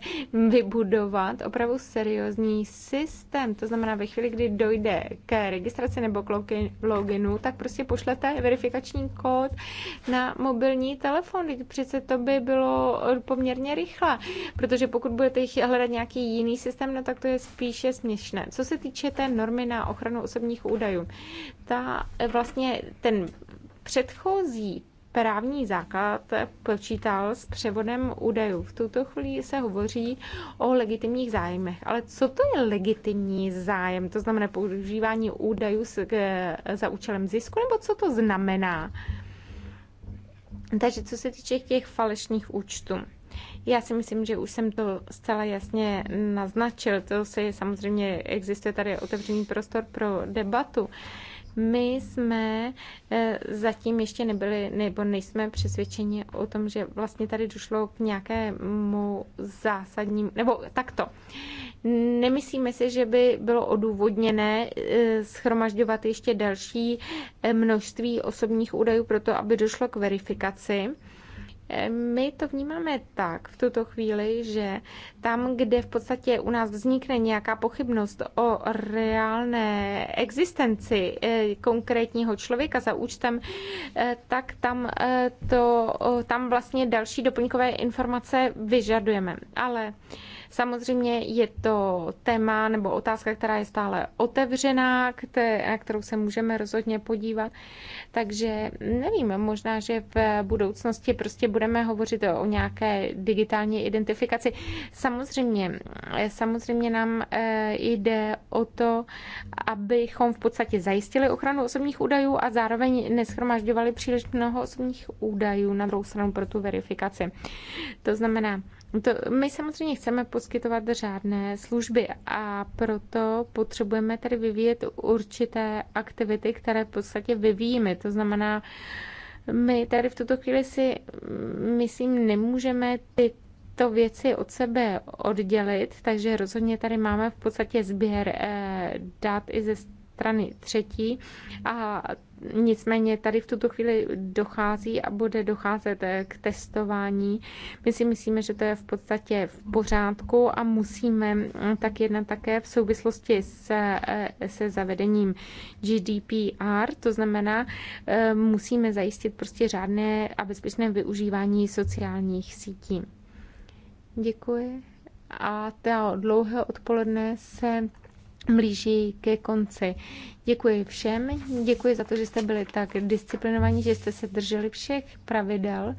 vybudovat opravdu seriózní systém. To znamená, ve chvíli, kdy dojde k registraci nebo k loginu, tak prostě pošlete verifikační kód na mobilní telefon. Přece to by bylo poměrně rychle, protože pokud budete hledat nějaký jiný systém, no tak to je spíše směšné. Co se týče té normy na ochranu osobních údajů, ta vlastně ten Předchozí právní základ počítal s převodem údajů. V tuto chvíli se hovoří o legitimních zájmech. Ale co to je legitimní zájem? To znamená používání údajů za účelem zisku? Nebo co to znamená? Takže co se týče těch falešných účtů. Já si myslím, že už jsem to zcela jasně naznačil. To se je samozřejmě, existuje tady otevřený prostor pro debatu. Uh, my jsme eh, zatím ještě nebyli, nebo nejsme přesvědčeni o tom, že vlastně tady došlo k nějakému zásadnímu, nebo takto. Nemyslíme si, že by bylo odůvodněné eh, schromažďovat ještě další eh, množství osobních údajů pro to, aby došlo k verifikaci my to vnímáme tak v tuto chvíli, že tam, kde v podstatě u nás vznikne nějaká pochybnost o reálné existenci eh, konkrétního člověka za účtem, eh, tak tam, eh, to, tam vlastně další doplňkové informace vyžadujeme. Ale Samozřejmě je to téma nebo otázka, která je stále otevřená, na kterou se můžeme rozhodně podívat. Takže nevím, možná, že v budoucnosti prostě budeme hovořit o nějaké digitální identifikaci. Samozřejmě, samozřejmě nám eh, jde o to, abychom v podstatě zajistili ochranu osobních údajů a zároveň neschromažďovali příliš mnoho osobních údajů na druhou stranu pro tu verifikaci. To znamená, to, my samozřejmě chceme poskytovat řádné služby a proto potřebujeme tady vyvíjet určité aktivity, které v podstatě vyvíjíme. To znamená, my tady v tuto chvíli si, myslím, nemůžeme ty to věci od sebe oddělit, takže rozhodně tady máme v podstatě sběr eh, dat i ze strany třetí a nicméně tady v tuto chvíli dochází a bude docházet eh, k testování. My si myslíme, že to je v podstatě v pořádku a musíme mm, tak jednat také v souvislosti se, eh, se zavedením GDPR, to znamená, eh, musíme zajistit prostě řádné a bezpečné využívání sociálních sítí. Děkuji. A to dlouhé odpoledne se blíží ke konci. Děkuji všem, děkuji za to, že jste byli tak disciplinovaní, že jste se drželi všech pravidel.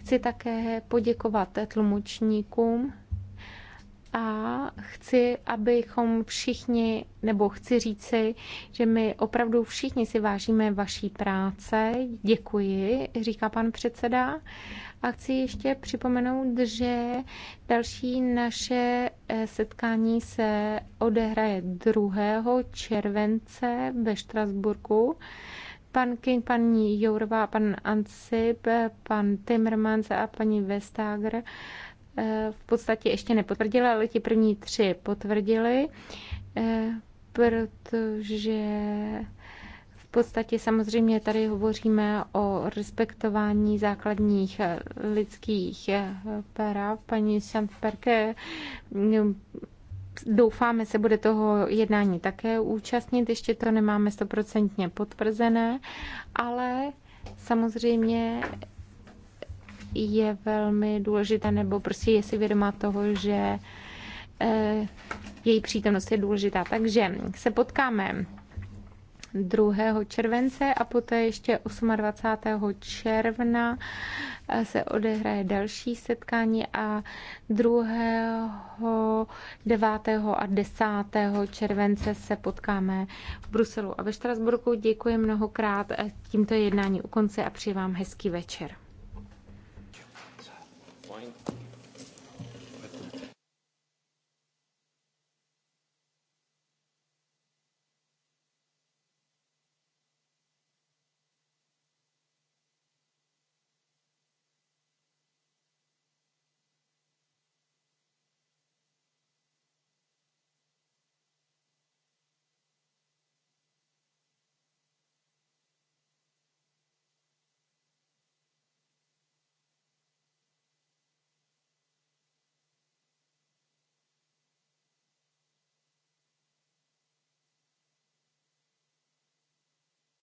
Chci také poděkovat tlumočníkům a chci, abychom všichni, nebo chci říci, že my opravdu všichni si vážíme vaší práce. Děkuji, říká pan předseda. A chci ještě připomenout, že další naše eh, setkání se odehraje 2. července ve Štrasburku pan King, paní Jourová, pan Ansip, pan Timmermans a paní Vestager eh, v podstatě ještě nepotvrdili, ale ti první tři potvrdili, eh, protože podstatě samozřejmě tady hovoříme o respektování základních eh, lidských eh, práv. Paní Šantperke mm, Doufáme, se bude toho jednání také účastnit, ještě to nemáme stoprocentně potvrzené, ale samozřejmě je velmi důležité, nebo prostě je si vědomá toho, že eh, její přítomnost je důležitá. Takže se potkáme 2. července a poté ještě 28. června se odehraje další setkání a 2. 9. a 10. července se potkáme v Bruselu a ve Štrasburku. Děkuji mnohokrát. Tímto jednání u konce a přeji vám hezký večer.